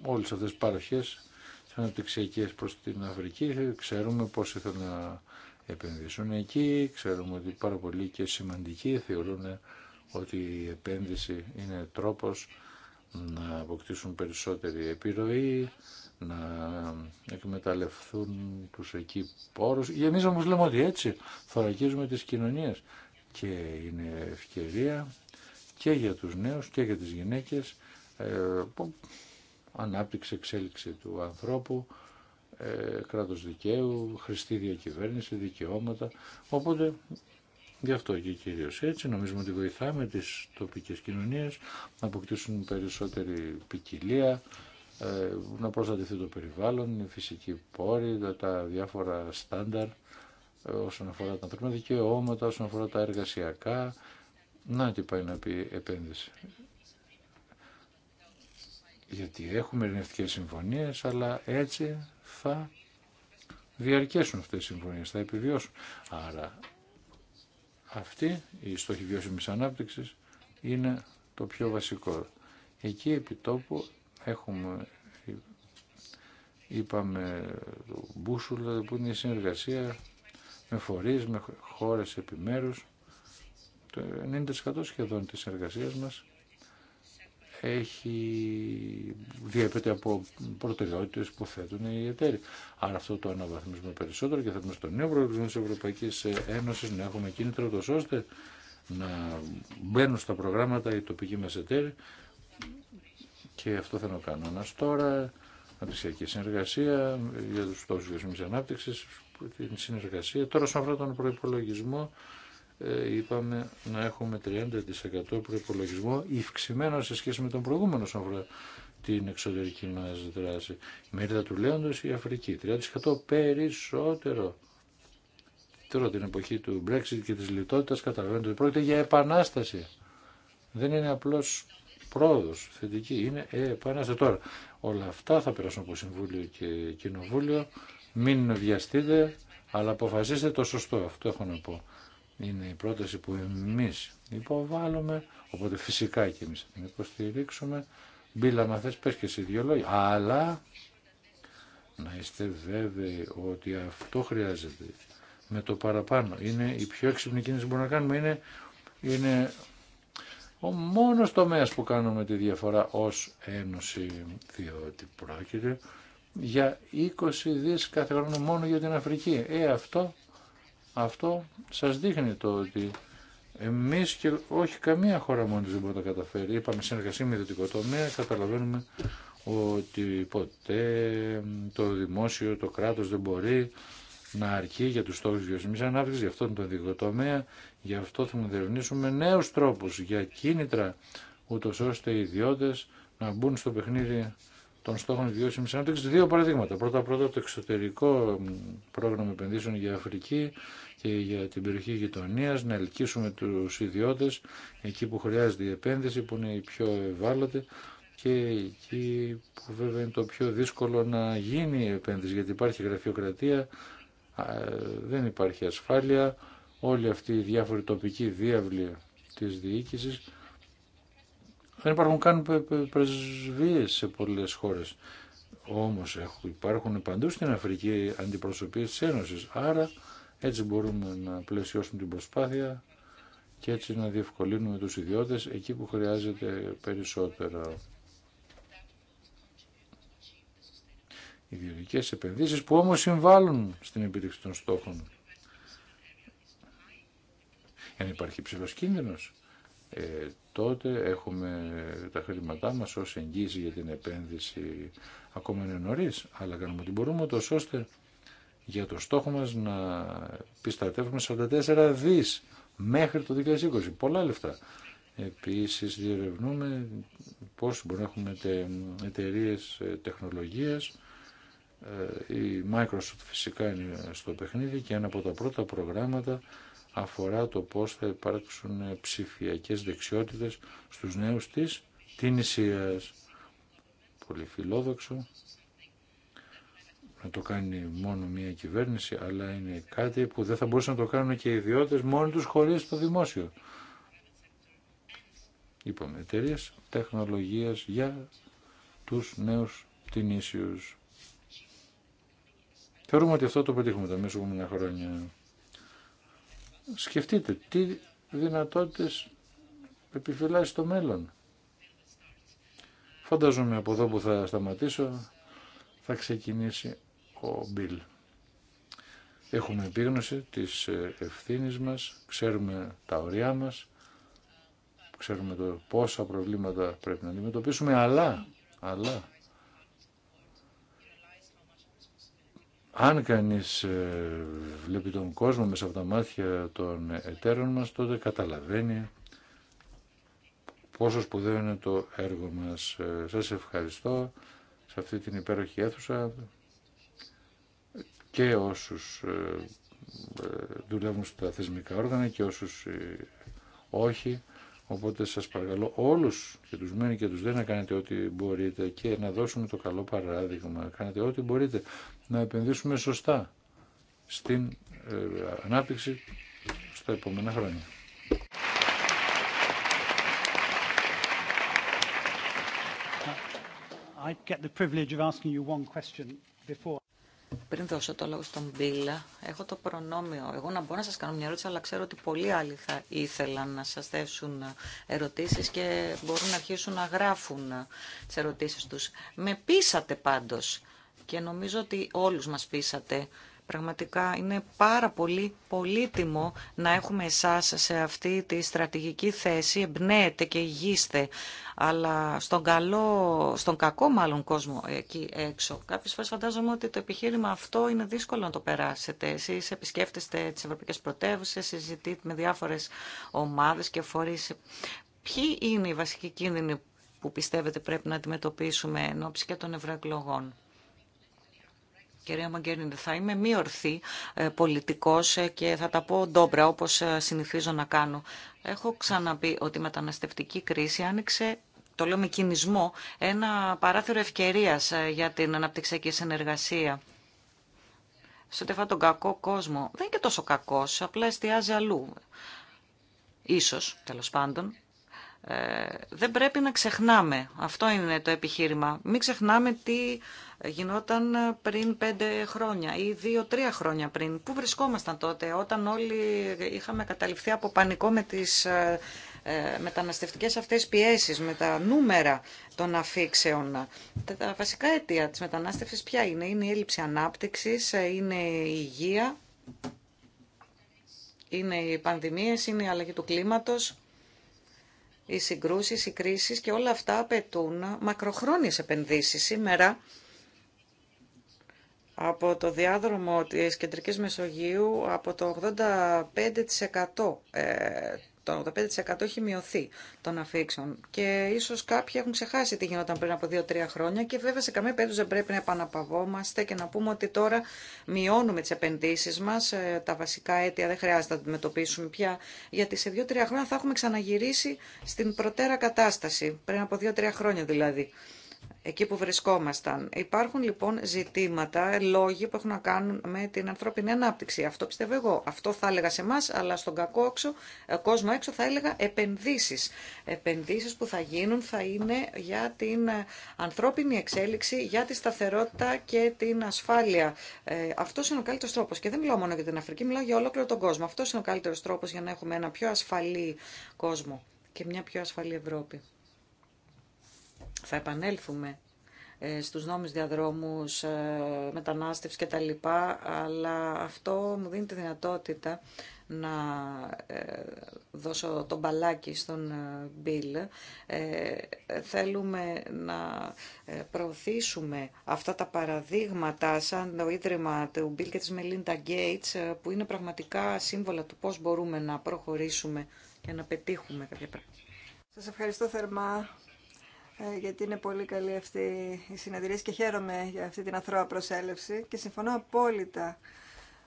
όλες αυτές τις παροχές τις αναπτυξιακές προς την Αφρική ξέρουμε πώς ήθελαν να επενδύσουν εκεί ξέρουμε ότι πάρα πολλοί και σημαντικοί θεωρούν ότι η επένδυση είναι τρόπος να αποκτήσουν περισσότερη επιρροή, να εκμεταλλευθούν τους εκεί πόρους. Εμείς όμως λέμε ότι έτσι θωρακίζουμε τις κοινωνίες και είναι ευκαιρία και για τους νέους και για τις γυναίκες ε, που ανάπτυξη, εξέλιξη του ανθρώπου, ε, κράτος δικαίου, χρηστή διακυβέρνηση, δικαιώματα. Οπότε Γι' αυτό και κυρίως έτσι νομίζουμε ότι βοηθάμε τις τοπικές κοινωνίες να αποκτήσουν περισσότερη ποικιλία, ε, να προστατευτεί το περιβάλλον, οι φυσικοί πόροι, τα διάφορα στάνταρ ε, όσον αφορά τα ανθρώπινα δικαιώματα, όσον αφορά τα εργασιακά. Να τι πάει να πει επένδυση. Γιατί έχουμε ειρηνευτικέ συμφωνίες, αλλά έτσι θα διαρκέσουν αυτές οι συμφωνίες, θα επιβιώσουν. Άρα αυτή η στόχη βιώσιμης ανάπτυξης είναι το πιο βασικό. Εκεί επί τόπου έχουμε, είπαμε, μπούσουλα που είναι η συνεργασία με φορείς, με χώρες επιμέρους. Το 90% σχεδόν της εργασίας μας έχει διέπεται από προτεραιότητε που θέτουν οι εταίροι. Άρα αυτό το αναβαθμίζουμε περισσότερο και θέτουμε στον νέο προορισμό τη Ευρωπαϊκή Ένωση να έχουμε κίνητρο τόσο ώστε να μπαίνουν στα προγράμματα οι τοπικοί μα εταίροι και αυτό θα είναι ο κανόνα τώρα. Αντισιακή συνεργασία για του στόχου βιωσιμή ανάπτυξη, την συνεργασία. Τώρα, όσον αφορά τον προπολογισμό, ε, είπαμε να έχουμε 30% προπολογισμό υυξημένο σε σχέση με τον προηγούμενο αφορά την εξωτερική μας δράση. Η μερίδα του Λέοντος η Αφρική, 30% περισσότερο. Τώρα την εποχή του Brexit και της λιτότητας καταλαβαίνετε ότι πρόκειται για επανάσταση. Δεν είναι απλώς πρόοδος θετική, είναι επανάσταση. Τώρα όλα αυτά θα περάσουν από Συμβούλιο και Κοινοβούλιο. Μην βιαστείτε, αλλά αποφασίστε το σωστό. Αυτό έχω να πω είναι η πρόταση που εμείς υποβάλλουμε, οπότε φυσικά και εμείς θα την υποστηρίξουμε. Μπίλα, μα θες, πες και εσύ δύο λόγια. Αλλά να είστε βέβαιοι ότι αυτό χρειάζεται με το παραπάνω. Είναι η πιο έξυπνη κίνηση που μπορούμε να κάνουμε. Είναι, είναι ο μόνος τομέας που κάνουμε τη διαφορά ως Ένωση, διότι πρόκειται για 20 δις κάθε χρόνο μόνο για την Αφρική. Ε, αυτό αυτό σας δείχνει το ότι εμείς και όχι καμία χώρα μόνη δεν μπορεί να καταφέρει. Είπαμε συνεργασία με ιδιωτικό τομέα, καταλαβαίνουμε ότι ποτέ το δημόσιο, το κράτος δεν μπορεί να αρκεί για τους στόχους βιωσιμής ανάπτυξης, γι' αυτό είναι το ειδικό τομέα, γι' αυτό θα μοντernίσουμε νέους τρόπους για κίνητρα, ούτως ώστε οι ιδιώτες να μπουν στο παιχνίδι των στόχων βιώσιμη ανάπτυξη. Δύο παραδείγματα. Πρώτα-πρώτα το εξωτερικό πρόγραμμα επενδύσεων για Αφρική και για την περιοχή γειτονία, να ελκύσουμε του ιδιώτε εκεί που χρειάζεται η επένδυση, που είναι η πιο ευάλωτη και εκεί που βέβαια είναι το πιο δύσκολο να γίνει η επένδυση γιατί υπάρχει γραφειοκρατία, δεν υπάρχει ασφάλεια, όλοι αυτοί οι διάφοροι τοπικοί διάβλοι της διοίκησης δεν υπάρχουν καν πρεσβείε σε πολλές χώρες. Όμως υπάρχουν παντού στην Αφρική αντιπροσωπείε τη Ένωση. Άρα έτσι μπορούμε να πλαισιώσουμε την προσπάθεια και έτσι να διευκολύνουμε τους ιδιώτες εκεί που χρειάζεται περισσότερα. Ιδιωτικές επενδύσεις που όμως συμβάλλουν στην επίτευξη των στόχων. Αν υπάρχει ψηλός κίνδυνος, ε, τότε έχουμε τα χρήματά μας ως εγγύηση για την επένδυση ακόμα είναι νωρίς, αλλά κάνουμε ό,τι μπορούμε ώστε για το στόχο μας να πιστατεύουμε 44 δις μέχρι το 2020. Πολλά λεφτά. Επίσης διερευνούμε πώς μπορούμε να έχουμε εταιρείε τεχνολογίας. Ε, η Microsoft φυσικά είναι στο παιχνίδι και ένα από τα πρώτα προγράμματα αφορά το πώς θα υπάρξουν ψηφιακές δεξιότητες στους νέους της Τινησίας. Πολύ φιλόδοξο. Να το κάνει μόνο μία κυβέρνηση, αλλά είναι κάτι που δεν θα μπορούσαν να το κάνουν και οι ιδιώτες μόνοι τους χωρίς το δημόσιο. Είπαμε, εταιρείε τεχνολογίας για τους νέους Τινήσιους. Θεωρούμε ότι αυτό το πετύχουμε τα μέσα χρόνια. Σκεφτείτε τι δυνατότητες επιφυλάσσει το μέλλον. Φαντάζομαι από εδώ που θα σταματήσω θα ξεκινήσει ο Μπιλ. Έχουμε επίγνωση της ε, ευθύνης μας, ξέρουμε τα ωριά μας, ξέρουμε το πόσα προβλήματα πρέπει να αντιμετωπίσουμε, αλλά, αλλά αν κανείς ε, βλέπει τον κόσμο μέσα από τα μάτια των εταίρων μας, τότε καταλαβαίνει πόσο σπουδαίο είναι το έργο μας. Ε, σας ευχαριστώ σε αυτή την υπέροχη αίθουσα και όσους ε, δουλεύουν στα θεσμικά όργανα και όσους όχι. Οπότε σας παρακαλώ όλους και τους μένει και τους δεν να κάνετε ό,τι μπορείτε και να δώσουμε το καλό παράδειγμα. Να κάνετε ό,τι μπορείτε. Να επενδύσουμε σωστά στην ε, ανάπτυξη στα επόμενα χρόνια. Πριν δώσω το λόγο στον Μπίλα, έχω το προνόμιο εγώ να μπορώ να σας κάνω μια ερώτηση, αλλά ξέρω ότι πολλοί άλλοι θα ήθελαν να σας θέσουν ερωτήσεις και μπορούν να αρχίσουν να γράφουν τις ερωτήσεις τους. Με πείσατε πάντως και νομίζω ότι όλους μας πείσατε Πραγματικά είναι πάρα πολύ πολύτιμο να έχουμε εσάς σε αυτή τη στρατηγική θέση. Εμπνέετε και υγείστε, αλλά στον, καλό, στον κακό μάλλον κόσμο εκεί έξω. Κάποιες φορές φαντάζομαι ότι το επιχείρημα αυτό είναι δύσκολο να το περάσετε. Εσείς επισκέφτεστε τις ευρωπαϊκές πρωτεύουσες, συζητείτε με διάφορες ομάδες και φορείς. Ποιοι είναι οι βασικοί κίνδυνοι που πιστεύετε πρέπει να αντιμετωπίσουμε εν ώψη και των ευρωεκλογών. Κυρία Μαγκέρνιν, θα είμαι μη ορθή ε, πολιτικός ε, και θα τα πω ντόμπρα όπως ε, συνηθίζω να κάνω. Έχω ξαναπεί ότι η μεταναστευτική κρίση άνοιξε το λέω με κινησμό, ένα παράθυρο ευκαιρίας για την αναπτυξιακή συνεργασία. Σε τεφά τον κακό κόσμο. Δεν είναι και τόσο κακός, απλά εστιάζει αλλού. Ίσως, τέλος πάντων. Ε, δεν πρέπει να ξεχνάμε. Αυτό είναι το επιχείρημα. Μην ξεχνάμε τι γινόταν πριν πέντε χρόνια ή δύο-τρία χρόνια πριν. Πού βρισκόμασταν τότε όταν όλοι είχαμε καταληφθεί από πανικό με τις ε, ε, μεταναστευτικές αυτές πιέσεις, με τα νούμερα των αφήξεων. Τα βασικά αίτια της μετανάστευσης ποια είναι. Είναι η έλλειψη ανάπτυξης, είναι η υγεία, είναι οι πανδημίες, είναι η αλλαγή του κλίματος οι συγκρούσεις, οι κρίσεις και όλα αυτά απαιτούν μακροχρόνιες επενδύσεις. Σήμερα από το διάδρομο της Κεντρικής Μεσογείου από το 85% το 85% έχει μειωθεί των αφήξεων και ίσως κάποιοι έχουν ξεχάσει τι γινόταν πριν από 2-3 χρόνια και βέβαια σε καμία περίπτωση δεν πρέπει να επαναπαυόμαστε και να πούμε ότι τώρα μειώνουμε τις επενδύσεις μας, ε, τα βασικά αίτια δεν χρειάζεται να τα αντιμετωπίσουμε πια γιατί σε 2-3 χρόνια θα έχουμε ξαναγυρίσει στην προτέρα κατάσταση, πριν από 2-3 χρόνια δηλαδή εκεί που βρισκόμασταν. Υπάρχουν λοιπόν ζητήματα, λόγοι που έχουν να κάνουν με την ανθρώπινη ανάπτυξη. Αυτό πιστεύω εγώ. Αυτό θα έλεγα σε εμά, αλλά στον κακό έξω, ε, κόσμο έξω θα έλεγα επενδύσει. Επενδύσεις που θα γίνουν θα είναι για την ε, ανθρώπινη εξέλιξη, για τη σταθερότητα και την ασφάλεια. Ε, αυτός είναι ο καλύτερο τρόπο. Και δεν μιλάω μόνο για την Αφρική, μιλάω για ολόκληρο τον κόσμο. Αυτό είναι ο καλύτερο τρόπο για να έχουμε ένα πιο ασφαλή κόσμο και μια πιο ασφαλή Ευρώπη. Θα επανέλθουμε ε, στους νόμους διαδρόμους, ε, μετανάστευση και τα λοιπά, αλλά αυτό μου δίνει τη δυνατότητα να ε, δώσω τον μπαλάκι στον Μπιλ. Θέλουμε να προωθήσουμε αυτά τα παραδείγματα σαν το Ίδρυμα του Μπιλ και της Μελίντα Γκέιτς που είναι πραγματικά σύμβολα του πώς μπορούμε να προχωρήσουμε και να πετύχουμε κάποια πράγματα. Σας ευχαριστώ θερμά ε, γιατί είναι πολύ καλή αυτή η συνεδρία και χαίρομαι για αυτή την αθρώα προσέλευση και συμφωνώ απόλυτα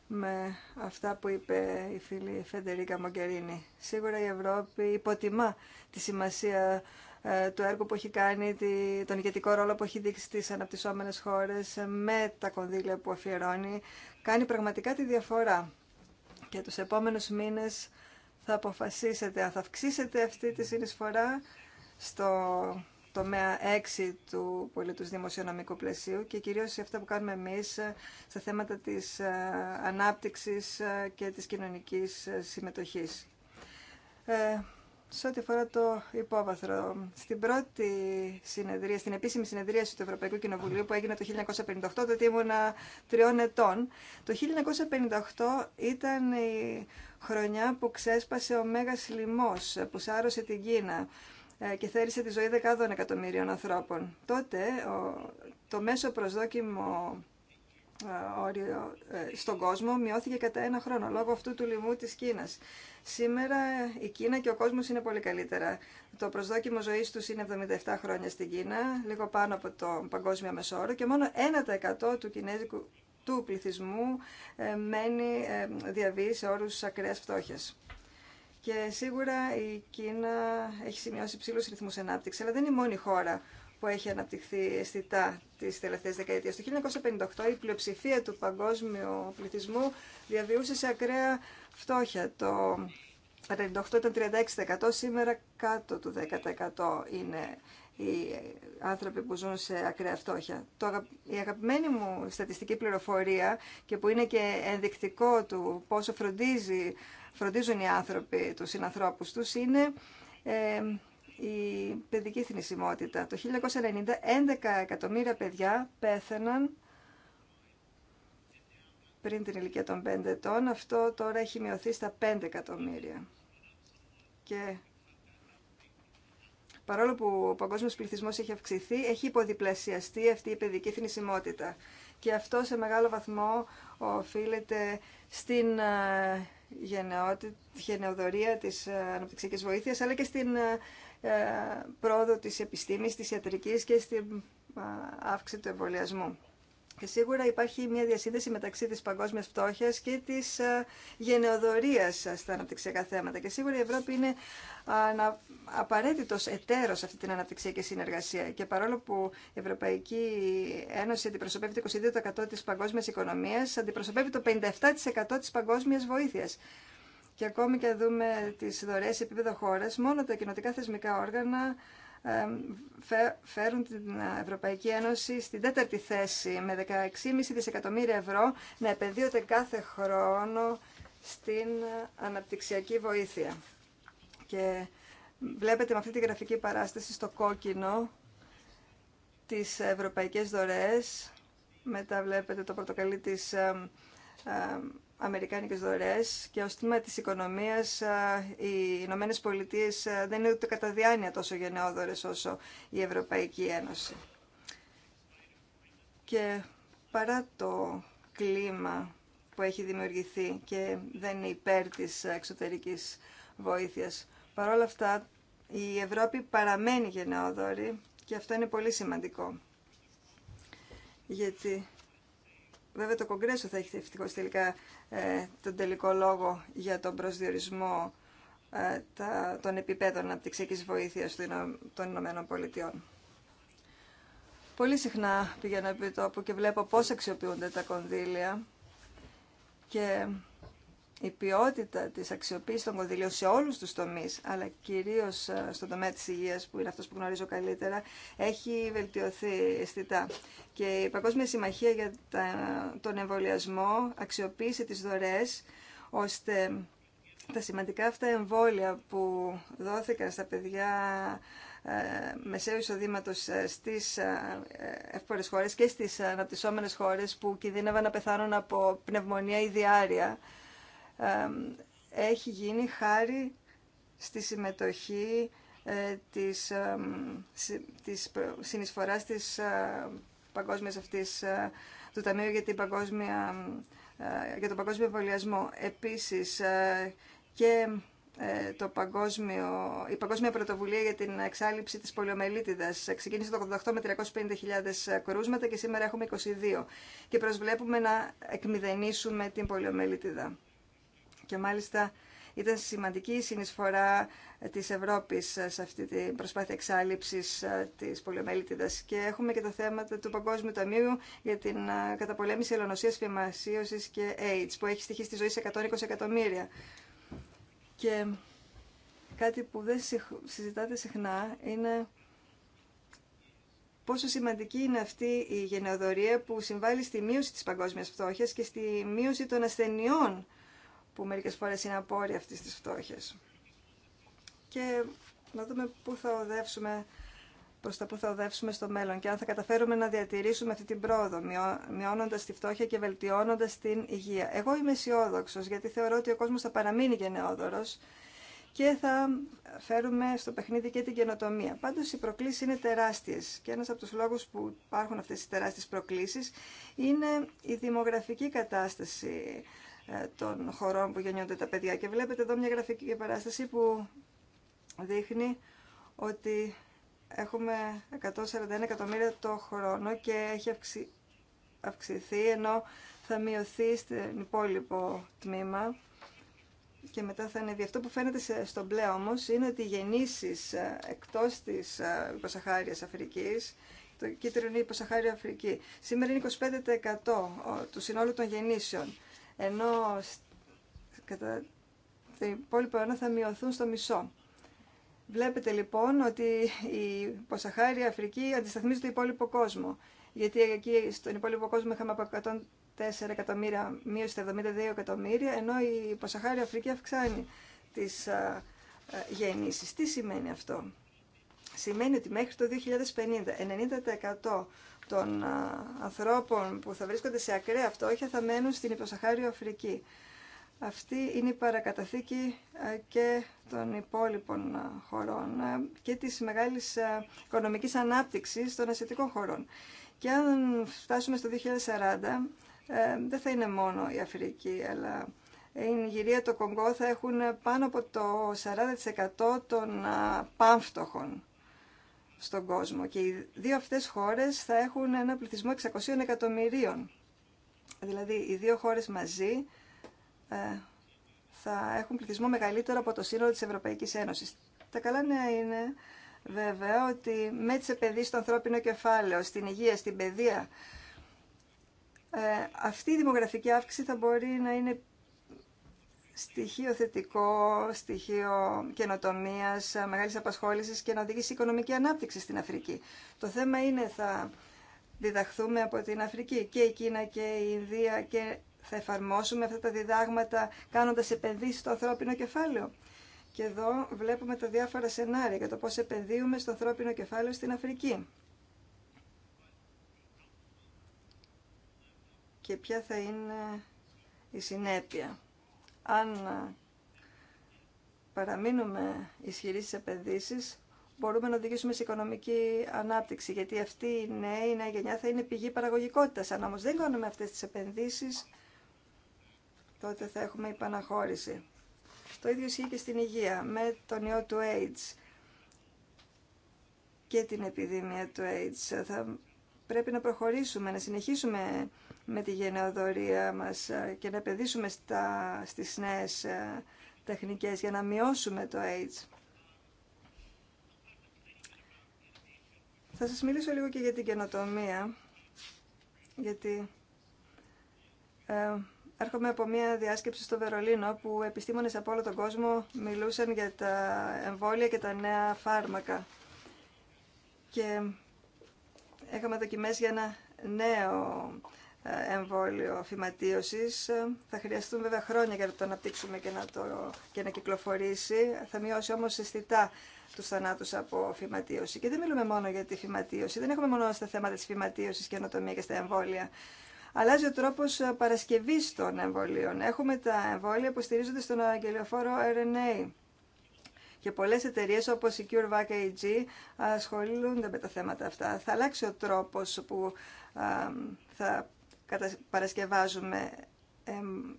με αυτά που είπε η φίλη Φεντερίκα Μογκερίνη. Σίγουρα η Ευρώπη υποτιμά τη σημασία ε, του έργου που έχει κάνει, τον ηγετικό ρόλο που έχει δείξει στις αναπτυσσόμενες χώρες ε, με τα κονδύλια που αφιερώνει, κάνει πραγματικά τη διαφορά. Και τους επόμενους μήνες θα αποφασίσετε αν θα αυξήσετε αυτή τη συνεισφορά στο τομέα 6 του πολιτούς δημοσιονομικού πλαισίου και κυρίως σε αυτά που κάνουμε εμείς ε, στα θέματα της ε, ανάπτυξης ε, και της κοινωνικής συμμετοχής. Ε, σε ό,τι αφορά το υπόβαθρο, στην πρώτη συνεδρία, στην επίσημη συνεδρία του Ευρωπαϊκού Κοινοβουλίου που έγινε το 1958, τότε ήμουνα τριών ετών, το 1958 ήταν η χρονιά που ξέσπασε ο Μέγας Λιμός, που σάρωσε την Κίνα ε, και θέρισε τη ζωή δεκάδων εκατομμύριων ανθρώπων. Τότε το μέσο προσδόκιμο ε, όριο ε, στον κόσμο μειώθηκε κατά ένα χρόνο λόγω αυτού του λοιμού της Κίνας. Σήμερα η Κίνα και ο κόσμος είναι πολύ καλύτερα. Το προσδόκιμο ζωής τους είναι 77 χρόνια στην Κίνα, λίγο πάνω από το παγκόσμιο μεσόρο και μόνο 1% του κινέζικου του πληθυσμού μένει διαβεί σε όρους ακραίας φτώχειας. Και σίγουρα η Κίνα έχει σημειώσει ψηλούς ρυθμούς ανάπτυξη, αλλά δεν είναι η μόνη χώρα που έχει αναπτυχθεί αισθητά τις τελευταίες δεκαετίες. Το 1958 η πλειοψηφία του παγκόσμιου πληθυσμού διαβιούσε σε ακραία φτώχεια. Το 1958 ήταν 36%, σήμερα κάτω του 10% είναι οι άνθρωποι που ζουν σε ακραία φτώχεια. η αγαπημένη μου στατιστική πληροφορία και που είναι και ενδεικτικό του πόσο φροντίζει φροντίζουν οι άνθρωποι, τους συνανθρώπους τους, είναι η παιδική θνησιμότητα. Το 1990, 11 εκατομμύρια παιδιά πέθαναν πριν την ηλικία των 5 ετών. Αυτό τώρα έχει μειωθεί στα 5 εκατομμύρια. Και παρόλο που ο παγκόσμιος πληθυσμός έχει αυξηθεί, έχει υποδιπλασιαστεί αυτή η παιδική θνησιμότητα. Και αυτό σε μεγάλο βαθμό οφείλεται στην ε, γενναιοδορία της ε, αναπτυξιακής βοήθειας, αλλά και στην ε, ε, πρόοδο της επιστήμης, της ιατρικής και στην αύξηση του εμβολιασμού. Και σίγουρα υπάρχει μια διασύνδεση μεταξύ της παγκόσμιας φτώχειας και της ε, γενεοδορίας στα αναπτυξιακά θέματα. Και σίγουρα η Ευρώπη είναι απαραίτητος εταίρος σε αυτή την αναπτυξιακή συνεργασία. Και παρόλο που η Ευρωπαϊκή Ένωση αντιπροσωπεύει το 22% της παγκόσμιας οικονομίας, αντιπροσωπεύει το 57% της παγκόσμιας βοήθειας. Και ακόμη και δούμε τις δωρεές επίπεδο χώρας, μόνο τα κοινοτικά θεσμικά όργανα φέρουν την Ευρωπαϊκή Ένωση στην τέταρτη θέση με 16,5 δισεκατομμύρια ευρώ να επενδύονται κάθε χρόνο στην αναπτυξιακή βοήθεια. Και βλέπετε με αυτή τη γραφική παράσταση στο κόκκινο τις ευρωπαϊκές δωρεές. Μετά βλέπετε το πορτοκαλί της αμερικάνικες δωρές και ως τμήμα της οικονομίας οι Ηνωμένε Πολιτείε δεν είναι ούτε κατά διάνοια τόσο γενναιόδωρες όσο η Ευρωπαϊκή Ένωση. Και παρά το κλίμα που έχει δημιουργηθεί και δεν είναι υπέρ της εξωτερικής βοήθειας, παρόλα αυτά η Ευρώπη παραμένει γενναιόδωρη και αυτό είναι πολύ σημαντικό. Γιατί Βέβαια το Κογκρέσο θα έχει ευτυχώ τελικά ε, τον τελικό λόγο για τον προσδιορισμό ε, τα, των επιπέδων αναπτυξιακής βοήθειας των Ηνωμένων Πολιτειών. Πολύ συχνά πηγαίνω επί τόπου και βλέπω πώς αξιοποιούνται τα κονδύλια και η ποιότητα της αξιοποίησης των κονδυλίων σε όλους τους τομείς, αλλά κυρίως ε, στον τομέα της υγείας, που είναι αυτός που γνωρίζω καλύτερα, έχει βελτιωθεί αισθητά. Και η Παγκόσμια Συμμαχία για τον εμβολιασμό αξιοποίησε τις δωρές, ώστε τα σημαντικά αυτά εμβόλια που δόθηκαν στα παιδιά ε, μεσαίου εισοδήματο ε, στι εύπορε χώρε και στι αναπτυσσόμενε χώρε που κινδύνευαν να πεθάνουν από πνευμονία ή διάρρεια έχει γίνει χάρη στη συμμετοχή ε, της, της συνεισφοράς της ε, παγκόσμιας αυτής ε, του Ταμείου για, την παγκόσμια, για τον παγκόσμιο εμβολιασμό. Επίσης και το παγκόσμιο, η Παγκόσμια Πρωτοβουλία για την Εξάλληψη της Πολιομελίτιδας. Ξεκίνησε το 88 με 350.000 κρούσματα και σήμερα έχουμε 22 και προσβλέπουμε να εκμηδενήσουμε την πολιομελίτιδα. Και μάλιστα ήταν σημαντική η συνεισφορά της Ευρώπης ε, σε αυτή την προσπάθεια εξάλληψης ε, της πολιομελίτιδας. Και έχουμε και τα θέματα του Παγκόσμιου Ταμείου για την ε, καταπολέμηση ελονοσίας, φημασίωσης και AIDS, που έχει στοιχεί στη ζωή σε 120 εκατομμύρια. Και κάτι που δεν συζητάτε συχνά είναι πόσο σημαντική είναι αυτή η γενεοδορία που συμβάλλει στη μείωση της παγκόσμιας φτώχειας και στη μείωση των ασθενειών που μερικές φορές είναι απόρρια αυτής της φτώχειας. Και να δούμε πού θα οδεύσουμε προς τα που θα οδεύσουμε στο μέλλον και αν θα καταφέρουμε να διατηρήσουμε αυτή την πρόοδο, μειώνοντας τη φτώχεια και βελτιώνοντας την υγεία. Εγώ είμαι αισιόδοξο γιατί θεωρώ ότι ο κόσμος θα παραμείνει γενναιόδωρος και θα φέρουμε στο παιχνίδι και την καινοτομία. Πάντω οι προκλήσει είναι τεράστιε. και ένα από του λόγου που υπάρχουν αυτέ οι τεράστιες προκλήσει είναι η δημογραφική κατάσταση ε, των χωρών που γεννιούνται τα παιδιά. Και βλέπετε εδώ μια γραφική παράσταση που δείχνει ότι έχουμε 141 εκατομμύρια το χρόνο και έχει αυξη... αυξηθεί, ενώ θα μειωθεί στην υπόλοιπο τμήμα και μετά θα ανέβει. Αυτό που φαίνεται στο μπλε όμως είναι ότι οι γεννήσεις ε, εκτός της ε, υποσαχάριας Αφρικής, το κίτρινο είναι η υποσαχάρια Αφρική, σήμερα είναι 25% του συνόλου των γεννήσεων ενώ κατά τα υπόλοιπα αιώνα θα μειωθούν στο μισό. Βλέπετε λοιπόν ότι η Ποσαχάρη Αφρική αντισταθμίζει το υπόλοιπο κόσμο. Γιατί εκεί στον υπόλοιπο κόσμο είχαμε από 104 εκατομμύρια μείωση στα 72 εκατομμύρια, ενώ η Ποσαχάρη Αφρική αυξάνει τι γεννήσει. Τι σημαίνει αυτό. Σημαίνει ότι μέχρι το 2050 90% των ανθρώπων που θα βρίσκονται σε ακραία φτώχεια θα μένουν στην υποσαχάριο Αφρική. Αυτή είναι η παρακαταθήκη και των υπόλοιπων χωρών και της μεγάλης οικονομικής ανάπτυξης των ασιατικών χωρών. Και αν φτάσουμε στο 2040, δεν θα είναι μόνο η Αφρική, αλλά η Νιγηρία, το Κονγκό θα έχουν πάνω από το 40% των πανφτωχων στον κόσμο και οι δύο αυτές χώρες θα έχουν ένα πληθυσμό 600 εκατομμυρίων. Δηλαδή οι δύο χώρες μαζί ε, θα έχουν πληθυσμό μεγαλύτερο από το σύνολο της Ευρωπαϊκής Ένωσης. Τα καλά νέα είναι βέβαια ότι με τις επενδύσεις στο ανθρώπινο κεφάλαιο, στην υγεία, στην παιδεία, ε, αυτή η δημογραφική αύξηση θα μπορεί να είναι στοιχείο θετικό, στοιχείο καινοτομία, μεγάλη απασχόληση και να οδηγήσει οικονομική ανάπτυξη στην Αφρική. Το θέμα είναι θα διδαχθούμε από την Αφρική και η Κίνα και η Ινδία και θα εφαρμόσουμε αυτά τα διδάγματα κάνοντας επενδύσεις στο ανθρώπινο κεφάλαιο. Και εδώ βλέπουμε τα διάφορα σενάρια για το πώς επενδύουμε στο ανθρώπινο κεφάλαιο στην Αφρική. Και ποια θα είναι η συνέπεια. Αν ε, παραμείνουμε ισχυροί στις επενδύσεις, μπορούμε να οδηγήσουμε σε οικονομική ανάπτυξη, γιατί αυτή η νέα, η γενιά θα είναι πηγή παραγωγικότητας. Αν όμως δεν κάνουμε αυτές τις επενδύσεις, τότε θα έχουμε υπαναχώρηση. Το ίδιο ισχύει και στην υγεία, με τον ιό του AIDS και την επιδημία του AIDS. Θα πρέπει να προχωρήσουμε, να συνεχίσουμε με τη γενεοδορία μας ε, και να επενδύσουμε στα, στις νέες ε, τεχνικές για να μειώσουμε το AIDS. Θα σας μιλήσω λίγο και για την καινοτομία, γιατί ε, έρχομαι από μια διάσκεψη στο Βερολίνο που επιστήμονες από όλο τον κόσμο μιλούσαν για τα εμβόλια και τα νέα φάρμακα. Και είχαμε δοκιμές για ένα νέο ε, εμβόλιο φυματίωση. Ε, θα χρειαστούν βέβαια χρόνια για να το αναπτύξουμε και να, το, και να κυκλοφορήσει. Θα μειώσει όμω αισθητά του θανάτου από φυματίωση. Και δεν μιλούμε μόνο για τη φυματίωση. Δεν έχουμε μόνο στα θέματα τη φυματίωση και ανοτομία και στα εμβόλια. Αλλάζει ο τρόπο ε, παρασκευή των εμβολίων. Έχουμε τα εμβόλια που στηρίζονται στον αγγελιοφόρο RNA. Και πολλέ εταιρείε όπω η CureVac AG ασχολούνται με τα θέματα αυτά. Θα αλλάξει ο τρόπο που θα παρασκευάζουμε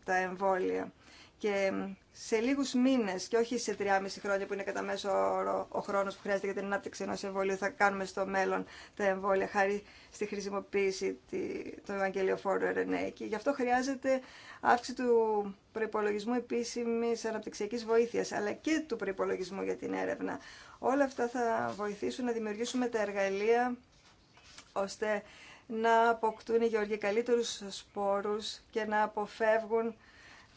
τα εμβόλια. Και σε λίγους μήνες και όχι σε 3,5 χρόνια που είναι κατά μέσο όρο ο χρόνος που χρειάζεται για την ανάπτυξη ενός εμβολίου θα κάνουμε στο μέλλον τα εμβόλια χάρη στη χρησιμοποίηση του Ευαγγελιοφόρου RNA και γι' αυτό χρειάζεται αύξηση του προϋπολογισμού επίσημης αναπτυξιακής βοήθειας αλλά και του προϋπολογισμού για την έρευνα. Όλα αυτά θα βοηθήσουν να δημιουργήσουμε τα εργαλεία ώστε να αποκτούν οι γεωργοί καλύτερους σπόρους και να αποφεύγουν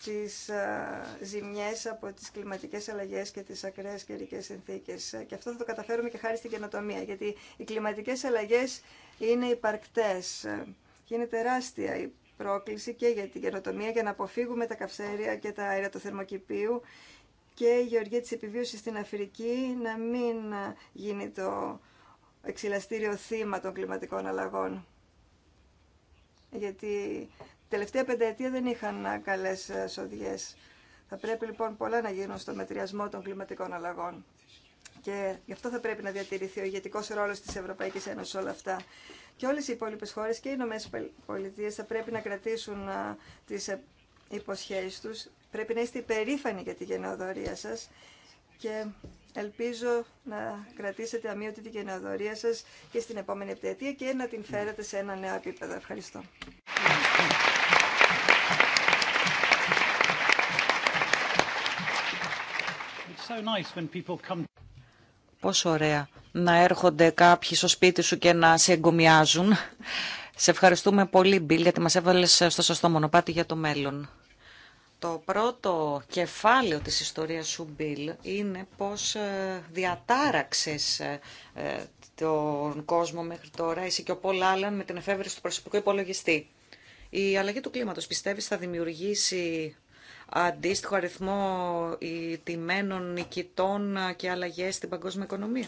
τις ε, ζημιές από τις κλιματικές αλλαγές και τις ακραίες καιρικέ συνθήκες. Ε, και αυτό θα το καταφέρουμε και χάρη στην καινοτομία, γιατί οι κλιματικές αλλαγές είναι υπαρκτές ε, και είναι τεράστια η πρόκληση και για την καινοτομία για να αποφύγουμε τα καυσαέρια και τα αέρα του θερμοκηπίου και η γεωργία της επιβίωσης στην Αφρική να μην γίνει το εξηλαστήριο θύμα των κλιματικών αλλαγών γιατί τελευταία πενταετία δεν είχαν καλές ε, σοδιές. Θα πρέπει λοιπόν πολλά να γίνουν στο μετριασμό των κλιματικών αλλαγών. Και γι' αυτό θα πρέπει να διατηρηθεί ο ηγετικό ρόλο τη Ευρωπαϊκή Ένωση όλα αυτά. Και όλε οι υπόλοιπε χώρε και οι Ηνωμένε Πολιτείε θα πρέπει να κρατήσουν ε, τι ε, υποσχέσει του. Πρέπει να είστε υπερήφανοι για τη γενναιοδορία σα και Ελπίζω να κρατήσετε αμύωτη την καινοδορία σας και στην επόμενη επταετία και να την φέρετε σε ένα νέο επίπεδο. Ευχαριστώ. Πόσο ωραία να έρχονται κάποιοι στο σπίτι σου και να σε εγκομιάζουν. Σε ευχαριστούμε πολύ, Μπίλ, γιατί μας έβαλες στο σωστό μονοπάτι για το μέλλον. Το πρώτο κεφάλαιο της ιστορίας σου, Μπιλ, είναι πώς ε, διατάραξες ε, ε, τον κόσμο μέχρι τώρα, εσύ και ο Πολ Άλλαν, με την εφεύρεση του προσωπικού υπολογιστή. Η αλλαγή του κλίματος, πιστεύεις, θα δημιουργήσει αντίστοιχο αριθμό τιμένων νικητών και αλλαγές στην παγκόσμια οικονομία.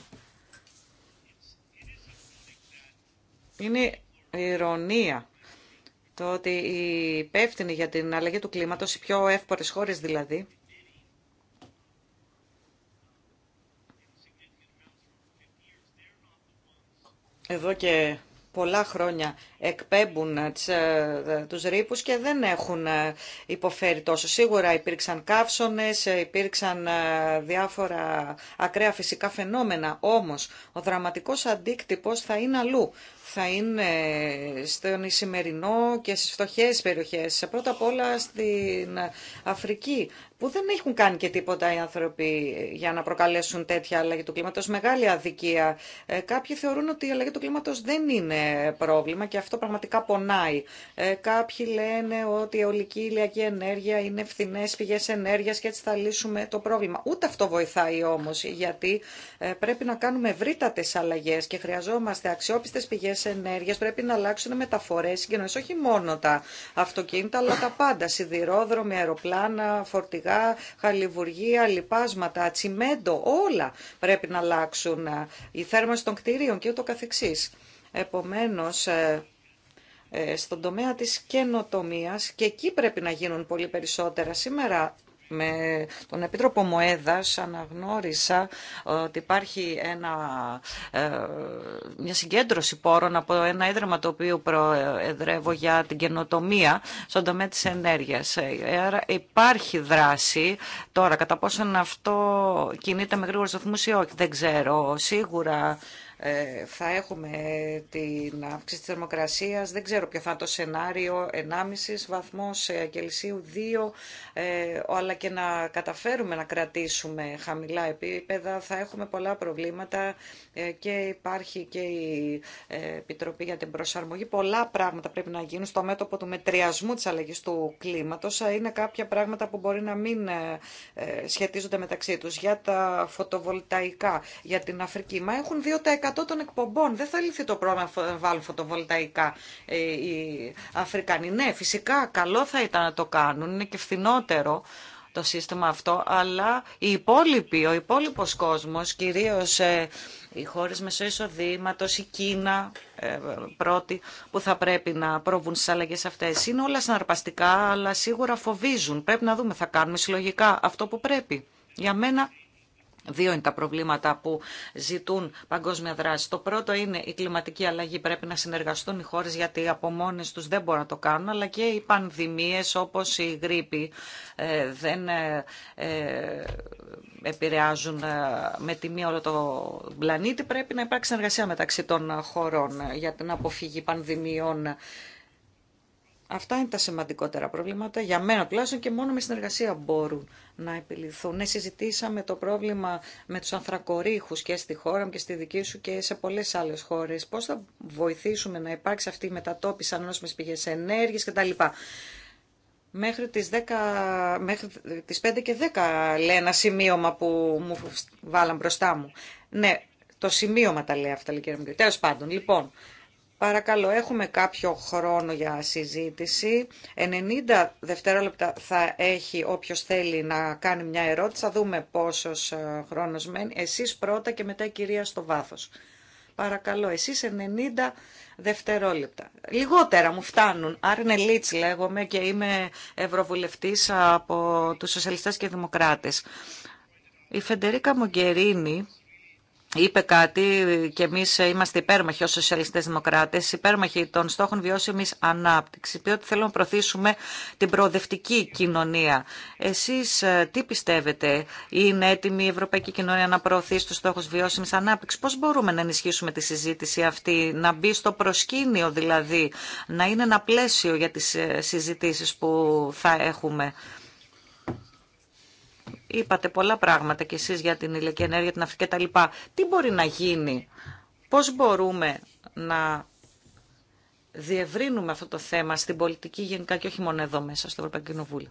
Είναι ηρωνία το ότι οι υπεύθυνοι για την αλλαγή του κλίματος, οι πιο εύπορες χώρες δηλαδή, εδώ και πολλά χρόνια εκπέμπουν ε, τις, ε, τους ρήπους και δεν έχουν ε, υποφέρει τόσο. Σίγουρα υπήρξαν καύσονες, υπήρξαν διάφορα ακραία φυσικά φαινόμενα, όμως ο δραματικός αντίκτυπος θα είναι αλλού θα είναι στο Ισημερινό και στις φτωχές περιοχές. Πρώτα απ' όλα στην Αφρική, που δεν έχουν κάνει και τίποτα οι άνθρωποι για να προκαλέσουν τέτοια αλλαγή του κλίματος. Μεγάλη αδικία. Ε, κάποιοι θεωρούν ότι η αλλαγή του κλίματος δεν είναι πρόβλημα και αυτό πραγματικά πονάει. Ε, κάποιοι λένε ότι η αιωλική ηλιακή ενέργεια είναι φθηνέ πηγές ενέργειας και έτσι θα λύσουμε το πρόβλημα. Ούτε αυτό βοηθάει όμως, γιατί ε, πρέπει να κάνουμε ευρύτατες αλλαγέ και χρειαζόμαστε αξιόπιστες πηγέ ενέργεια, πρέπει να αλλάξουν μεταφορέ, συγκοινωνίε, όχι μόνο τα αυτοκίνητα, αλλά τα πάντα. Σιδηρόδρομοι, αεροπλάνα, φορτηγά, χαλιβουργία, λιπάσματα, τσιμέντο, όλα πρέπει να αλλάξουν. Η ε, θέρμανση των κτηρίων και ούτω καθεξής. Επομένως, ε, ε, στον τομέα της καινοτομίας και εκεί πρέπει να γίνουν πολύ περισσότερα. Σήμερα με τον Επίτροπο Μοέδας αναγνώρισα ότι υπάρχει ένα, ε, μια συγκέντρωση πόρων από ένα ίδρυμα το οποίο προεδρεύω για την καινοτομία στον τομέα της ενέργειας. Άρα υπάρχει δράση. Τώρα, κατά πόσον αυτό κινείται με γρήγορους ρυθμούς ή όχι, δεν ξέρω. Σίγουρα ε, θα έχουμε την αύξηση της θερμοκρασίας, δεν ξέρω ποιο θα είναι το σενάριο, 1,5 βαθμός Κελσίου, 2, ε, αλλά και να καταφέρουμε να κρατήσουμε χαμηλά επίπεδα, θα έχουμε πολλά προβλήματα ε, και υπάρχει και η Επιτροπή για την Προσαρμογή. Πολλά πράγματα πρέπει να γίνουν στο μέτωπο του μετριασμού της αλλαγής του κλίματος. Είναι κάποια πράγματα που μπορεί να μην σχετίζονται μεταξύ τους. Για τα φωτοβολταϊκά, για την Αφρική, μα έχουν 2% των εκπομπών. Δεν θα λυθεί το πρόβλημα να βάλουν φωτοβολταϊκά ε, οι Αφρικανοί. Ναι, φυσικά καλό θα ήταν να το κάνουν, είναι και φθηνότερο το σύστημα αυτό, αλλά οι υπόλοιποι, ο υπόλοιπο κόσμος, κυρίως ε, οι χώρες μεσοεισοδήματο, η Κίνα ε, πρώτη που θα πρέπει να προβούν στι αλλαγέ αυτές. Είναι όλα συναρπαστικά, αλλά σίγουρα φοβίζουν. Πρέπει να δούμε, θα κάνουμε συλλογικά αυτό που πρέπει. Για μένα Δύο είναι τα προβλήματα που ζητούν παγκόσμια δράση. Το πρώτο είναι η κλιματική αλλαγή. Πρέπει να συνεργαστούν οι χώρες γιατί από μόνες τους δεν μπορούν να το κάνουν, αλλά και οι πανδημίες όπως η γρήπη ε, δεν ε, ε, επηρεάζουν με τη όλο το πλανήτη. Πρέπει να υπάρξει συνεργασία μεταξύ των χωρών για την αποφυγή πανδημιών Αυτά είναι τα σημαντικότερα προβλήματα για μένα τουλάχιστον και μόνο με συνεργασία μπορούν να επιληθούν. Ναι, συζητήσαμε το πρόβλημα με τους ανθρακορίχους και στη χώρα μου και στη δική σου και σε πολλές άλλες χώρες. Πώς θα βοηθήσουμε να υπάρξει αυτή η μετατόπιση ανώσιμες πηγές ενέργειας κτλ. Μέχρι τις, 10, μέχρι τις 5 και 10 λέει ένα σημείωμα που μου βάλαν μπροστά μου. Ναι, το σημείωμα τα λέει αυτά, λέει κύριε Τέλος πάντων, λοιπόν, Παρακαλώ, έχουμε κάποιο χρόνο για συζήτηση. 90 δευτερόλεπτα θα έχει όποιος θέλει να κάνει μια ερώτηση. Θα δούμε πόσος ε, χρόνος μένει. Εσείς πρώτα και μετά η κυρία στο βάθος. Παρακαλώ, εσείς 90 δευτερόλεπτα. Λιγότερα μου φτάνουν. Άρνε Λίτς λέγομαι και είμαι ευρωβουλευτής από τους Σοσιαλιστές και Δημοκράτες. Η Φεντερίκα Μογκερίνη είπε κάτι και εμεί είμαστε υπέρμαχοι ω σοσιαλιστέ δημοκράτε, υπέρμαχοι των στόχων βιώσιμη ανάπτυξη, ότι θέλουμε να προωθήσουμε την προοδευτική κοινωνία. Εσεί ε, τι πιστεύετε, είναι έτοιμη η ευρωπαϊκή κοινωνία να προωθήσει του στόχου βιώσιμη ανάπτυξη, πώ μπορούμε να ενισχύσουμε τη συζήτηση αυτή, να μπει στο προσκήνιο δηλαδή, να είναι ένα πλαίσιο για τι ε, συζητήσει που θα έχουμε. Είπατε πολλά πράγματα και εσείς για την ηλιακή ενέργεια, την Αφρική κτλ. Τι μπορεί να γίνει, πώς μπορούμε να διευρύνουμε αυτό το θέμα στην πολιτική γενικά και όχι μόνο εδώ μέσα στο Ευρωπαϊκό Κοινοβούλιο.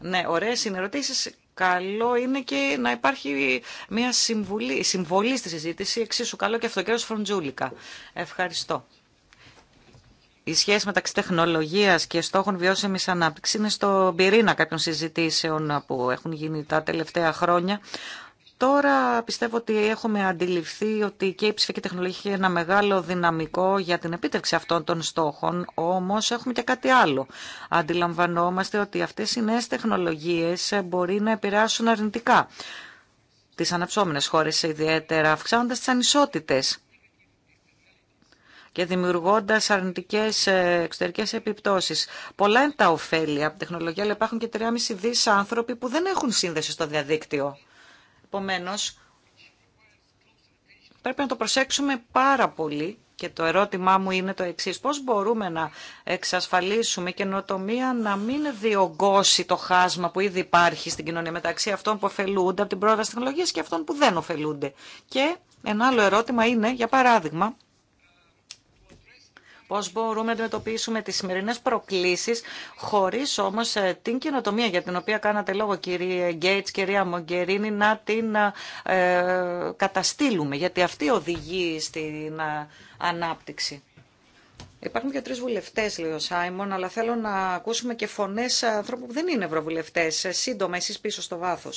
Ναι, ωραίε είναι ερωτήσει. Καλό είναι και να υπάρχει μια συμβουλή, συμβολή στη συζήτηση. Εξίσου καλό και αυτό, Φροντζούλικα. Ευχαριστώ η σχέση μεταξύ τεχνολογία και στόχων βιώσιμη ανάπτυξη είναι στον πυρήνα κάποιων συζητήσεων που έχουν γίνει τα τελευταία χρόνια. Τώρα πιστεύω ότι έχουμε αντιληφθεί ότι και η ψηφιακή τεχνολογία έχει ένα μεγάλο δυναμικό για την επίτευξη αυτών των στόχων, όμως έχουμε και κάτι άλλο. Αντιλαμβανόμαστε ότι αυτές οι νέες τεχνολογίες μπορεί να επηρεάσουν αρνητικά τις αναψώμενε χώρες ιδιαίτερα, αυξάνοντας τις ανισότητες και δημιουργώντας αρνητικές ε, εξωτερικές επιπτώσεις. Πολλά είναι τα ωφέλη από τεχνολογία, αλλά υπάρχουν και 3,5 δις άνθρωποι που δεν έχουν σύνδεση στο διαδίκτυο. Επομένω, πρέπει να το προσέξουμε πάρα πολύ και το ερώτημά μου είναι το εξής. Πώς μπορούμε να εξασφαλίσουμε καινοτομία να μην διωγγώσει το χάσμα που ήδη υπάρχει στην κοινωνία μεταξύ αυτών που ωφελούνται από την πρόοδο τεχνολογία και αυτών που δεν ωφελούνται. Και ένα άλλο ερώτημα είναι, για παράδειγμα, πώς μπορούμε να αντιμετωπίσουμε τις σημερινές προκλήσεις χωρίς όμως ε, την καινοτομία για την οποία κάνατε λόγο κύριε Γκέιτς, κυρία Μογκερίνη να την ε, καταστήλουμε γιατί αυτή οδηγεί στην ε, ανάπτυξη. Υπάρχουν και τρει βουλευτέ, λέει ο Σάιμον, αλλά θέλω να ακούσουμε και φωνέ ανθρώπων που δεν είναι ευρωβουλευτέ. Ε, σύντομα, εσεί πίσω στο βάθο.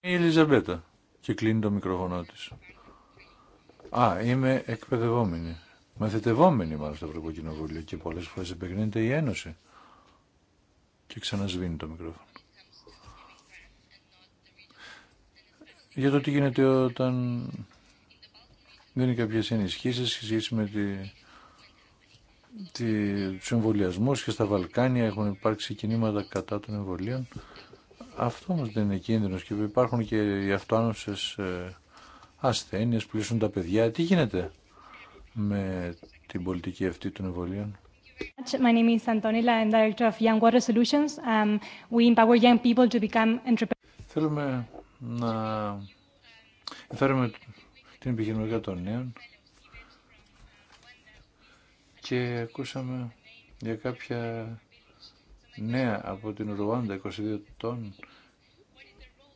Η Ελιζαμπέτα. Και κλείνει το μικρόφωνο τη. Α, είμαι εκπαιδευόμενη. Μαθητευόμενη μάλλον στο Ευρωπαϊκό Κοινοβούλιο και πολλές φορές επεκρίνεται η Ένωση. Και ξανασβήνει το μικρόφωνο. Για το τι γίνεται όταν δίνει κάποιες ενισχύσεις σε σχέση με τη, τη, τους και στα Βαλκάνια έχουν υπάρξει κινήματα κατά των εμβολίων. Αυτό όμως δεν είναι κίνδυνος και υπάρχουν και οι αυτοάνωσες ε, ασθένειες, λύσουν τα παιδιά. Τι γίνεται με την πολιτική αυτή των εμβολίων. My name is Antonella, I'm director of Young Water Solutions. Um, we empower young people to become entrepreneurs. Θέλουμε να φέρουμε την επιχειρηματικά των νέων και ακούσαμε για κάποια νέα από την Ρουάντα, 22 ετών,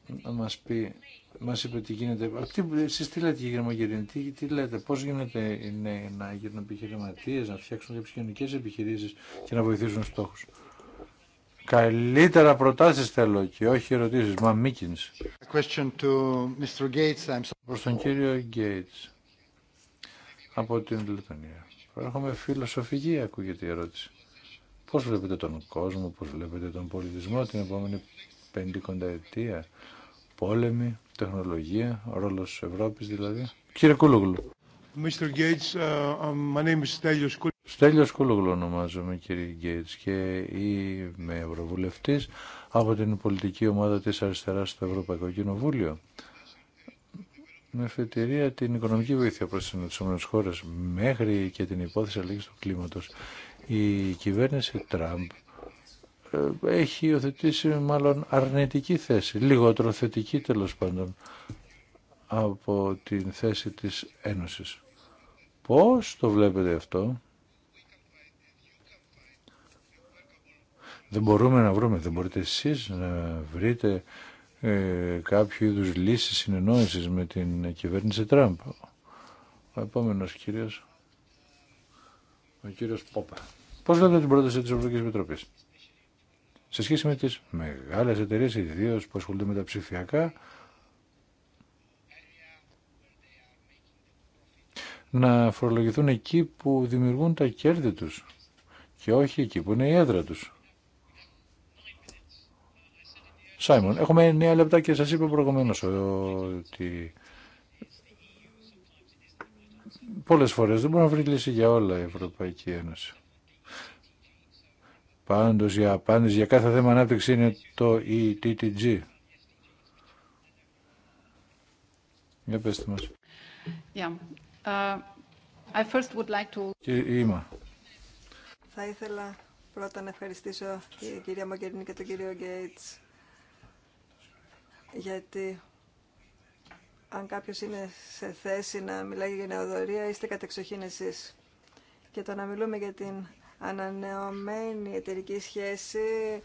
να μας πει Μα είπε τι γίνεται. Τι, εσείς τι λέτε για γερμογερίνη, τι, τι λέτε, πώ γίνεται να γίνουν επιχειρηματίε, να φτιάξουν κάποιε κοινωνικέ επιχειρήσει και να βοηθήσουν στόχου. Καλύτερα προτάσει θέλω και όχι ερωτήσει, Μα Μίκινς. Προ τον κύριο Γκέιτ από την Λετωνία. Έχουμε φιλοσοφική, ακούγεται η ερώτηση. Πώ βλέπετε τον κόσμο, πώ βλέπετε τον πολιτισμό την επόμενη πεντηκονταετία, πόλεμοι, τεχνολογία, ο ρόλος Ευρώπης δηλαδή. Κύριε Κούλογλου. Mr. Gates, uh, um, my name is Στέλιος Κούλογλου. Στέλιος ονομάζομαι κύριε Gates και είμαι ευρωβουλευτής από την πολιτική ομάδα της αριστεράς στο Ευρωπαϊκό Κοινοβούλιο. Με εφετηρία την οικονομική βοήθεια προς τις ενδεξόμενες χώρες μέχρι και την υπόθεση αλλαγής του κλίματος. Η κυβέρνηση Τραμπ ε, έχει υιοθετήσει μάλλον αρνητική θέση, λιγότερο θετική τέλος πάντων από την θέση της Ένωσης. Πώς το βλέπετε αυτό? Δεν μπορούμε να βρούμε, δεν μπορείτε εσείς να βρείτε ε, κάποιο είδους λύση συνεννόησης με την κυβέρνηση Τραμπ. Ο επόμενος κύριος, ο κύριος Πόπα. Πώς λέτε την πρόταση της Ευρωπαϊκής Επιτροπής σε σχέση με τις μεγάλες εταιρείες, ιδίω που ασχολούνται με τα ψηφιακά, να φορολογηθούν εκεί που δημιουργούν τα κέρδη τους και όχι εκεί που είναι η έδρα τους. Σάιμον, έχουμε 9 λεπτά και σας είπα προηγουμένως ότι πολλές φορές δεν μπορεί να βρει λύση για όλα η Ευρωπαϊκή Ένωση. Πάντως για απάντηση για κάθε θέμα ανάπτυξη είναι το ETTG. Για πέστε μας. Uh, Θα ήθελα πρώτα να ευχαριστήσω την κυρία Μαγκερνή και τον κύριο Γκέιτς γιατί αν κάποιος είναι σε θέση να μιλάει για νεοδορία είστε κατεξοχήν εσείς. Και το να μιλούμε για την ανανεωμένη εταιρική σχέση,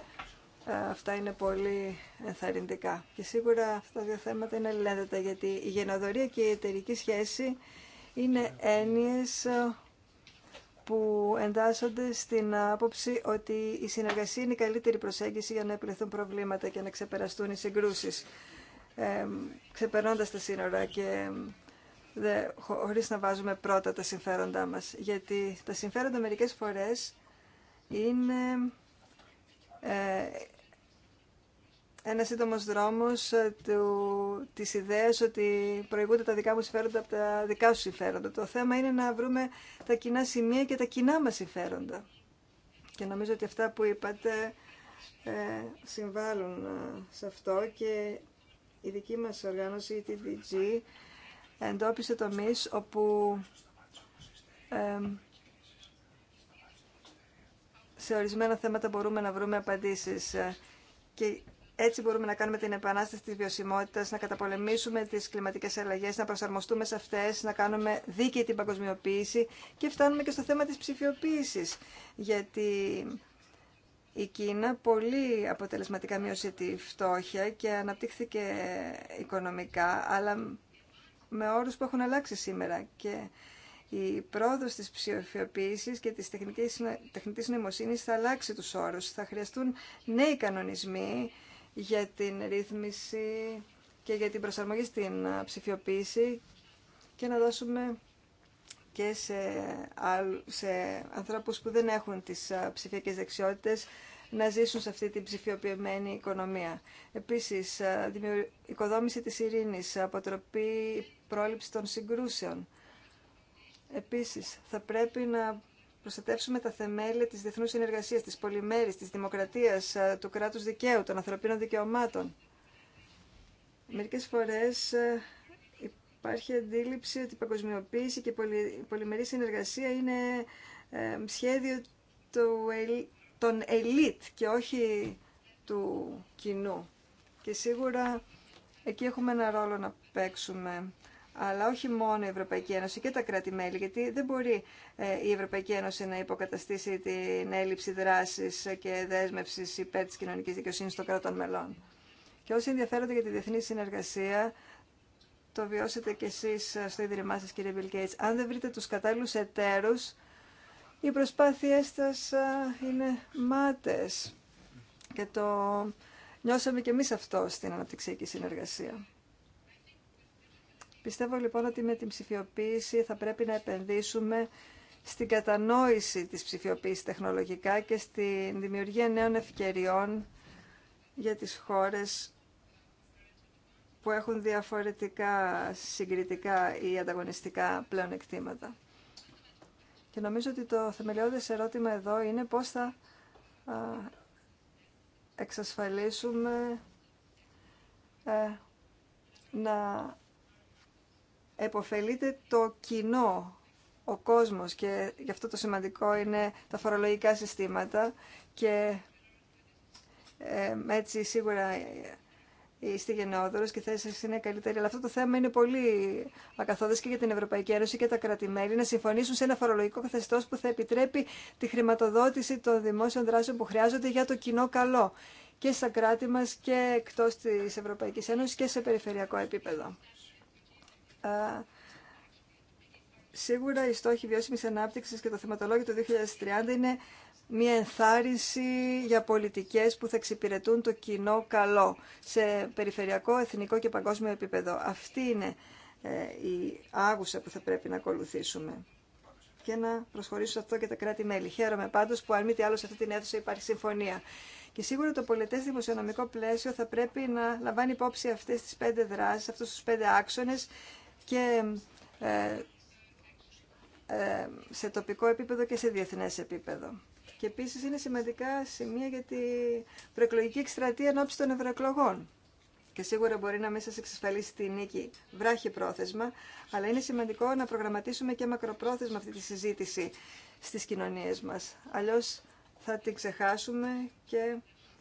ε, αυτά είναι πολύ ενθαρρυντικά. Και σίγουρα αυτά τα δύο θέματα είναι αλληλένδετα, γιατί η γενοδορία και η εταιρική σχέση είναι έννοιες ε, που εντάσσονται στην άποψη ότι η συνεργασία είναι η καλύτερη προσέγγιση για να επιληθούν προβλήματα και να ξεπεραστούν οι συγκρούσεις, ε, ξεπερνώντας τα σύνορα και δε, χωρίς να βάζουμε πρώτα τα συμφέροντά μας. Γιατί τα συμφέροντα μερικές φορές είναι ε, ένα σύντομο δρόμος ε, του, της ιδέας ότι προηγούνται τα δικά μου συμφέροντα από τα δικά σου συμφέροντα. Το θέμα είναι να βρούμε τα κοινά σημεία και τα κοινά μας συμφέροντα. Και νομίζω ότι αυτά που είπατε ε, συμβάλλουν ε, σε αυτό και η δική μας οργάνωση, η TDG, εντόπισε το τομεί όπου σε ορισμένα θέματα μπορούμε να βρούμε απαντήσεις και έτσι μπορούμε να κάνουμε την επανάσταση της βιωσιμότητας, να καταπολεμήσουμε τις κλιματικές αλλαγές, να προσαρμοστούμε σε αυτές, να κάνουμε δίκαιη την παγκοσμιοποίηση και φτάνουμε και στο θέμα της ψηφιοποίησης, γιατί η Κίνα πολύ αποτελεσματικά μείωσε τη φτώχεια και αναπτύχθηκε οικονομικά, αλλά με όρους που έχουν αλλάξει σήμερα και η πρόοδος της ψηφιοποίησης και της τεχνικής, τεχνητής νοημοσύνης θα αλλάξει τους όρους. Θα χρειαστούν νέοι κανονισμοί για την ρύθμιση και για την προσαρμογή στην ψηφιοποίηση και να δώσουμε και σε, σε ανθρώπους που δεν έχουν τις ψηφιακές δεξιότητες να ζήσουν σε αυτή την ψηφιοποιημένη οικονομία. Επίσης, οικοδόμηση της ειρήνης, αποτροπή πρόληψη των συγκρούσεων. Επίσης, θα πρέπει να προστατεύσουμε τα θεμέλια της διεθνούς συνεργασίας, της πολυμέρης, της δημοκρατίας, του κράτους δικαίου, των ανθρωπίνων δικαιωμάτων. Μερικές φορές υπάρχει αντίληψη ότι η παγκοσμιοποίηση και η πολυμερή συνεργασία είναι ε, σχέδιο των ελίτ και όχι του κοινού. Και σίγουρα εκεί έχουμε ένα ρόλο να παίξουμε αλλά όχι μόνο η Ευρωπαϊκή Ένωση και τα κράτη-μέλη, γιατί δεν μπορεί ε, η Ευρωπαϊκή Ένωση να υποκαταστήσει την έλλειψη δράση και δέσμευση υπέρ τη κοινωνική δικαιοσύνη των κρατών μελών. Και όσοι ενδιαφέρονται για τη διεθνή συνεργασία, το βιώσετε κι εσεί ε, στο Ίδρυμά σα, κύριε Bill Gates. Αν δεν βρείτε του κατάλληλου εταίρου, οι προσπάθειε σα ε, είναι μάτε. Και το νιώσαμε κι εμεί αυτό στην αναπτυξιακή συνεργασία. Πιστεύω λοιπόν ότι με την ψηφιοποίηση θα πρέπει να επενδύσουμε στην κατανόηση της ψηφιοποίησης τεχνολογικά και στην δημιουργία νέων ευκαιριών για τις χώρες που έχουν διαφορετικά συγκριτικά ή ανταγωνιστικά πλεονεκτήματα. Και νομίζω ότι το θεμελιώδες ερώτημα εδώ είναι πώς θα εξασφαλίσουμε ε, να εποφελείται το κοινό, ο κόσμος και γι' αυτό το σημαντικό είναι τα φορολογικά συστήματα και έτσι σίγουρα είστε γενναιόδωρος και θέσει είναι καλύτερη. Αλλά αυτό το θέμα είναι πολύ ακαθόδες και για την Ευρωπαϊκή Ένωση και τα κρατημέλη να συμφωνήσουν σε ένα φορολογικό καθεστώ που θα επιτρέπει τη χρηματοδότηση των δημόσιων δράσεων που χρειάζονται για το κοινό καλό και στα κράτη μας και εκτός της Ευρωπαϊκής Ένωσης και σε περιφερειακό επίπεδο σίγουρα οι στόχοι βιώσιμης ανάπτυξης και το θεματολόγιο του 2030 είναι μια ενθάρρυνση για πολιτικές που θα εξυπηρετούν το κοινό καλό σε περιφερειακό, εθνικό και παγκόσμιο επίπεδο. Αυτή είναι ε, η άγουσα που θα πρέπει να ακολουθήσουμε και να προσχωρήσουν αυτό και τα κράτη-μέλη. Χαίρομαι πάντω που αν μη τι άλλο σε αυτή την αίθουσα υπάρχει συμφωνία. Και σίγουρα το πολιτέ δημοσιονομικό πλαίσιο θα πρέπει να λαμβάνει υπόψη αυτέ τι πέντε δράσει, αυτού του πέντε άξονε και ε, ε, σε τοπικό επίπεδο και σε διεθνές επίπεδο. Και επίσης είναι σημαντικά σημεία για την προεκλογική εκστρατεία ενώπιση των ευρωεκλογών. Και σίγουρα μπορεί να μην σα εξασφαλίσει τη νίκη βράχη πρόθεσμα, αλλά είναι σημαντικό να προγραμματίσουμε και μακροπρόθεσμα αυτή τη συζήτηση στις κοινωνίες μας. Αλλιώς θα την ξεχάσουμε και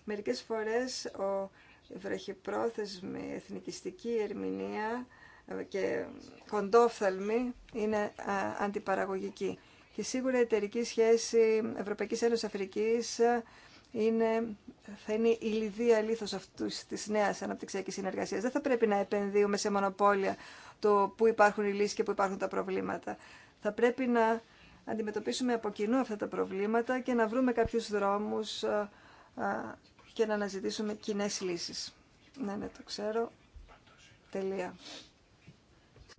μερικές φορές ο βραχυπρόθεσμη εθνικιστική ερμηνεία και κοντόφθαλμη είναι αντιπαραγωγική. Και σίγουρα η εταιρική σχέση σχέση Ευρωπαϊκή Αφρικής είναι, θα είναι η λιδία λίθο αυτού τη νέα αναπτυξιακή συνεργασία. Δεν θα πρέπει να επενδύουμε σε μονοπόλια το που υπάρχουν οι λύσει και που υπάρχουν τα προβλήματα. Θα πρέπει να αντιμετωπίσουμε από κοινού αυτά τα προβλήματα και να βρούμε κάποιου δρόμου και να αναζητήσουμε κοινέ λύσει. Ναι, ναι, το ξέρω. Τελεία.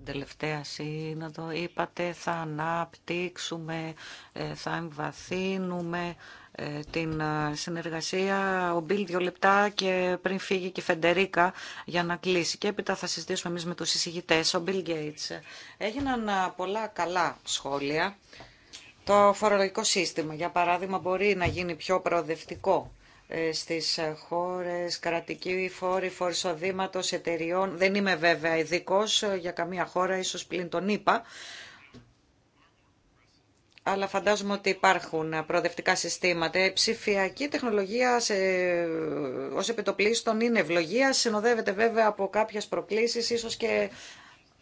Στην τελευταία σύνοδο είπατε θα αναπτύξουμε, ε, θα εμβαθύνουμε ε, την ε, συνεργασία. Ο Μπίλ δύο λεπτά και πριν φύγει και η Φεντερίκα για να κλείσει. Και έπειτα θα συζητήσουμε εμείς με τους εισηγητές. Ο Μπίλ Γκέιτς. Έγιναν πολλά καλά σχόλια. Το φορολογικό σύστημα, για παράδειγμα, μπορεί να γίνει πιο προοδευτικό ε, στις χώρες, κρατικοί φόροι, φόροι εταιριών. Δεν είμαι βέβαια ειδικό για καμία χώρα, ίσως πλην τον είπα. Αλλά φαντάζομαι ότι υπάρχουν προοδευτικά συστήματα. Η ψηφιακή τεχνολογία σε, ως επιτοπλίστων είναι ευλογία, συνοδεύεται βέβαια από κάποιες προκλήσεις, ίσως και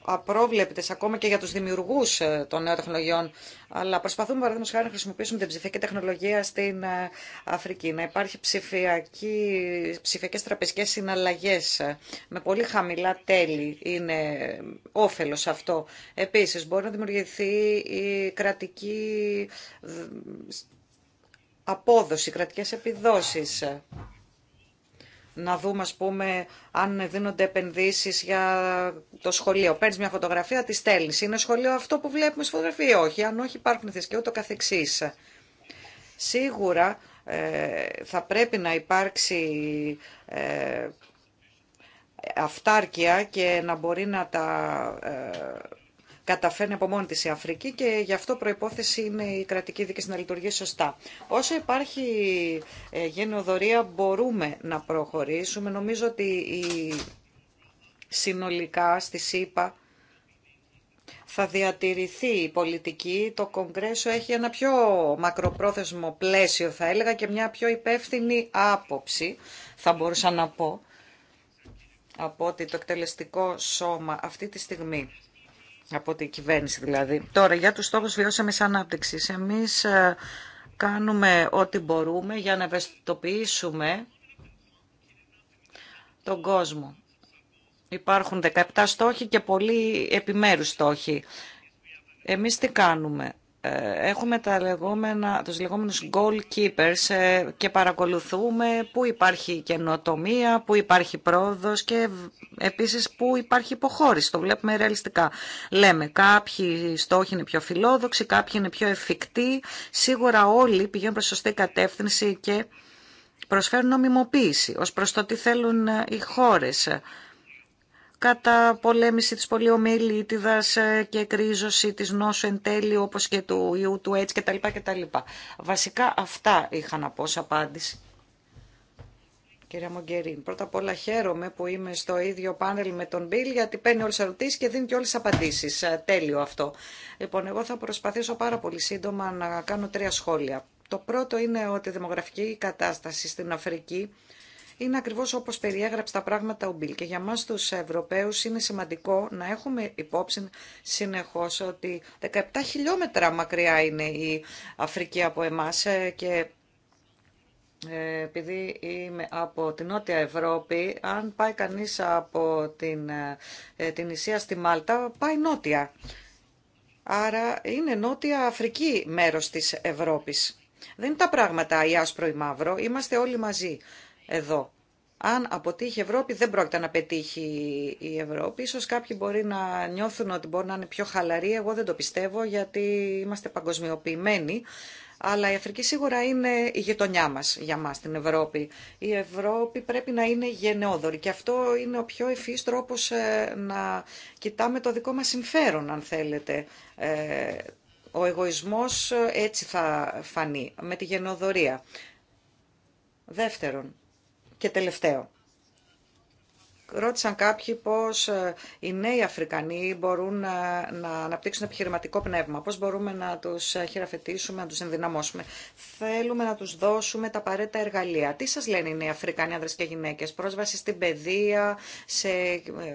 απρόβλεπτε ακόμα και για τους δημιουργούς ε, των νέων τεχνολογιών. Αλλά προσπαθούμε παραδείγματο χάρη να χρησιμοποιήσουμε την ψηφιακή τεχνολογία στην ε, Αφρική. Να υπάρχει ψηφιακέ ψηφιακές τραπεζικές συναλλαγές ε, με πολύ χαμηλά τέλη είναι όφελος αυτό. Επίσης μπορεί να δημιουργηθεί η κρατική απόδοση, οι κρατικές επιδόσεις να δούμε ας πούμε αν δίνονται επενδύσεις για το σχολείο. Παίρνεις μια φωτογραφία, τη στέλνεις. Είναι σχολείο αυτό που βλέπουμε στη φωτογραφία ή όχι. Αν όχι υπάρχουν και ούτω καθεξής. Σίγουρα ε, θα πρέπει να υπάρξει ε, αυτάρκεια και να μπορεί να τα ε, καταφέρνει από μόνη της η Αφρική και γι' αυτό προϋπόθεση είναι η κρατική δίκη να λειτουργεί σωστά. Όσο υπάρχει ε, γενεοδορία μπορούμε να προχωρήσουμε. Νομίζω ότι η συνολικά στη ΣΥΠΑ θα διατηρηθεί η πολιτική. Το Κογκρέσο έχει ένα πιο μακροπρόθεσμο πλαίσιο θα έλεγα και μια πιο υπεύθυνη άποψη θα μπορούσα να πω από ότι το εκτελεστικό σώμα αυτή τη στιγμή από την κυβέρνηση δηλαδή. Τώρα για τους στόχους βιώσιμης ανάπτυξης. Εμείς ε, κάνουμε ό,τι μπορούμε για να ευαισθητοποιήσουμε τον κόσμο. Υπάρχουν 17 στόχοι και πολλοί επιμέρους στόχοι. Εμείς τι κάνουμε. Ε, έχουμε τα λεγόμενα, τους λεγόμενους goalkeepers ε, και παρακολουθούμε πού υπάρχει καινοτομία, πού υπάρχει πρόοδος και επίσης πού υπάρχει υποχώρηση. Το βλέπουμε ρεαλιστικά. Λέμε κάποιοι στόχοι είναι πιο φιλόδοξοι, κάποιοι είναι πιο εφικτοί. Σίγουρα όλοι πηγαίνουν προς σωστή κατεύθυνση και προσφέρουν νομιμοποίηση ως προς το τι θέλουν ε, οι χώρες κατά πολέμηση της πολιομιελίτιδας ε, και κρίζωση της νόσου εν τέλει όπως και του ιού του έτσι κτλ. κτλ. Βασικά αυτά είχα να πω ως απάντηση. Κυρία Μογκερίν, πρώτα απ' όλα χαίρομαι που είμαι στο ίδιο πάνελ με τον Μπίλ γιατί παίρνει όλες τις ερωτήσεις και δίνει και όλες τις απαντήσεις. Ε, τέλειο αυτό. Λοιπόν, εγώ θα προσπαθήσω πάρα πολύ σύντομα να κάνω τρία σχόλια. Το πρώτο είναι ότι η δημογραφική κατάσταση στην Αφρική είναι ακριβώς όπως περιέγραψε τα πράγματα ο Μπίλ και για μας τους Ευρωπαίους είναι σημαντικό να έχουμε υπόψη συνεχώς ότι 17 χιλιόμετρα μακριά είναι η Αφρική από εμάς ε, και ε, επειδή είμαι από την Νότια Ευρώπη, αν πάει κανείς από την, ε, την Ισία στη Μάλτα, πάει νότια. Άρα είναι νότια Αφρική μέρος της Ευρώπης. Δεν είναι τα πράγματα ή άσπρο ή μαύρο, είμαστε όλοι μαζί εδώ. Αν αποτύχει η Ευρώπη, δεν πρόκειται να πετύχει η Ευρώπη. Ίσως κάποιοι μπορεί να νιώθουν ότι μπορεί να είναι πιο χαλαροί. Εγώ δεν το πιστεύω γιατί είμαστε παγκοσμιοποιημένοι. Αλλά η Αφρική σίγουρα είναι η γειτονιά μας για μας, την Ευρώπη. Η Ευρώπη πρέπει να είναι γενναιόδορη και αυτό είναι ο πιο ευφύς τρόπος ε, να κοιτάμε το δικό μας συμφέρον, αν θέλετε. Ε, ο εγωισμός ε, έτσι θα φανεί, με τη γενναιοδορία. Δεύτερον, και τελευταίο. Ρώτησαν κάποιοι πώς ε, οι νέοι Αφρικανοί μπορούν να, ε, να αναπτύξουν επιχειρηματικό πνεύμα, πώς μπορούμε να τους ε, χειραφετήσουμε, να τους ενδυναμώσουμε. Θέλουμε να τους δώσουμε τα απαραίτητα εργαλεία. Τι σας λένε οι νέοι Αφρικανοί άνδρες και γυναίκες, πρόσβαση στην παιδεία, σε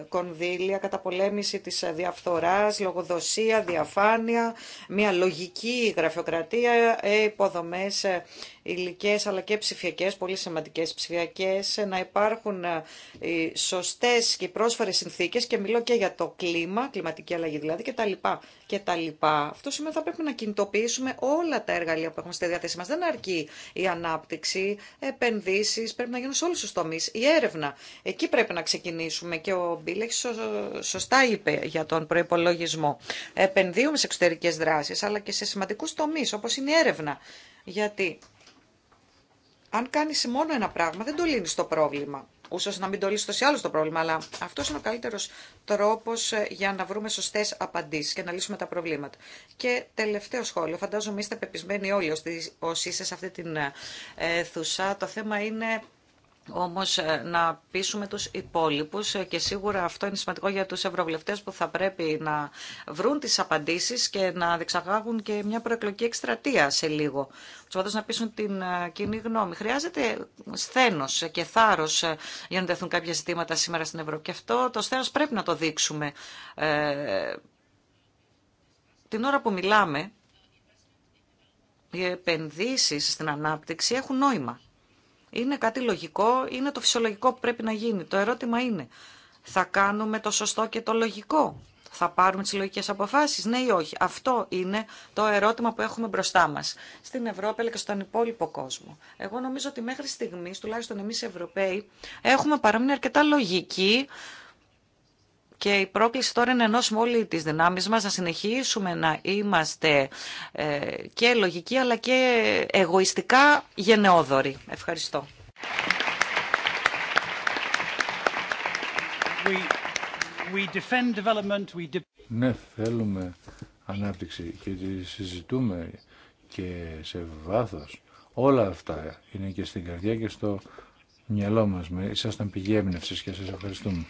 κονδύλια, καταπολέμηση της διαφθοράς, λογοδοσία, διαφάνεια, μια λογική γραφειοκρατία, υποδομές υλικές αλλά και ψηφιακές, πολύ σημαντικές ψηφιακές, να υπάρχουν σωστές και πρόσφαρες συνθήκες και μιλώ και για το κλίμα, κλιματική αλλαγή δηλαδή και τα λοιπά. Και τα λοιπά. Αυτό σημαίνει ότι θα πρέπει να κινητοποιήσουμε όλα τα εργαλεία που έχουμε στη διάθεσή μας. Δεν αρκεί η ανάπτυξη, επενδύσεις, πρέπει να γίνουν σε όλους τους τομείς. Η έρευνα, εκεί πρέπει να ξεκινήσουμε και ο Μπίλεχ σωστά είπε για τον προπολογισμό. Επενδύουμε σε εξωτερικές δράσεις αλλά και σε σημαντικούς τομείς όπως είναι η έρευνα. Γιατί αν κάνεις μόνο ένα πράγμα δεν το λύνεις το πρόβλημα ώστε να μην το λύσει τόσο άλλο το πρόβλημα, αλλά αυτό είναι ο καλύτερο τρόπο ε, για να βρούμε σωστέ απαντήσει και να λύσουμε τα προβλήματα. Και τελευταίο σχόλιο, φαντάζομαι είστε πεπισμένοι όλοι όσοι είστε σε αυτή την αίθουσα, ε, ε, το θέμα είναι όμως ε, να πείσουμε τους υπόλοιπους ε, και σίγουρα αυτό είναι σημαντικό για τους ευρωβουλευτές που θα πρέπει να βρουν τις απαντήσεις και να διεξαγάγουν και μια προεκλογική εκστρατεία σε λίγο. Τους να πείσουν την ε, κοινή γνώμη. Χρειάζεται σθένος και θάρρος για να τεθούν κάποια ζητήματα σήμερα στην Ευρώπη. Και αυτό το σθένος πρέπει να το δείξουμε. την ώρα που μιλάμε, οι επενδύσεις στην ανάπτυξη έχουν νόημα. Είναι κάτι λογικό, είναι το φυσιολογικό που πρέπει να γίνει. Το ερώτημα είναι, θα κάνουμε το σωστό και το λογικό. Θα πάρουμε τις λογικές αποφάσεις, ναι ή όχι. Αυτό είναι το ερώτημα που έχουμε μπροστά μας στην Ευρώπη αλλά και στον υπόλοιπο κόσμο. Εγώ νομίζω ότι μέχρι στιγμής, τουλάχιστον εμείς Ευρωπαίοι, έχουμε παραμείνει αρκετά λογικοί και η πρόκληση τώρα είναι ενώσουμε όλοι τις δυνάμεις μας να συνεχίσουμε να είμαστε ε, και λογικοί αλλά και εγωιστικά γενναιόδοροι. Ευχαριστώ. We, we defend development, we Ναι, θέλουμε ανάπτυξη και τη συζητούμε και σε βάθος. Όλα αυτά είναι και στην καρδιά και στο μυαλό μας. Ήσασταν πηγή έμπνευσης και σας ευχαριστούμε.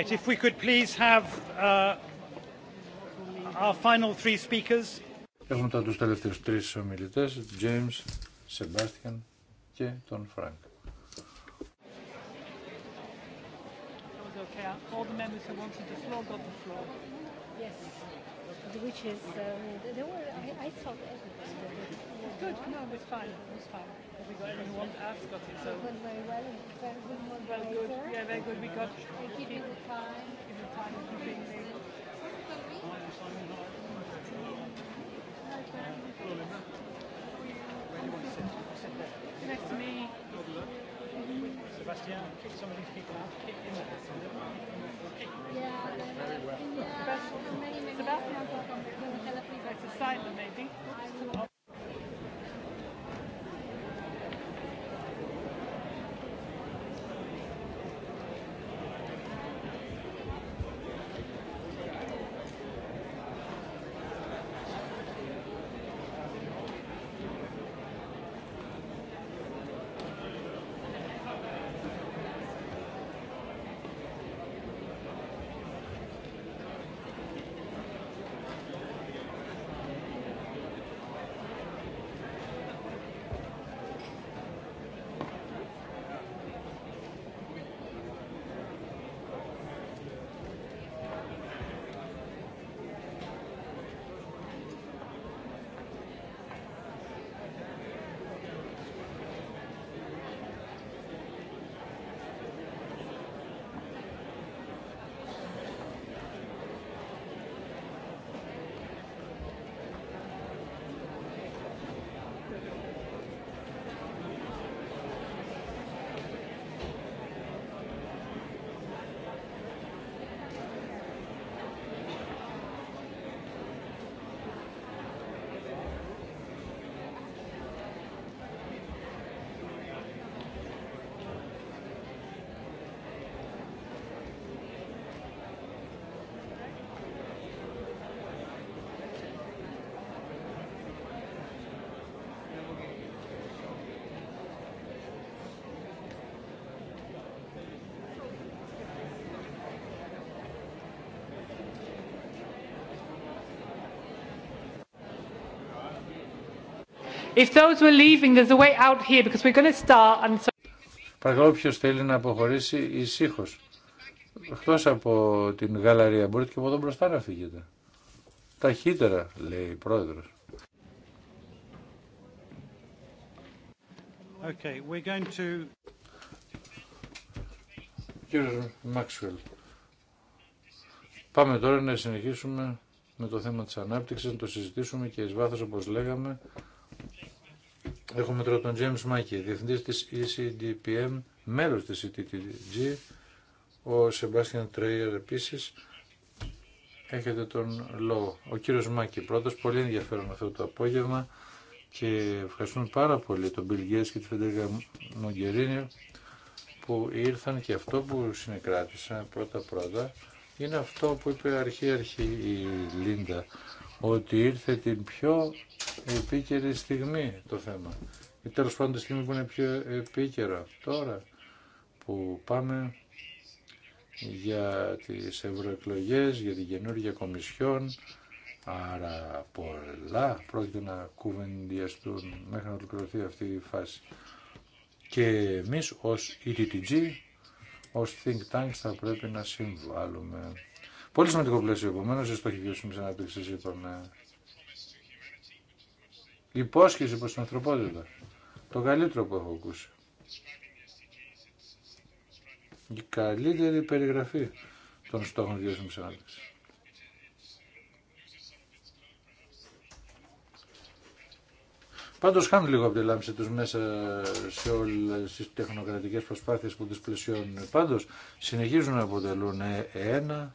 Right, if we could please have uh, our final three speakers. Έχουμε τώρα τους τελευταίους τρεις ομιλητές, James, Sebastian και τον Frank. Okay, all the members who wanted the floor got the floor. Yes, which is, um, there were, I, I saw everybody good. No, it was fine. It was fine. We got everyone to ask got it. So it went very well. Everyone was very good. Yeah, very good. We got. We give you the time. Give you time. Keeping the. Next to me. Sebastian, kick some of these people out. Kick him out. Yeah, very well. Sebastian's not going That's a sign, maybe. If those were leaving, there's a way out here because we're going to start Παρακαλώ ποιος θέλει να αποχωρήσει ησύχως. Εκτός από την γαλαρία μπορείτε και από εδώ μπροστά να φύγετε. Ταχύτερα, λέει η πρόεδρος. Okay, we're going to... Μάξουελ, πάμε τώρα να συνεχίσουμε με το θέμα της ανάπτυξης, να το συζητήσουμε και εις βάθος όπως λέγαμε Έχουμε τώρα τον James Mackey, διευθυντής της ECDPM, μέλος της ETTG, ο Σεμπάστιαν Τρέιερ επίσης. Έχετε τον λόγο. Ο κύριος Μάκη πρώτος, πολύ ενδιαφέρον αυτό το απόγευμα και ευχαριστούμε πάρα πολύ τον Bill Gates και τη Φεντέργα Μογκερίνη που ήρθαν και αυτό που συνεκράτησαν πρώτα-πρώτα είναι αυτό που είπε αρχή-αρχή η Λίντα ότι ήρθε την πιο επίκαιρη στιγμή το θέμα. Ή τέλος πάντων τη στιγμή που είναι πιο επίκαιρο. Τώρα που πάμε για τις ευρωεκλογέ, για την καινούργια κομισιόν, άρα πολλά πρόκειται να κουβεντιαστούν μέχρι να ολοκληρωθεί αυτή η φάση. Και εμείς ως ETTG, ως Think Tanks θα πρέπει να συμβάλλουμε. Πολύ σημαντικό πλαίσιο επομένω οι στόχοι βιώσιμη ανάπτυξη για ε, Υπόσχεση προ την ανθρωπότητα. Το καλύτερο που έχω ακούσει. Η καλύτερη περιγραφή των στόχων βιώσιμη ανάπτυξη. Πάντω, χάνουν λίγο από τη λάμψη τους μέσα σε όλες τις τεχνοκρατικέ προσπάθειες που τι πλησιώνουν. Πάντω, συνεχίζουν να αποτελούν ένα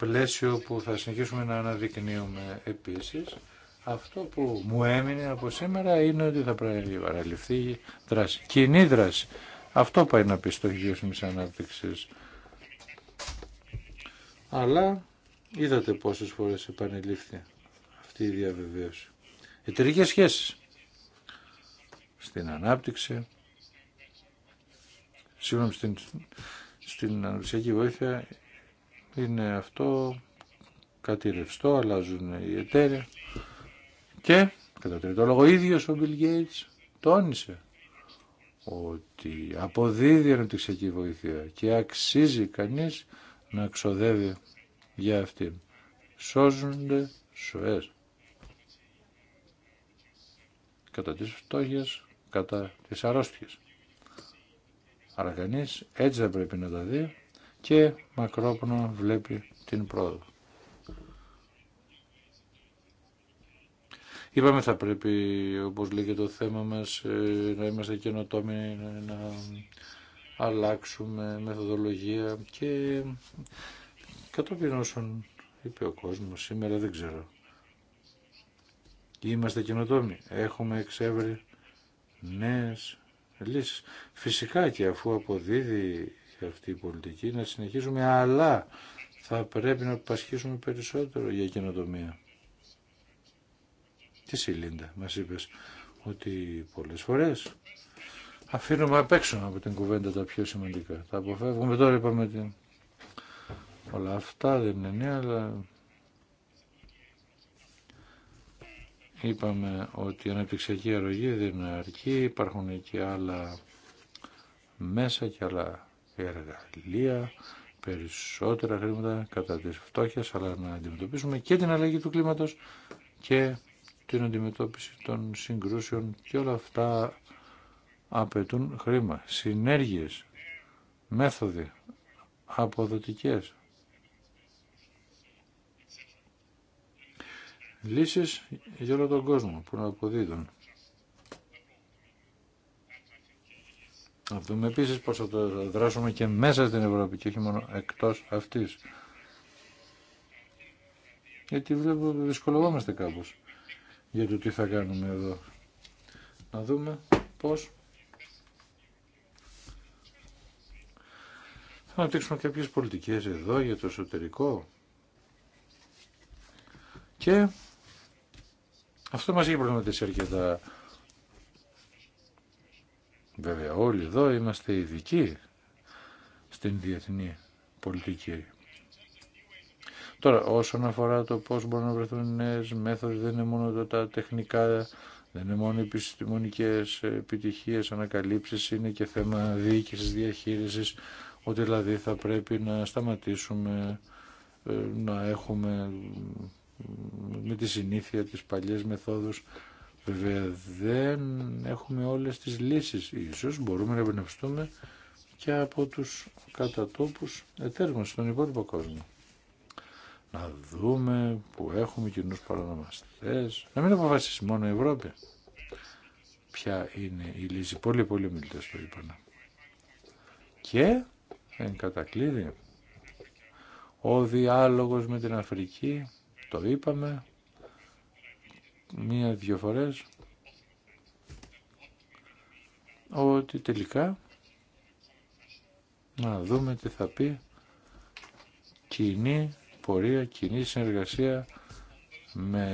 πλαίσιο που θα συνεχίσουμε να αναδεικνύουμε επίσης. Αυτό που μου έμεινε από σήμερα είναι ότι θα πρέπει να παραλυφθεί δράση. Κοινή δράση. Αυτό πάει να πει στο γεωσμής ανάπτυξης. Αλλά είδατε πόσες φορές επανελήφθη αυτή η διαβεβαίωση. Εταιρικές σχέσεις στην ανάπτυξη, σύμφωνα στην, στην αναπτυξιακή βοήθεια είναι αυτό κάτι ρευστό, αλλάζουν οι εταίρες. Και, κατά τρίτο λόγο, ο ίδιος ο Bill Gates τόνισε ότι αποδίδει αναπτυξιακή βοήθεια και αξίζει κανείς να ξοδεύει για αυτήν. Σώζονται σοές. Κατά τις φτώχειες, κατά τις αρρώστιες. Άρα κανείς έτσι δεν πρέπει να τα δει και μακρόπνο βλέπει την πρόοδο. Είπαμε θα πρέπει, όπως λέει το θέμα μας, ε, να είμαστε καινοτόμοι, να αλλάξουμε μεθοδολογία και κατόπιν όσων είπε ο κόσμος σήμερα δεν ξέρω. Είμαστε καινοτόμοι, έχουμε εξέβρει νέες λύσεις. Φυσικά και αφού αποδίδει αυτή η πολιτική να συνεχίσουμε, αλλά θα πρέπει να πασχίσουμε περισσότερο για καινοτομία. Τι Σιλίντα, μα είπες ότι πολλές φορές αφήνουμε απ' έξω από την κουβέντα τα πιο σημαντικά. Τα αποφεύγουμε τώρα, είπαμε ότι όλα αυτά δεν είναι νέα, αλλά είπαμε ότι η αναπτυξιακή αρρωγή δεν αρκεί, υπάρχουν και άλλα μέσα και άλλα εργαλεία, περισσότερα χρήματα κατά της φτώχειας, αλλά να αντιμετωπίσουμε και την αλλαγή του κλίματος και την αντιμετώπιση των συγκρούσεων και όλα αυτά απαιτούν χρήμα, συνέργειες, μέθοδοι, αποδοτικές. Λύσεις για όλο τον κόσμο που να αποδίδουν. Να δούμε επίση πω θα το δράσουμε και μέσα στην Ευρώπη και όχι μόνο εκτός αυτή. Γιατί βλέπω ότι δυσκολευόμαστε κάπω για το τι θα κάνουμε εδώ. Να δούμε πώ. θα αναπτύξουμε κάποιε πολιτικέ εδώ για το εσωτερικό. Και αυτό μας έχει προβληματίσει αρκετά Βέβαια όλοι εδώ είμαστε ειδικοί στην διεθνή πολιτική. Τώρα όσον αφορά το πώς μπορούν να βρεθούν νέες μέθοδοι δεν είναι μόνο τα τεχνικά, δεν είναι μόνο επιστημονικές επιτυχίες, ανακαλύψεις, είναι και θέμα διοίκησης, διαχείρισης, ότι δηλαδή θα πρέπει να σταματήσουμε ε, να έχουμε με τη συνήθεια τις παλιές μεθόδους Βέβαια δεν έχουμε όλες τις λύσεις. Ίσως μπορούμε να εμπνευστούμε και από τους κατατόπους εταίρους στον υπόλοιπο κόσμο. Να δούμε που έχουμε κοινού παρανομαστές. Να μην αποφασίσει μόνο η Ευρώπη. Ποια είναι η λύση. Πολύ πολύ μιλητές το είπαν. Και εν κατακλείδη ο διάλογος με την Αφρική, το είπαμε, μία-δυο φορές ότι τελικά να δούμε τι θα πει κοινή πορεία, κοινή συνεργασία με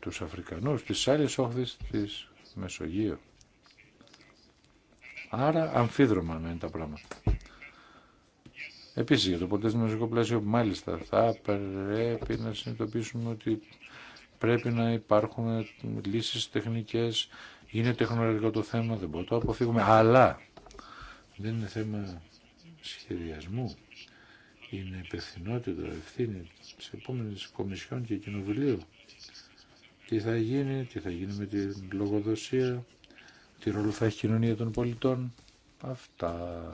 τους Αφρικανούς, τις άλλες όχθες της Μεσογείου. Άρα αμφίδρομα να είναι τα πράγματα. Επίσης για το πολιτισμικό πλαίσιο μάλιστα θα πρέπει να συνειδητοποιήσουμε ότι πρέπει να υπάρχουν λύσεις τεχνικές, είναι τεχνολογικό το θέμα, δεν μπορούμε να το αποφύγουμε, αλλά δεν είναι θέμα σχεδιασμού, είναι υπευθυνότητα, ευθύνη τη επόμενη Κομισιόν και Κοινοβουλίου. Τι θα γίνει, τι θα γίνει με την λογοδοσία, τι ρόλο θα έχει η κοινωνία των πολιτών, αυτά.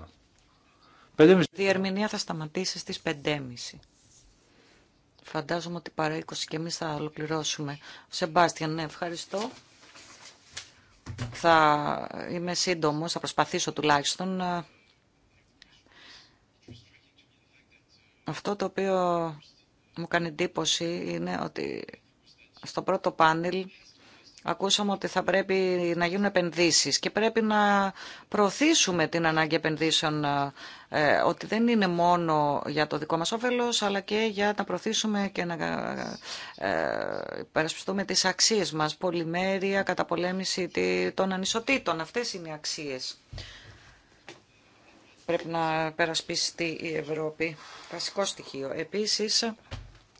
Η διερμηνία θα σταματήσει στις 5.30. Φαντάζομαι ότι παρά 20 και εμεί θα ολοκληρώσουμε. Σεμπάστιαν, ναι, ευχαριστώ. Θα είμαι σύντομο. θα προσπαθήσω τουλάχιστον. Αυτό το οποίο μου κάνει εντύπωση είναι ότι στο πρώτο πάνελ Ακούσαμε ότι θα πρέπει να γίνουν επενδύσεις και πρέπει να προωθήσουμε την ανάγκη επενδύσεων ε, ε, ότι δεν είναι μόνο για το δικό μας όφελος αλλά και για να προωθήσουμε και να ε, υπερασπιστούμε τις αξίες μας, πολυμέρεια, καταπολέμηση των ανισοτήτων. Αυτές είναι οι αξίες πρέπει να περασπίσει η Ευρώπη. Βασικό στοιχείο. Επίσης,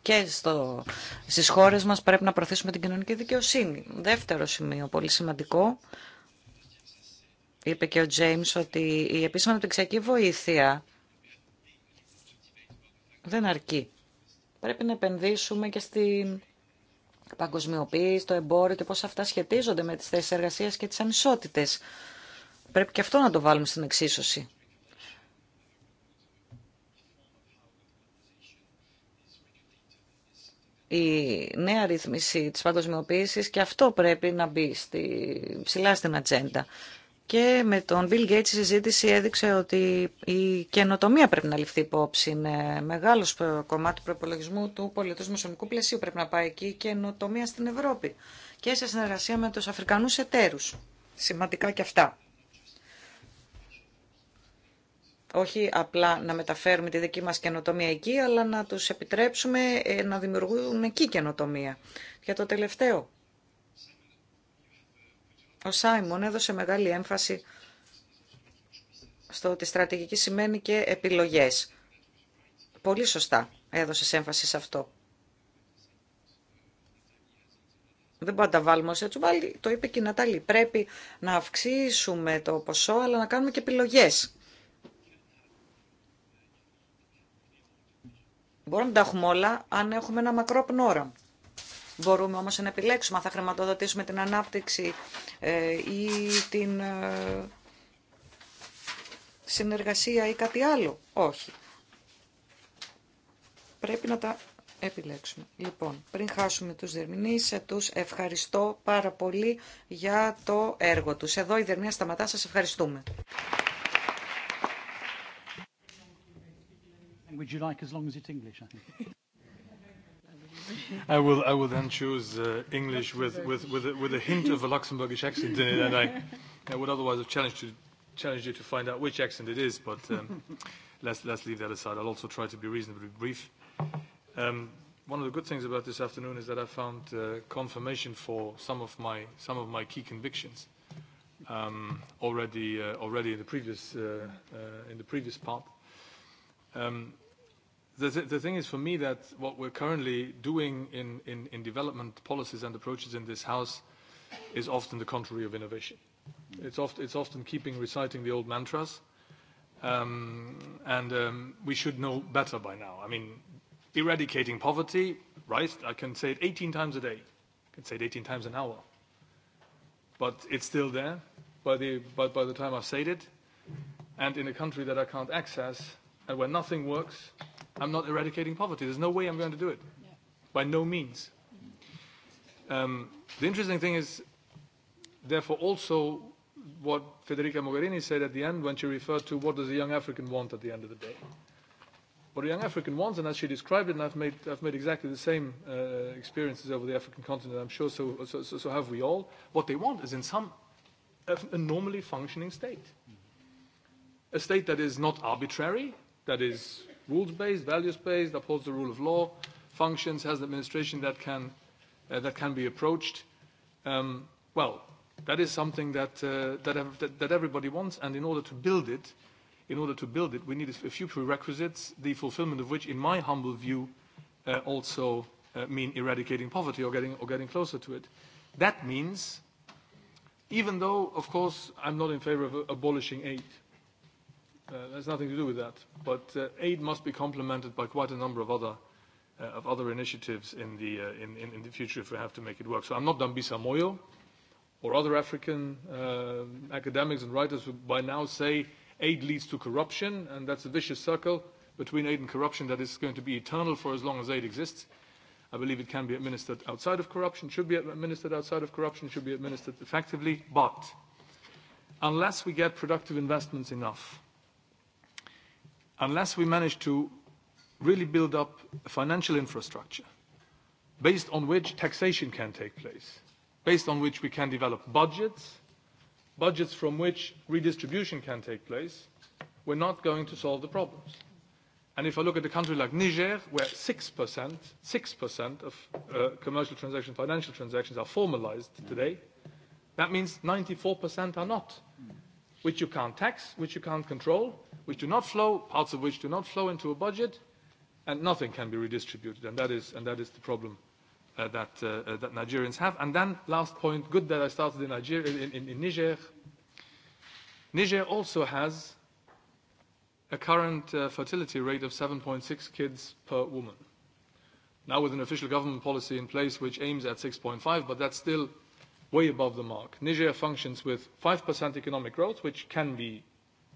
και στο, στις χώρες μας πρέπει να προωθήσουμε την κοινωνική δικαιοσύνη. Δεύτερο σημείο, πολύ σημαντικό, είπε και ο Τζέιμς ότι η επίσημα αναπτυξιακή βοήθεια δεν αρκεί. Πρέπει να επενδύσουμε και στην παγκοσμιοποίηση, στο εμπόριο και πώς αυτά σχετίζονται με τις θέσεις εργασίας και τις ανισότητες. Πρέπει και αυτό να το βάλουμε στην εξίσωση. η νέα ρύθμιση της παγκοσμιοποίησης και αυτό πρέπει να μπει στη, ψηλά στην ατζέντα. Και με τον Bill Gates η συζήτηση έδειξε ότι η καινοτομία πρέπει να ληφθεί υπόψη. Είναι μεγάλος κομμάτι του προπολογισμού του πολιτού μεσονικού πλαισίου πρέπει να πάει εκεί η καινοτομία στην Ευρώπη και σε συνεργασία με τους Αφρικανούς εταίρους. Σημαντικά και αυτά. όχι απλά να μεταφέρουμε τη δική μας καινοτομία εκεί, αλλά να τους επιτρέψουμε ε, να δημιουργούν εκεί καινοτομία. Για το τελευταίο, ο Σάιμον έδωσε μεγάλη έμφαση στο ότι στρατηγική σημαίνει και επιλογές. Πολύ σωστά έδωσε έμφαση σε αυτό. Δεν μπορούμε να τα βάλουμε έτσι. το είπε και η Νατάλη. Πρέπει να αυξήσουμε το ποσό, αλλά να κάνουμε και επιλογές. Μπορούμε να τα έχουμε όλα αν έχουμε ένα μακρό πνόρα. Μπορούμε όμως να επιλέξουμε αν θα χρηματοδοτήσουμε την ανάπτυξη ε, ή την ε, συνεργασία ή κάτι άλλο. Όχι. Πρέπει να τα επιλέξουμε. Λοιπόν, πριν χάσουμε τους δερμηνείς, ε, τους ευχαριστώ πάρα πολύ για το έργο τους. Εδώ η δερμία σταματά. Σας ευχαριστούμε. Would you like as long as it's English, I think. I will, I will then choose uh, English with, with, with, a, with a hint of a Luxembourgish accent in it, and I, I would otherwise have challenged, to, challenged you to find out which accent it is, but um, let's, let's leave that aside. I'll also try to be reasonably brief. Um, one of the good things about this afternoon is that I found uh, confirmation for some of my, some of my key convictions um, already, uh, already in the previous, uh, uh, in the previous part. Um, The thing is for me that what we're currently doing in development policies and approaches in this House is often the contrary of innovation. It's often keeping reciting the old mantras, and we should know better by now. I mean, eradicating poverty, right? I can say it 18 times a day. I can say it 18 times an hour. But it's still there by the time I've said it. And in a country that I can't access, And when nothing works, I'm not eradicating poverty. There's no way I'm going to do it. By no means. Um, the interesting thing is, therefore, also what Federica Mogherini said at the end when she referred to what does a young African want at the end of the day. What a young African wants, and as she described it, and I've made, I've made exactly the same uh, experiences over the African continent, I'm sure so, so, so have we all, what they want is in some a normally functioning state. A state that is not arbitrary, that is rules-based, values-based, upholds the rule of law, functions, has administration that can that can be approached. Well, that is something that that everybody wants, and in order to build it, in order to build it, we need a few prerequisites, the fulfillment of which, in my humble view, also mean eradicating poverty or getting or getting closer to it. That means, even though, of course, I'm not in favor of abolishing aid, There's nothing to do with that. But aid must be complemented by quite a number of other of other initiatives in the in in the future if we have to make it work. So I'm not Dambisa Moyo or other African academics and writers who by now say aid leads to corruption, and that's a vicious circle between aid and corruption that is going to be eternal for as long as aid exists. I believe it can be administered outside of corruption, should be administered outside of corruption, should be administered effectively, but unless we get productive investments enough, unless we manage to really build up a financial infrastructure based on which taxation can take place, based on which we can develop budgets, budgets from which redistribution can take place, we're not going to solve the problems. And if I look at a country like Niger, where 6%, 6% of commercial transactions, financial transactions are formalized today, that means 94% are not, which you can't tax, which you can't control, which do not flow, parts of which do not flow into a budget, and nothing can be redistributed. And that is, and that is the problem that, that Nigerians have. And then, last point, good that I started in, in, in, in Niger. Niger also has a current fertility rate of 7.6 kids per woman. Now with an official government policy in place which aims at 6.5, but that's still way above the mark. Niger functions with 5% economic growth, which can be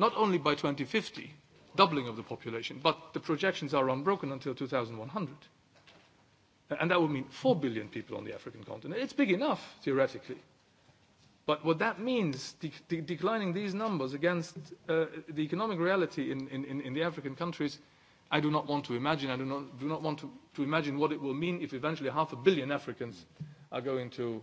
not only by 2050, doubling of the population, but the projections are unbroken until 2100. And that would mean 4 billion people on the African continent. It's big enough, theoretically. But what that means, declining these numbers against the economic reality in, in, in the African countries, I do not want to imagine. I do not, do not want to, to imagine what it will mean if eventually half a billion Africans are going to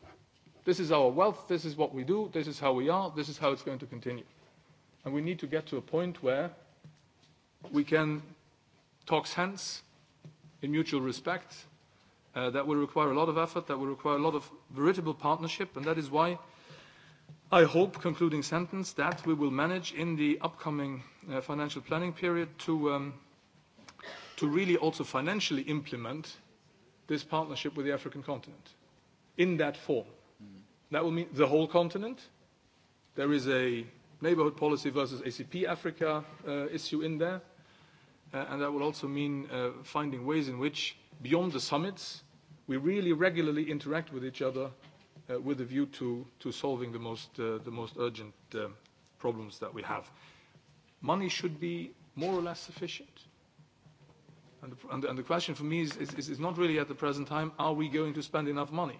This is our wealth, this is what we do, this is how we are, this is how it's going to continue. And we need to get to a point where we can talk sense in mutual respect. That will require a lot of effort, that will require a lot of veritable partnership, and that is why I hope, concluding sentence, that we will manage in the upcoming financial planning period to really also financially implement this partnership with the African continent in that form. That will mean the whole continent. There is a neighborhood policy versus ACP Africa issue in there. And that will also mean finding ways in which, beyond the summits, we really regularly interact with each other with a view to, to solving the most, the most urgent problems that we have. Money should be more or less sufficient. And the, and the, question for me is, is, is not really at the present time, are we going to spend enough money?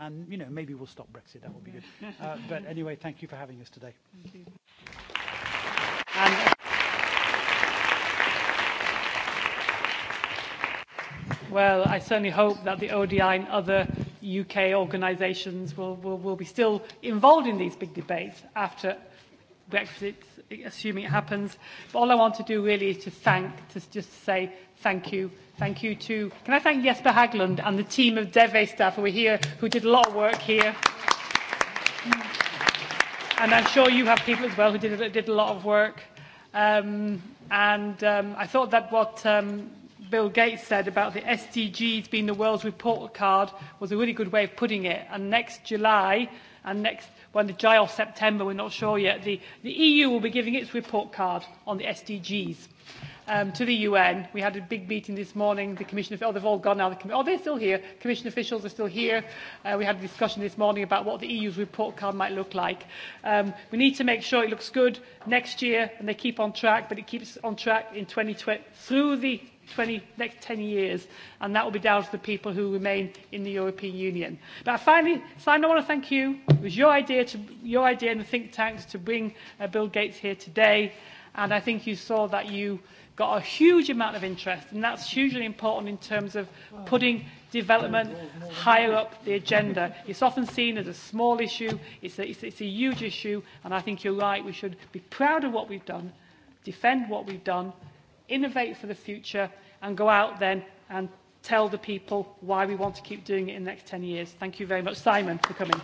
And, you know, maybe we'll stop Brexit. That would be good. But anyway, thank you for having us today. Well, I certainly hope that the ODI and other UK organisations will will be still involved in these big debates after Brexit assuming it happens. But all I want to do really is to thank, to just say thank you. Thank you to, can I thank Jesper Haglund and the team of DEVE staff who were here, who did a lot of work here. And I'm sure you have people as well who did, did a lot of work. Um, and um, I thought that what um, Bill Gates said about the SDGs being the world's report card was a really good way of putting it. And next July and next when the July or September, we're not sure yet, the, the EU will be giving its report card on the SDGs um, to the UN. We had a big meeting this morning. The commission, oh, they've all gone now. The oh, they're still here. Commission officials are still here. we had a discussion this morning about what the EU's report card might look like. we need to make sure it looks good next year, and they keep on track, but it keeps on track in 2020 through the 20, next 10 years, and that will be down to the people who remain in the European Union. But I finally, Simon, I want to thank you. It was your idea, to, your idea in the think tanks to bring Bill Gates here today, and I think you saw that you got a huge amount of interest, and that's hugely important in terms of putting development higher up the agenda. It's often seen as a small issue, it's a, it's, it's a huge issue, and I think you're right, we should be proud of what we've done, defend what we've done, innovate for the future and go out then and tell the people why we want to keep doing it in the next 10 years. Thank you very much, Simon, for coming.